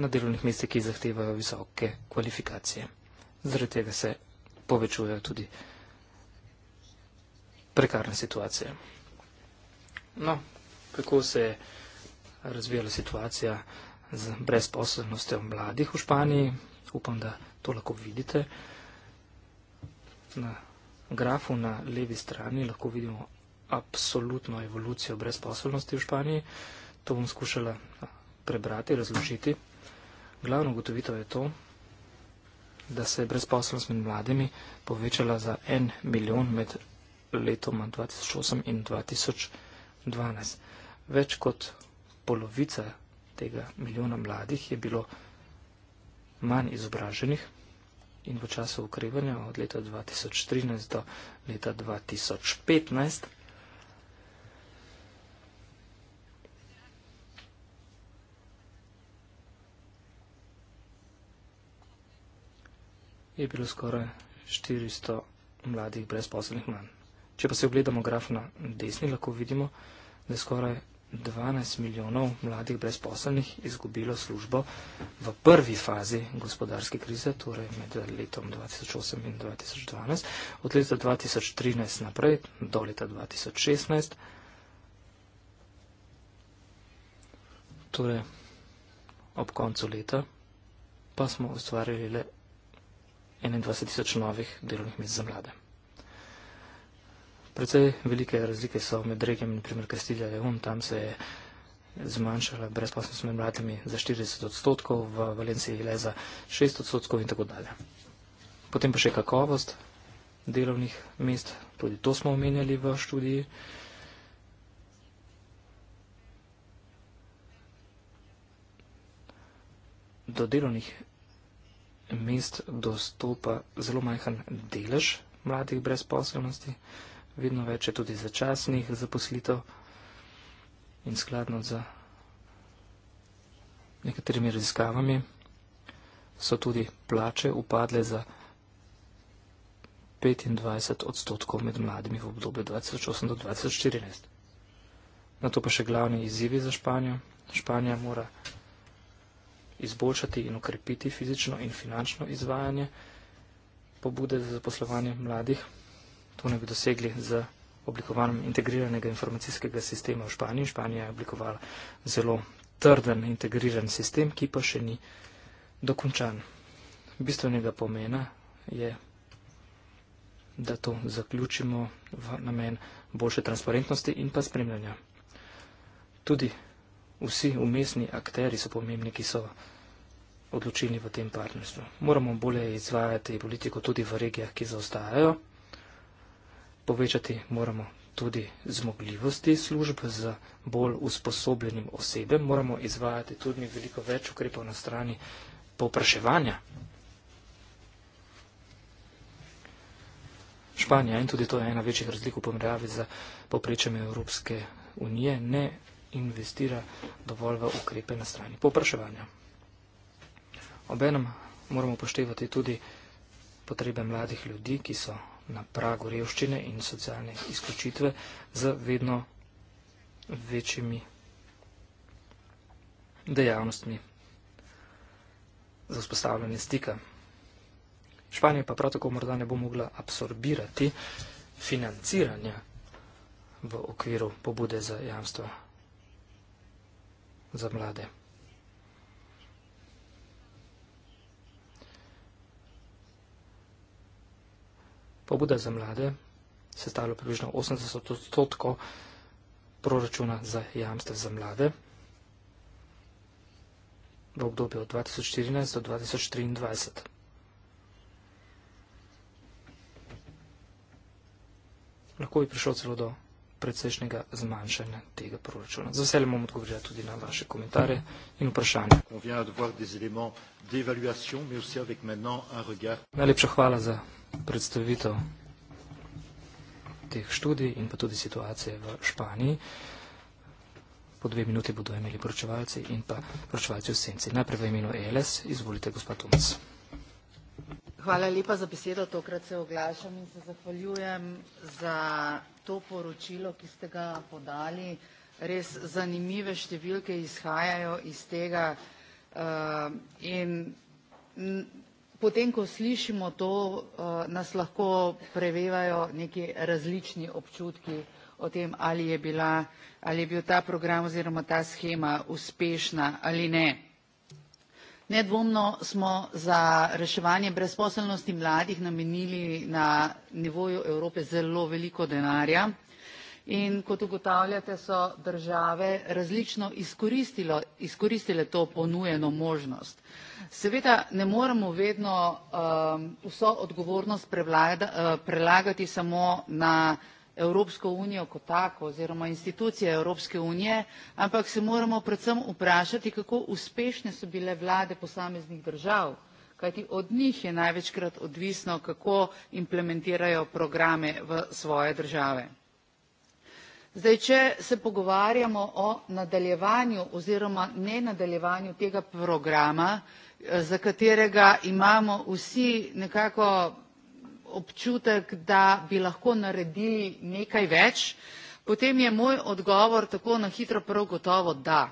na delovnih mestih, ki zahtevajo visoke kvalifikacije. Zaradi tega se povečujejo tudi prekarne situacije. No, kako se je razvijala situacija z brezposobnostjo mladih v Španiji, upam, da to lahko vidite. Na grafu na levi strani lahko vidimo absolutno evolucijo brezposobnosti v Španiji. To bom skušala prebrati, razložiti. Glavno gotovitev je to, da se je brezposobnost med mladimi povečala za en milijon med letoma 2008 in 2012. Več kot polovica tega milijona mladih je bilo manj izobraženih in v času ukrivanja od leta 2013 do leta 2015 je bilo skoraj 400 mladih brezposobnih manj. Če pa se ogledamo graf na desni, lahko vidimo, da je skoraj 12 milijonov mladih brezposelnih izgubilo službo v prvi fazi gospodarske krize, torej med letom 2008 in 2012. Od leta 2013 naprej do leta 2016. Torej, ob koncu leta pa smo ustvarili le 21 tisoč novih delovnih mest za mlade. Predvsej velike razlike so med regijami, naprimer Kastilja Leon, tam se je zmanjšala brezposobnost med mladimi za 40 odstotkov, v Valenciji le za 6 odstotkov in tako dalje. Potem pa še kakovost delovnih mest, tudi to smo omenjali v študiji. Do delovnih mest dostopa zelo majhen delež mladih brezposobnosti. posebnosti vedno več je tudi začasnih zaposlitev in skladno z nekaterimi raziskavami so tudi plače upadle za 25 odstotkov med mladimi v obdobju 2008 do 2014. Na to pa še glavni izzivi za Španijo. Španija mora izboljšati in ukrepiti fizično in finančno izvajanje pobude za zaposlovanje mladih to ne bi dosegli z oblikovanjem integriranega informacijskega sistema v Španiji. Španija je oblikovala zelo trden integriran sistem, ki pa še ni dokončan. Bistvenega pomena je, da to zaključimo v namen boljše transparentnosti in pa spremljanja. Tudi vsi umestni akteri so pomembni, ki so odločili v tem partnerstvu. Moramo bolje izvajati politiko tudi v regijah, ki zaostajajo povečati moramo tudi zmogljivosti služb z bolj usposobljenim osebem, moramo izvajati tudi veliko več ukrepov na strani povpraševanja. Španija in tudi to je ena večjih razlik v pomerjavi za poprečami Evropske unije, ne investira dovolj v ukrepe na strani povpraševanja. Obenem moramo poštevati tudi potrebe mladih ljudi, ki so na pragu revščine in socialne izključitve z vedno večjimi dejavnostmi za vzpostavljanje stika. Španija pa prav tako morda ne bo mogla absorbirati financiranja v okviru pobude za jamstvo za mlade. pobuda za mlade sestavlja približno 80 odstotkov proračuna za jamstev za mlade v obdobju od 2014 do 2023. Lahko bi prišlo celo do predsečnega zmanjšanja tega proračuna. Za veselje bom odgovorila tudi na vaše komentarje in vprašanje. Najlepša hvala za vprašanje predstavitev teh študij in pa tudi situacije v Španiji. Po dve minuti bodo imeli poročevalci in pa poročevalci v senci. Najprej v imenu ELS, izvolite gospod Tomc. Hvala lepa za besedo, tokrat se oglašam in se zahvaljujem za to poročilo, ki ste ga podali. Res zanimive številke izhajajo iz tega uh, in potem, ko slišimo to, eh, nas lahko prevevajo neki različni občutki o tem, ali je, bila, ali je bil ta program oziroma ta schema uspešna ali ne. Nedvomno smo za reševanje brezposelnosti mladih namenili na nivoju Evrope zelo veliko denarja in kot ugotavljate so države različno izkoristile to ponujeno možnost. seveda ne moremo vedno um, vso odgovornost prevlada, uh, prelagati samo na Evropsko unijo kot tako oziroma institucije Evropske unije, ampak se moramo predvsem vprašati, kako uspešne so bile vlade posameznih držav, kajti od njih je največkrat odvisno, kako implementirajo programe v svoje države zdaj če se pogovarjamo o nadaljevanju oziroma nenadaljevanju tega programa eh, za katerega imamo vsi nekako občutek da bi lahko naredili nekaj več potem je moj odgovor tako na hitro prav gotovo da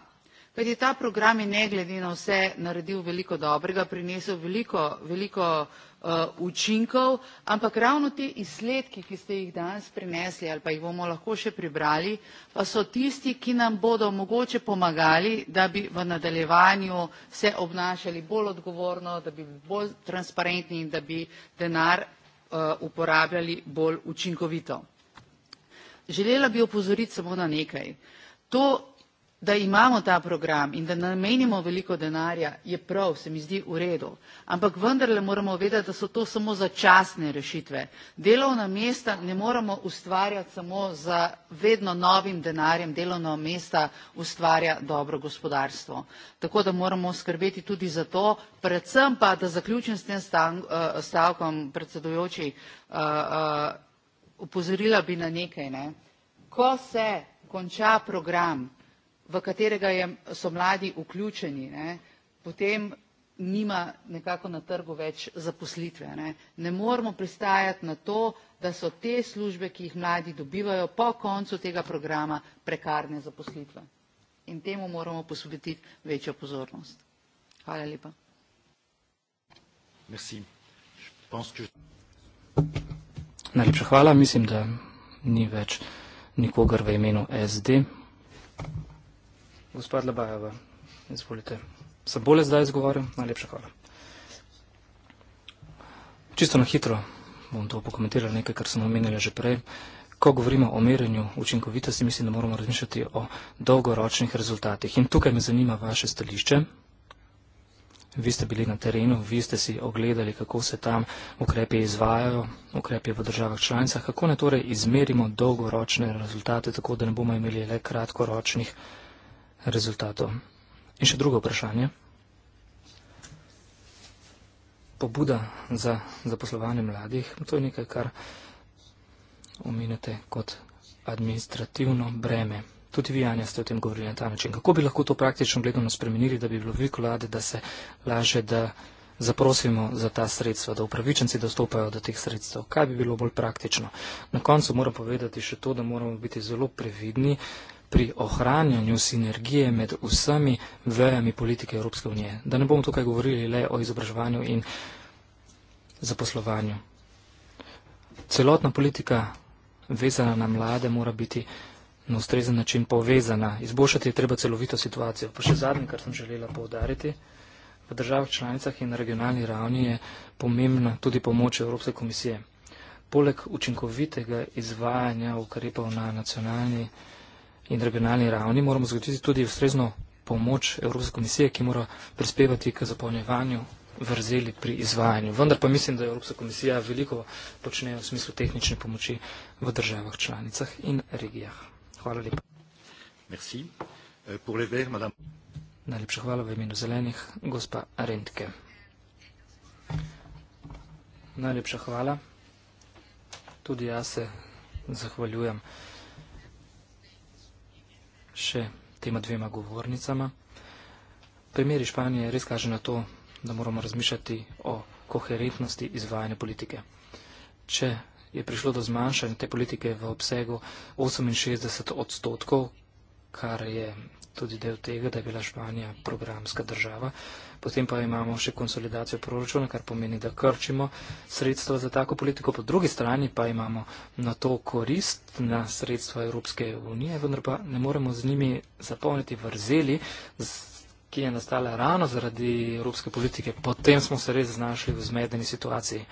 kajti ta program je ne glede na vse naredil veliko dobrega prinesel veliko veliko eh, učinkov ampak ravno ti izsledki ki ste jih danes prinesli ali pa jih bomo lahko še prebrali pa so tisti ki nam bodo mogoče pomagali da bi v nadaljevanju se obnašali bolj odgovorno da bi bili bolj transparentni in da bi denar eh, uporabljali bolj učinkovito. želela bi opozoriti samo na nekaj to da imamo ta program in da namenimo veliko denarja, je prav, se mi zdi v redu. Ampak vendarle moramo vedeti, da so to samo začasne rešitve. Delovna mesta ne moramo ustvarjati samo za vedno novim denarjem. Delovna mesta ustvarja dobro gospodarstvo. Tako da moramo skrbeti tudi za to. Predvsem pa, da zaključim s tem eh, stavkom predsedojoči, upozorila eh, eh, bi na nekaj. Ne? Ko se konča program, v katerega je, so mladi vključeni, ne, potem nima nekako na trgu več zaposlitve. Ne. ne moramo pristajati na to, da so te službe, ki jih mladi dobivajo po koncu tega programa, prekarne zaposlitve. In temu moramo posvetiti večjo pozornost. Hvala lepa. Merci. Najlepša hvala. Mislim, da ni več nikogar v imenu SD. Gospod Lebajeva, izvolite. Sem bolje zdaj izgovoril? Najlepša hvala. Čisto na hitro bom to pokomentiral nekaj, kar sem omenila že prej. Ko govorimo o merjenju učinkovitosti, mislim, da moramo razmišljati o dolgoročnih rezultatih. In tukaj me zanima vaše stališče. Vi ste bili na terenu, vi ste si ogledali, kako se tam ukrepi izvajajo, ukrepi v državah članicah. Kako ne torej izmerimo dolgoročne rezultate, tako da ne bomo imeli le kratkoročnih rezultatov? rezultatov. In še drugo vprašanje. Pobuda za zaposlovanje mladih, to je nekaj, kar omenjate kot administrativno breme. Tudi vi, Janja, ste o tem govorili na ta način. Kako bi lahko to praktično gledano spremenili, da bi bilo veliko vlade, da se laže, da zaprosimo za ta sredstva, da upravičenci dostopajo do teh sredstev? Kaj bi bilo bolj praktično? Na koncu moram povedati še to, da moramo biti zelo previdni pri ohranjanju sinergije med vsemi vejami politike Evropske unije. Da ne bomo tukaj govorili le o izobraževanju in zaposlovanju. Celotna politika vezana na mlade mora biti na ustrezen način povezana. Izboljšati je treba celovito situacijo. Pa še zadnje, kar sem želela povdariti. V državah članicah in na regionalni ravni je pomembna tudi pomoč Evropske komisije. Poleg učinkovitega izvajanja ukrepov na nacionalni ravni, in regionalni ravni moramo zagotoviti tudi ustrezno pomoč Evropske komisije, ki mora prispevati k zapolnjevanju vrzeli pri izvajanju. Vendar pa mislim, da Evropska komisija veliko počne v smislu tehnične pomoči v državah, članicah in regijah. Hvala lepa. Merci. Euh, pour les verts, madame. Najlepša hvala v imenu zelenih, gospa Rentke. Najlepša hvala. Tudi jaz se zahvaljujem še tema dvema govornicama. Primeri Španije res kaže na to, da moramo razmišljati o koherentnosti izvajanja politike. Če je prišlo do zmanjšanja te politike v obsegu 68 odstotkov, kar je tudi del tega, da je bila Španija programska država, potem pa imamo še konsolidacijo proračuna, kar pomeni, da krčimo sredstva za tako politiko, po drugi strani pa imamo na to korist, na sredstva Evropske unije, vendar pa ne moremo z njimi zapolniti vrzeli, ki je nastala rano zaradi evropske politike. Potem smo se res znašli v zmedeni situaciji.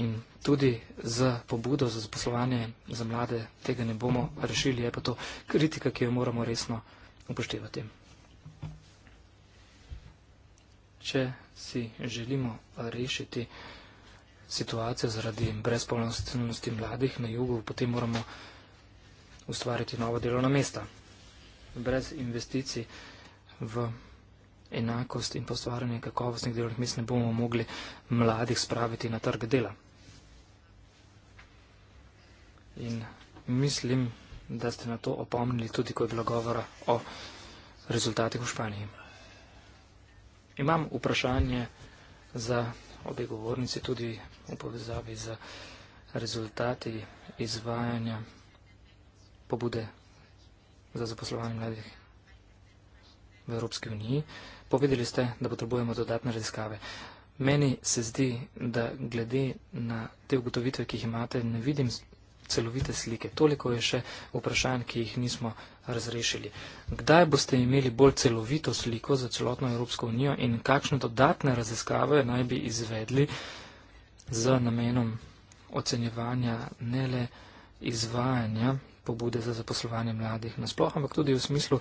In tudi z pobudo za zaposlovanje za mlade tega ne bomo rešili, je pa to kritika, ki jo moramo resno upoštevati če si želimo rešiti situacijo zaradi brezpolnosti mladih na jugu, potem moramo ustvariti novo delovno mesto. Brez investicij v enakost in postvarjanje kakovostnih delovnih mest ne bomo mogli mladih spraviti na trg dela. In mislim, da ste na to opomnili tudi, ko je bilo govora o rezultatih v Španiji. Imam vprašanje za obe govornici tudi v povezavi z rezultati izvajanja pobude za zaposlovanje mladih v Evropski uniji. Povedali ste, da potrebujemo dodatne raziskave. Meni se zdi, da glede na te ugotovitve, ki jih imate, ne vidim celovite slike. Toliko je še vprašanj, ki jih nismo razrešili. Kdaj boste imeli bolj celovito sliko za celotno Evropsko unijo in kakšne dodatne raziskave naj bi izvedli z namenom ocenjevanja ne le izvajanja pobude za zaposlovanje mladih nasploh, ampak tudi v smislu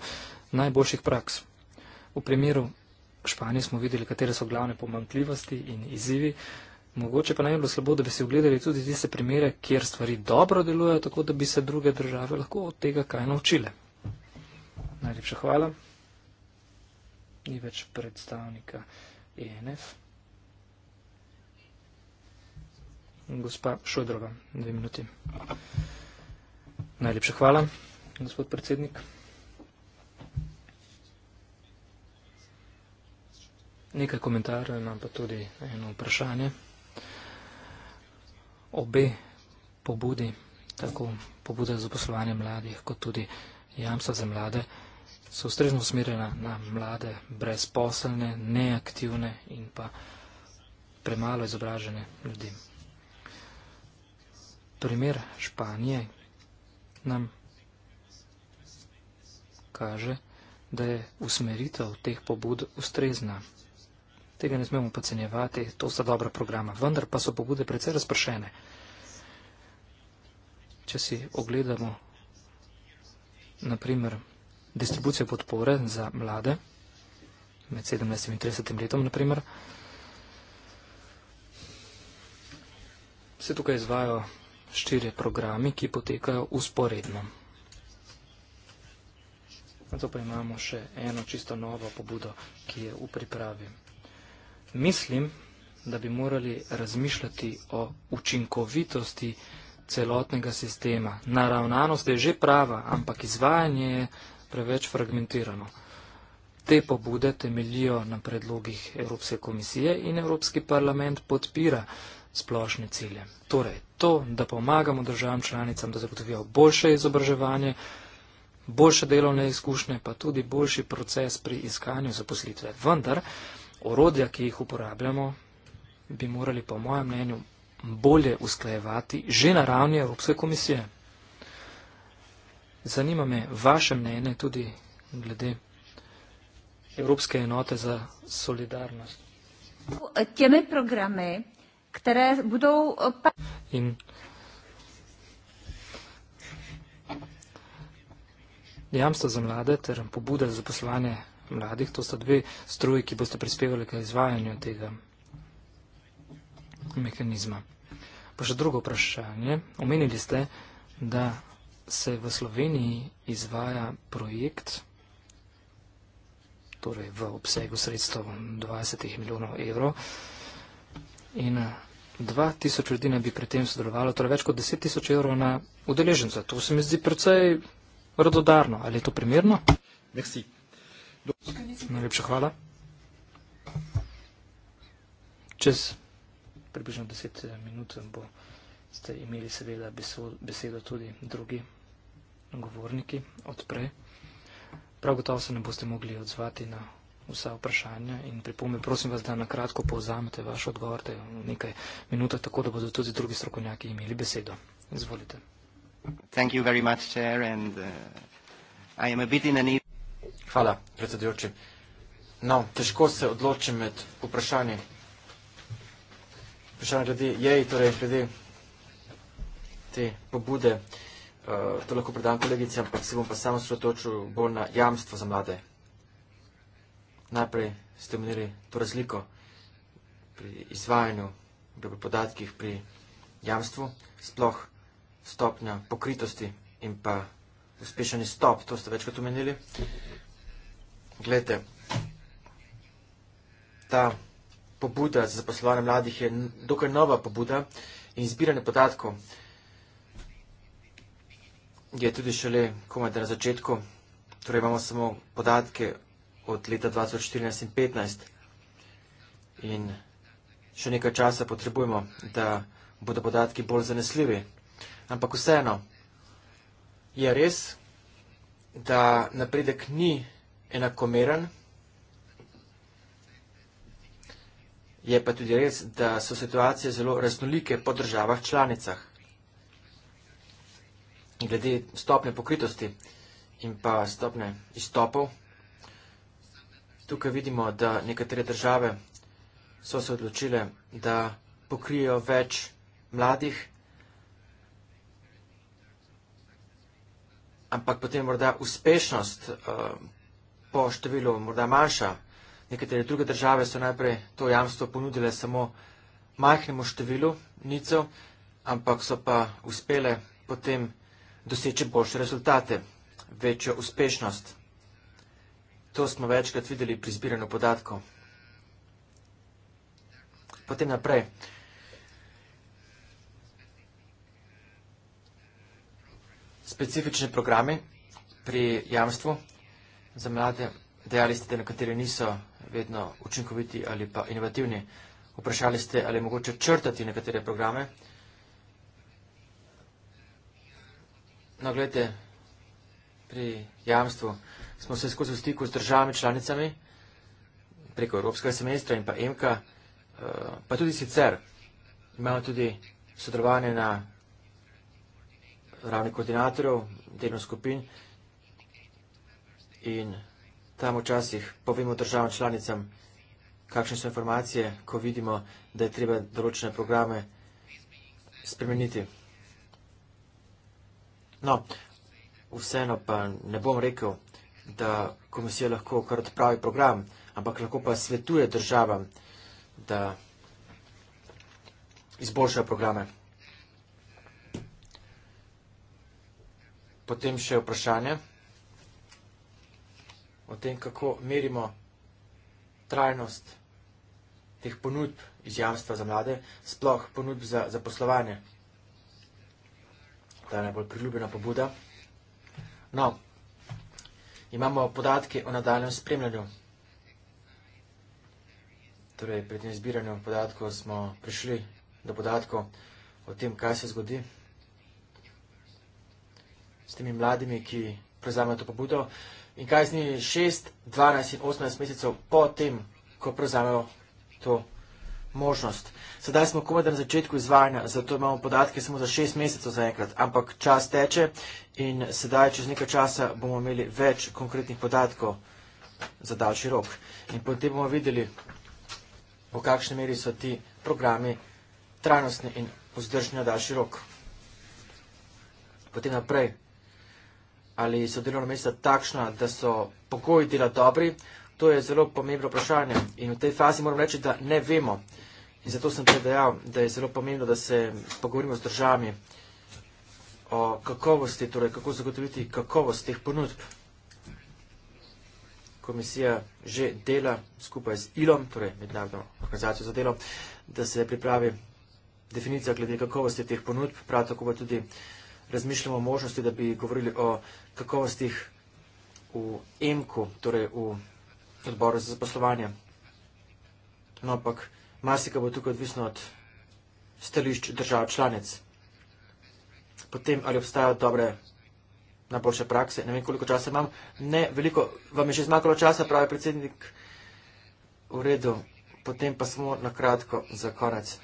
najboljših praks. V primeru Španije smo videli, katere so glavne pomankljivosti in izzivi. Mogoče pa naj bi bilo slabo, da bi si ogledali tudi tiste primere, kjer stvari dobro delujejo, tako da bi se druge države lahko od tega kaj naučile. Najlepša hvala. Ni več predstavnika ENF. Gospa Šodrova, dve minuti. Najlepša hvala, gospod predsednik. Nekaj komentarjev imam pa tudi eno vprašanje obe pobudi, tako pobuda za poslovanje mladih, kot tudi jamstva za mlade, so ustrežno usmerjena na mlade, brezposelne, neaktivne in pa premalo izobražene ljudi. Primer Španije nam kaže, da je usmeritev teh pobud ustrezna. Tega ne smemo podcenjevati, to sta dobra programa, vendar pa so pobude precej razpršene. Če si ogledamo, naprimer, distribucijo podpore za mlade med 17 in 30 letom, naprimer, se tukaj izvajo štiri programi, ki potekajo usporedno. Zato pa imamo še eno čisto novo pobudo, ki je v pripravi. Mislim, da bi morali razmišljati o učinkovitosti celotnega sistema. Naravnanost je že prava, ampak izvajanje je preveč fragmentirano. Te pobude temeljijo na predlogih Evropske komisije in Evropski parlament podpira splošne cilje. Torej, to, da pomagamo državam članicam, da zagotovijo boljše izobraževanje, boljše delovne izkušnje, pa tudi boljši proces pri iskanju zaposlitve. Vendar, orodja, ki jih uporabljamo, bi morali po mojem mnenju bolje usklajevati že na ravni Evropske komisije. Zanima me vaše mnenje tudi glede Evropske enote za solidarnost. Teme programe, ktere budou eh, pa... In jamstvo za mlade ter pobuda za poslovanje mladih. To sta dve struji, ki boste prispevali k izvajanju tega mehanizma. Pa še drugo vprašanje. Omenili ste, da se v Sloveniji izvaja projekt, torej v obsegu sredstev 20 milijonov evrov in 2000 ljudi ne bi pri tem sodelovalo, torej več kot 10 tisoč evrov na udeleženca. To se mi zdi precej rododarno. Ali je to primerno? Merci. Najlepša hvala. Čez približno deset eh, minut bo ste imeli seveda besedo tudi drugi govorniki odprej. Prav gotovo se ne boste mogli odzvati na vsa vprašanja in pripombe. Prosim vas, da nakratko povzamete vaš odgovor, da je v nekaj minutah, tako da bodo tudi drugi strokovnjaki imeli besedo. Izvolite. Thank you very much, chair, and uh, I am a bit in a need Hvala, predsedujoči. No, težko se odločim med vprašanji. Vprašanje glede jej, torej glede te pobude, uh, to lahko predam kolegici, ampak se bom pa samo sredotočil bolj na jamstvo za mlade. Najprej ste omenili to razliko pri izvajanju, pri podatkih, pri jamstvu, sploh stopnja pokritosti in pa uspešen stop, to ste večkrat omenili. Glede, ta pobuda za zaposlovanje mladih je dokaj nova pobuda in zbiranje podatkov je tudi šele komaj na začetku. Torej imamo samo podatke od leta 2014 in 2015 in še nekaj časa potrebujemo, da bodo podatki bolj zanesljivi. Ampak vseeno je res, da napredek ni zanesljiv enakomeren. Je pa tudi res, da so situacije zelo raznolike po državah članicah. Glede stopne pokritosti in pa stopne izstopov, tukaj vidimo, da nekatere države so se odločile, da pokrijo več mladih, ampak potem morda uspešnost. Uh, po številu morda manjša. Nekatere druge države so najprej to jamstvo ponudile samo majhnemu številu nicev, ampak so pa uspele potem doseči boljše rezultate, večjo uspešnost. To smo večkrat videli pri zbiranju podatkov. Potem naprej. Specifični programi pri jamstvu za mlade, dejali ste, da nekateri niso vedno učinkoviti ali pa inovativni. Vprašali ste, ali je mogoče črtati nekatere programe. No, gledajte, pri jamstvu smo se skozi v stiku z državami članicami, preko Evropskega semestra in pa EMK, eh, pa tudi sicer imamo tudi sodelovanje na ravni koordinatorjev, delno skupin, in tam včasih povemo državam članicam, kakšne so informacije, ko vidimo, da je treba določene programe spremeniti. No, vseeno pa ne bom rekel, da komisija lahko kar odpravi program, ampak lahko pa svetuje državam, da izboljšajo programe. Potem še vprašanje o tem, kako merimo trajnost teh ponudb iz jamstva za mlade, sploh ponudb za zaposlovanje. Ta je najbolj priljubljena pobuda. No, imamo podatke o nadaljem spremljanju. Torej, pri tem izbiranju podatkov smo prišli do podatkov o tem, kaj se zgodi s temi mladimi, ki prezamejo to pobudo. In kaj z njimi 6, 12 in 18 mesecev po tem, ko prevzamejo to možnost. Sedaj smo komaj na začetku izvajanja, zato imamo podatke samo za 6 mesecev zaenkrat, ampak čas teče in sedaj čez nekaj časa bomo imeli več konkretnih podatkov za daljši rok. In potem bomo videli, v kakšni meri so ti programi trajnostni in vzdržni na daljši rok. Potem naprej ali so delovna mesta takšna, da so pogoji dela dobri, to je zelo pomembno vprašanje. In v tej fazi moram reči, da ne vemo. In zato sem tudi dejal, da je zelo pomembno, da se pogovorimo z državami o kakovosti, torej kako zagotoviti kakovost teh ponudb. Komisija že dela skupaj z ILOM, torej Mednarodno organizacijo za delo, da se pripravi definicija glede kakovosti teh ponudb, prav tako pa tudi razmišljamo o možnosti, da bi govorili o kakovostih v EMK-u, torej v odboru za zaposlovanje. No, ampak masika bo tukaj odvisno od stališč držav članic. Potem, ali obstajajo dobre, najboljše prakse, ne vem, koliko časa imam. Ne, veliko, vam je še zmakalo časa, pravi predsednik. V redu, potem pa samo na kratko za konec.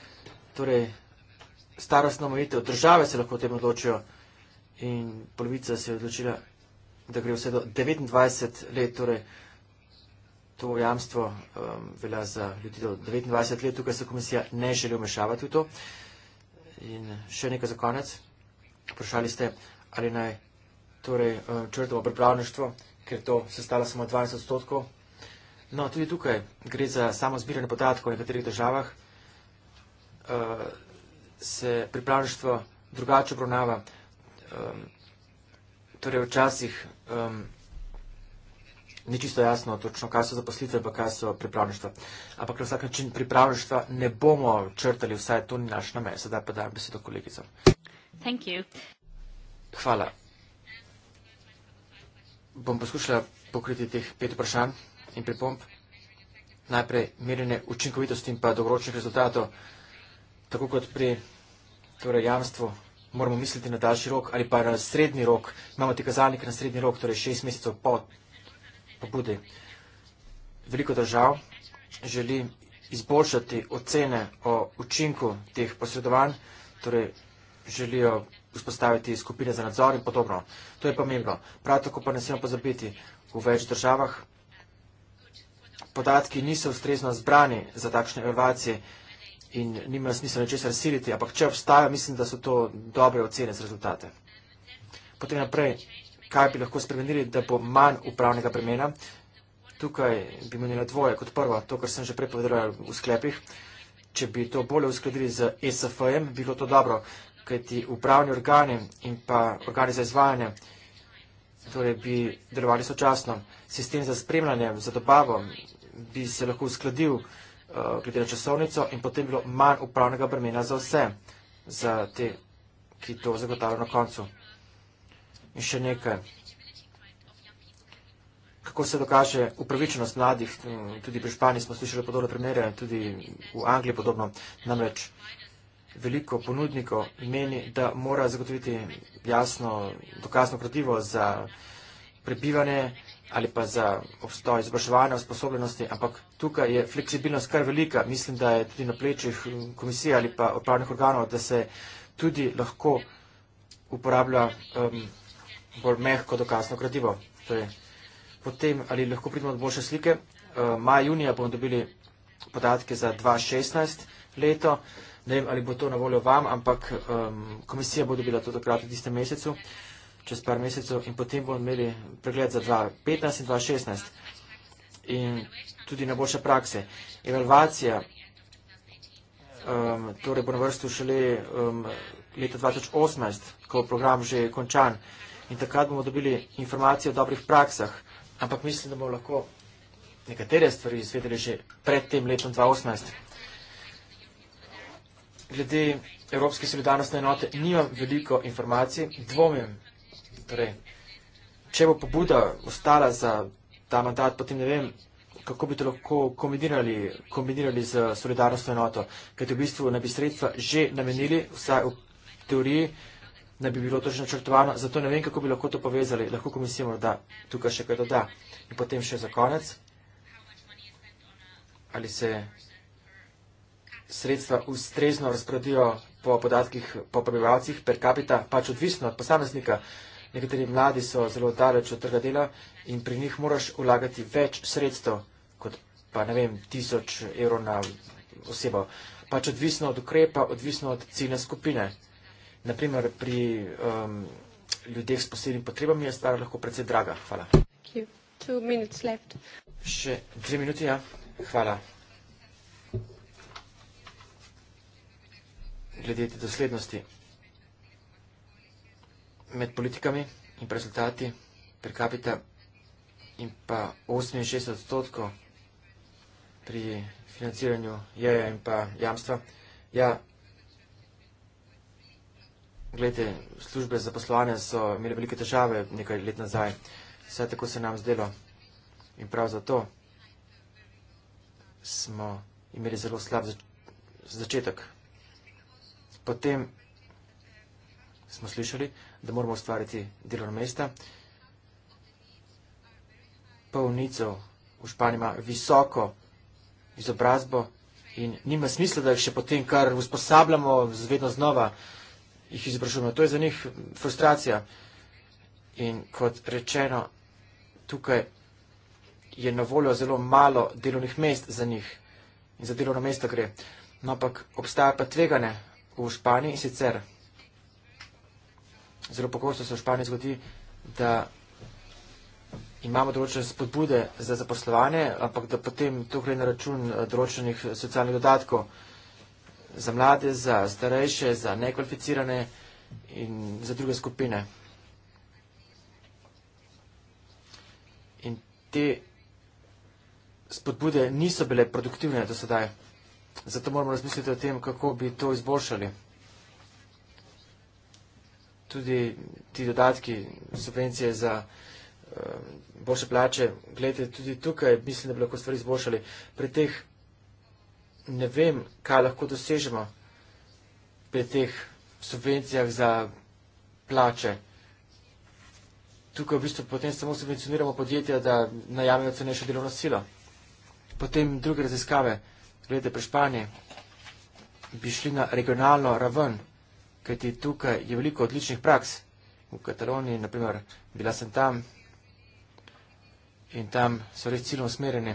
Torej, starostno mojitev države se lahko o tem odločijo in polovica se je odločila, da gre vse do 29 let, torej to jamstvo um, velja za ljudi do 29 let, tukaj se komisija ne želi vmešavati v to. In še nekaj za konec. Vprašali ste, ali naj torej, uh, črtamo pripravništvo, ker to se stala samo 20 odstotkov. No, tudi tukaj gre za samo zbiranje podatkov v nekaterih državah. Uh, se pripravništvo drugače obravnava um, torej včasih um, ni čisto jasno, točno, kaj so zaposlitve, pa kaj so pripravništva. Ampak na vsak način pripravništva ne bomo črtali, vsaj to ni naš namen. Sedaj pa dajem besedo kolegicam. Hvala. Bom poskušala pokriti teh pet vprašanj in pripomp. Najprej merjene učinkovitosti in pa dolgoročnih rezultatov, tako kot pri torej, jamstvu moramo misliti na daljši rok ali pa na srednji rok. Imamo ti kazalnik na srednji rok, torej šest mesecev po pobudi. Veliko držav želi izboljšati ocene o učinku teh posredovanj, torej želijo vzpostaviti skupine za nadzor in podobno. To je pomembno. Prav tako pa ne smemo pozabiti v več državah. Podatki niso ustrezno zbrani za takšne evalvacije, in nima smisla ničesar siliti, ampak če obstajajo, mislim, da so to dobre ocene z rezultate. Potem naprej, kaj bi lahko spremenili, da bo manj upravnega bremena? Tukaj bi menila dvoje kot prvo, to, kar sem že prej povedala v sklepih. Če bi to bolje uskladili z ESF-em, bi bilo to dobro, kaj ti upravni organi in pa organi za izvajanje torej bi delovali sočasno. Sistem za spremljanje, za dobavo bi se lahko uskladil vsega, Eh, glede na časovnico in potem bilo manj upravnega bremena za vse, za te, ki to zagotavljajo na koncu. In še nekaj, kako se dokaže upravičenost mladih, tudi pri Španiji smo slišali podobne primere, tudi v Angliji podobno, namreč veliko ponudnikov meni, da mora zagotoviti jasno, dokazno gradivo za prebivanje, ali pa za obstoj izobraževanja v sposobljenosti, ampak tukaj je fleksibilnost kar velika. Mislim, da je tudi na plečih komisije ali pa upravnih organov, da se tudi lahko uporablja um, bolj mehko dokazno gradivo. To torej, je potem, ali lahko pridemo od boljše slike. Uh, maja, junija bomo dobili podatke za 2016 leto. Ne vem, ali bo to na voljo vam, ampak um, komisija bo dobila to takrat v tistem mesecu. Uh, čez par mesecev in potem bomo imeli pregled za 2015 in 2016 in tudi na boljše prakse. Evalvacija um, torej bo na vrstu šele um, leta 2018, ko program že je končan in takrat bomo dobili informacije o dobrih praksah, ampak mislim, da bomo lahko nekatere stvari izvedeli že pred tem letom 2018. Glede Evropske solidarnostne enote nimam veliko informacij, dvomim, Torej, če bo pobuda ostala za ta mandat, potem ne vem, kako bi to lahko kombinirali, kombinirali z solidarnostno enoto, kajti v bistvu ne bi sredstva že namenili, vsaj v teoriji, ne bi bilo to že načrtovano, zato ne vem, kako bi lahko to povezali. Lahko komisija morda tukaj še kaj doda. In potem še za konec, ali se sredstva ustrezno razporedijo po podatkih po prebivalcih per capita, pač odvisno od posameznika nekateri mladi so zelo daleč od trga dela in pri njih moraš vlagati več sredstev kot pa, ne vem, tisoč evrov na osebo. Pač odvisno od ukrepa, odvisno od ciljne skupine. Naprimer, pri um, ljudeh s posebnimi potrebami je stvar lahko predvsej draga. Hvala. Še dve minuti, ja. Hvala. Glede te doslednosti med politikami in rezultati per capita in pa 68 odstotkov pri financiranju jeja in pa jamstva. Ja, gledajte, službe za poslovanje so imeli velike težave nekaj let nazaj. Vse tako se nam zdelo in prav zato smo imeli zelo slab začetek. Potem smo slišali, da moramo ustvariti delovna mesta. Polnico v Španiji ima visoko izobrazbo in nima smisla, da jih še potem kar usposabljamo, vedno znova jih izobražujemo. To je za njih frustracija. In kot rečeno, tukaj je na voljo zelo malo delovnih mest za njih in za delovno mesto gre. No, ampak obstaja pa tvegane v Španiji in sicer zelo pogosto se v Španiji zgodi, da imamo določene spodbude za zaposlovanje, ampak da potem to gre na račun eh, določenih socialnih dodatkov za mlade, za starejše, za nekvalificirane in za druge skupine. In te spodbude niso bile produktivne do sedaj. Zato moramo razmisliti o tem, kako bi to izboljšali tudi ti dodatki, subvencije za uh, boljše plače, gledajte, tudi tukaj mislim, da bi lahko stvari izboljšali. Pri teh ne vem, kaj lahko dosežemo pri teh subvencijah za plače. Tukaj v bistvu potem samo subvencioniramo podjetja, da najamejo cenejšo delovno silo. Potem druge raziskave, gledajte, pri Španiji bi šli na regionalno raven kajti tukaj je veliko odličnih praks. V Kataloniji, naprimer, bila sem tam in tam so res ciljno usmerjeni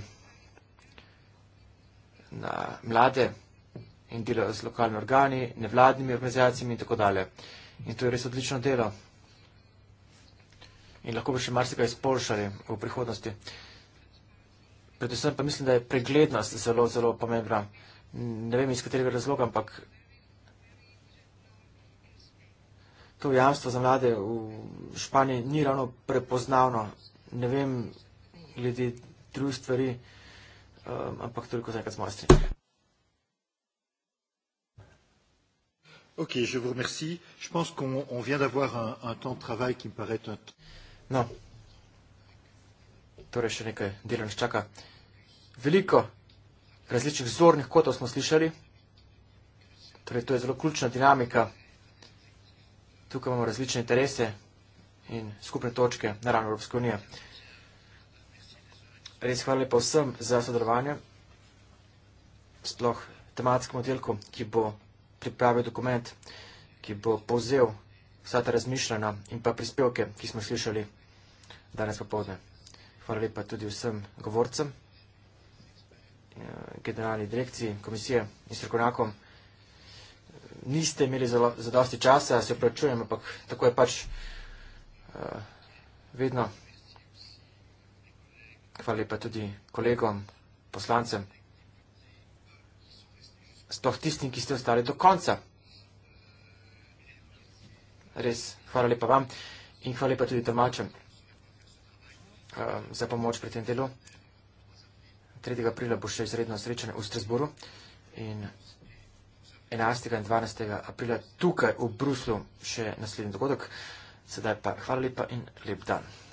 na mlade in delajo z lokalnimi organi, nevladnimi organizacijami in tako dalje. In to je res odlično delo. In lahko bi še marsikaj izboljšali v prihodnosti. Predvsem pa mislim, da je preglednost zelo, zelo pomembna. Ne vem iz katerega razloga, ampak to jamstvo za mlade v Španiji ni ravno prepoznavno. Ne vem, glede drugih stvari, um, ampak toliko za enkrat smo ostri. Ok, je vous remercie. Je pense qu'on on vient d'avoir un, un temps de travail qui me paraît un Non. Torej še nekaj dela nas čaka. Veliko različnih zornih kotov smo slišali. Torej, to je zelo ključna dinamika tukaj imamo različne interese in skupne točke na ravni Evropske unije. Res hvala lepa vsem za sodelovanje, sploh tematskemu oddelku, ki bo pripravil dokument, ki bo povzel vsa ta razmišljena in pa prispevke, ki smo slišali danes popovdne. Hvala lepa tudi vsem govorcem, eh, generalni direkciji, komisije in strokovnjakom niste imeli za dosti časa, se opračujem, ampak tako je pač uh, vedno. Hvala lepa tudi kolegom, poslancem, stoh tistim, ki ste ostali do konca. Res, hvala lepa vam in hvala lepa tudi domačem uh, za pomoč pri tem delu. 3. aprila bo še izredno srečanje v Strasburu. In 11. in 12. aprila tukaj v Bruslu še naslednji dogodek. Sedaj pa hvala lepa in lep dan.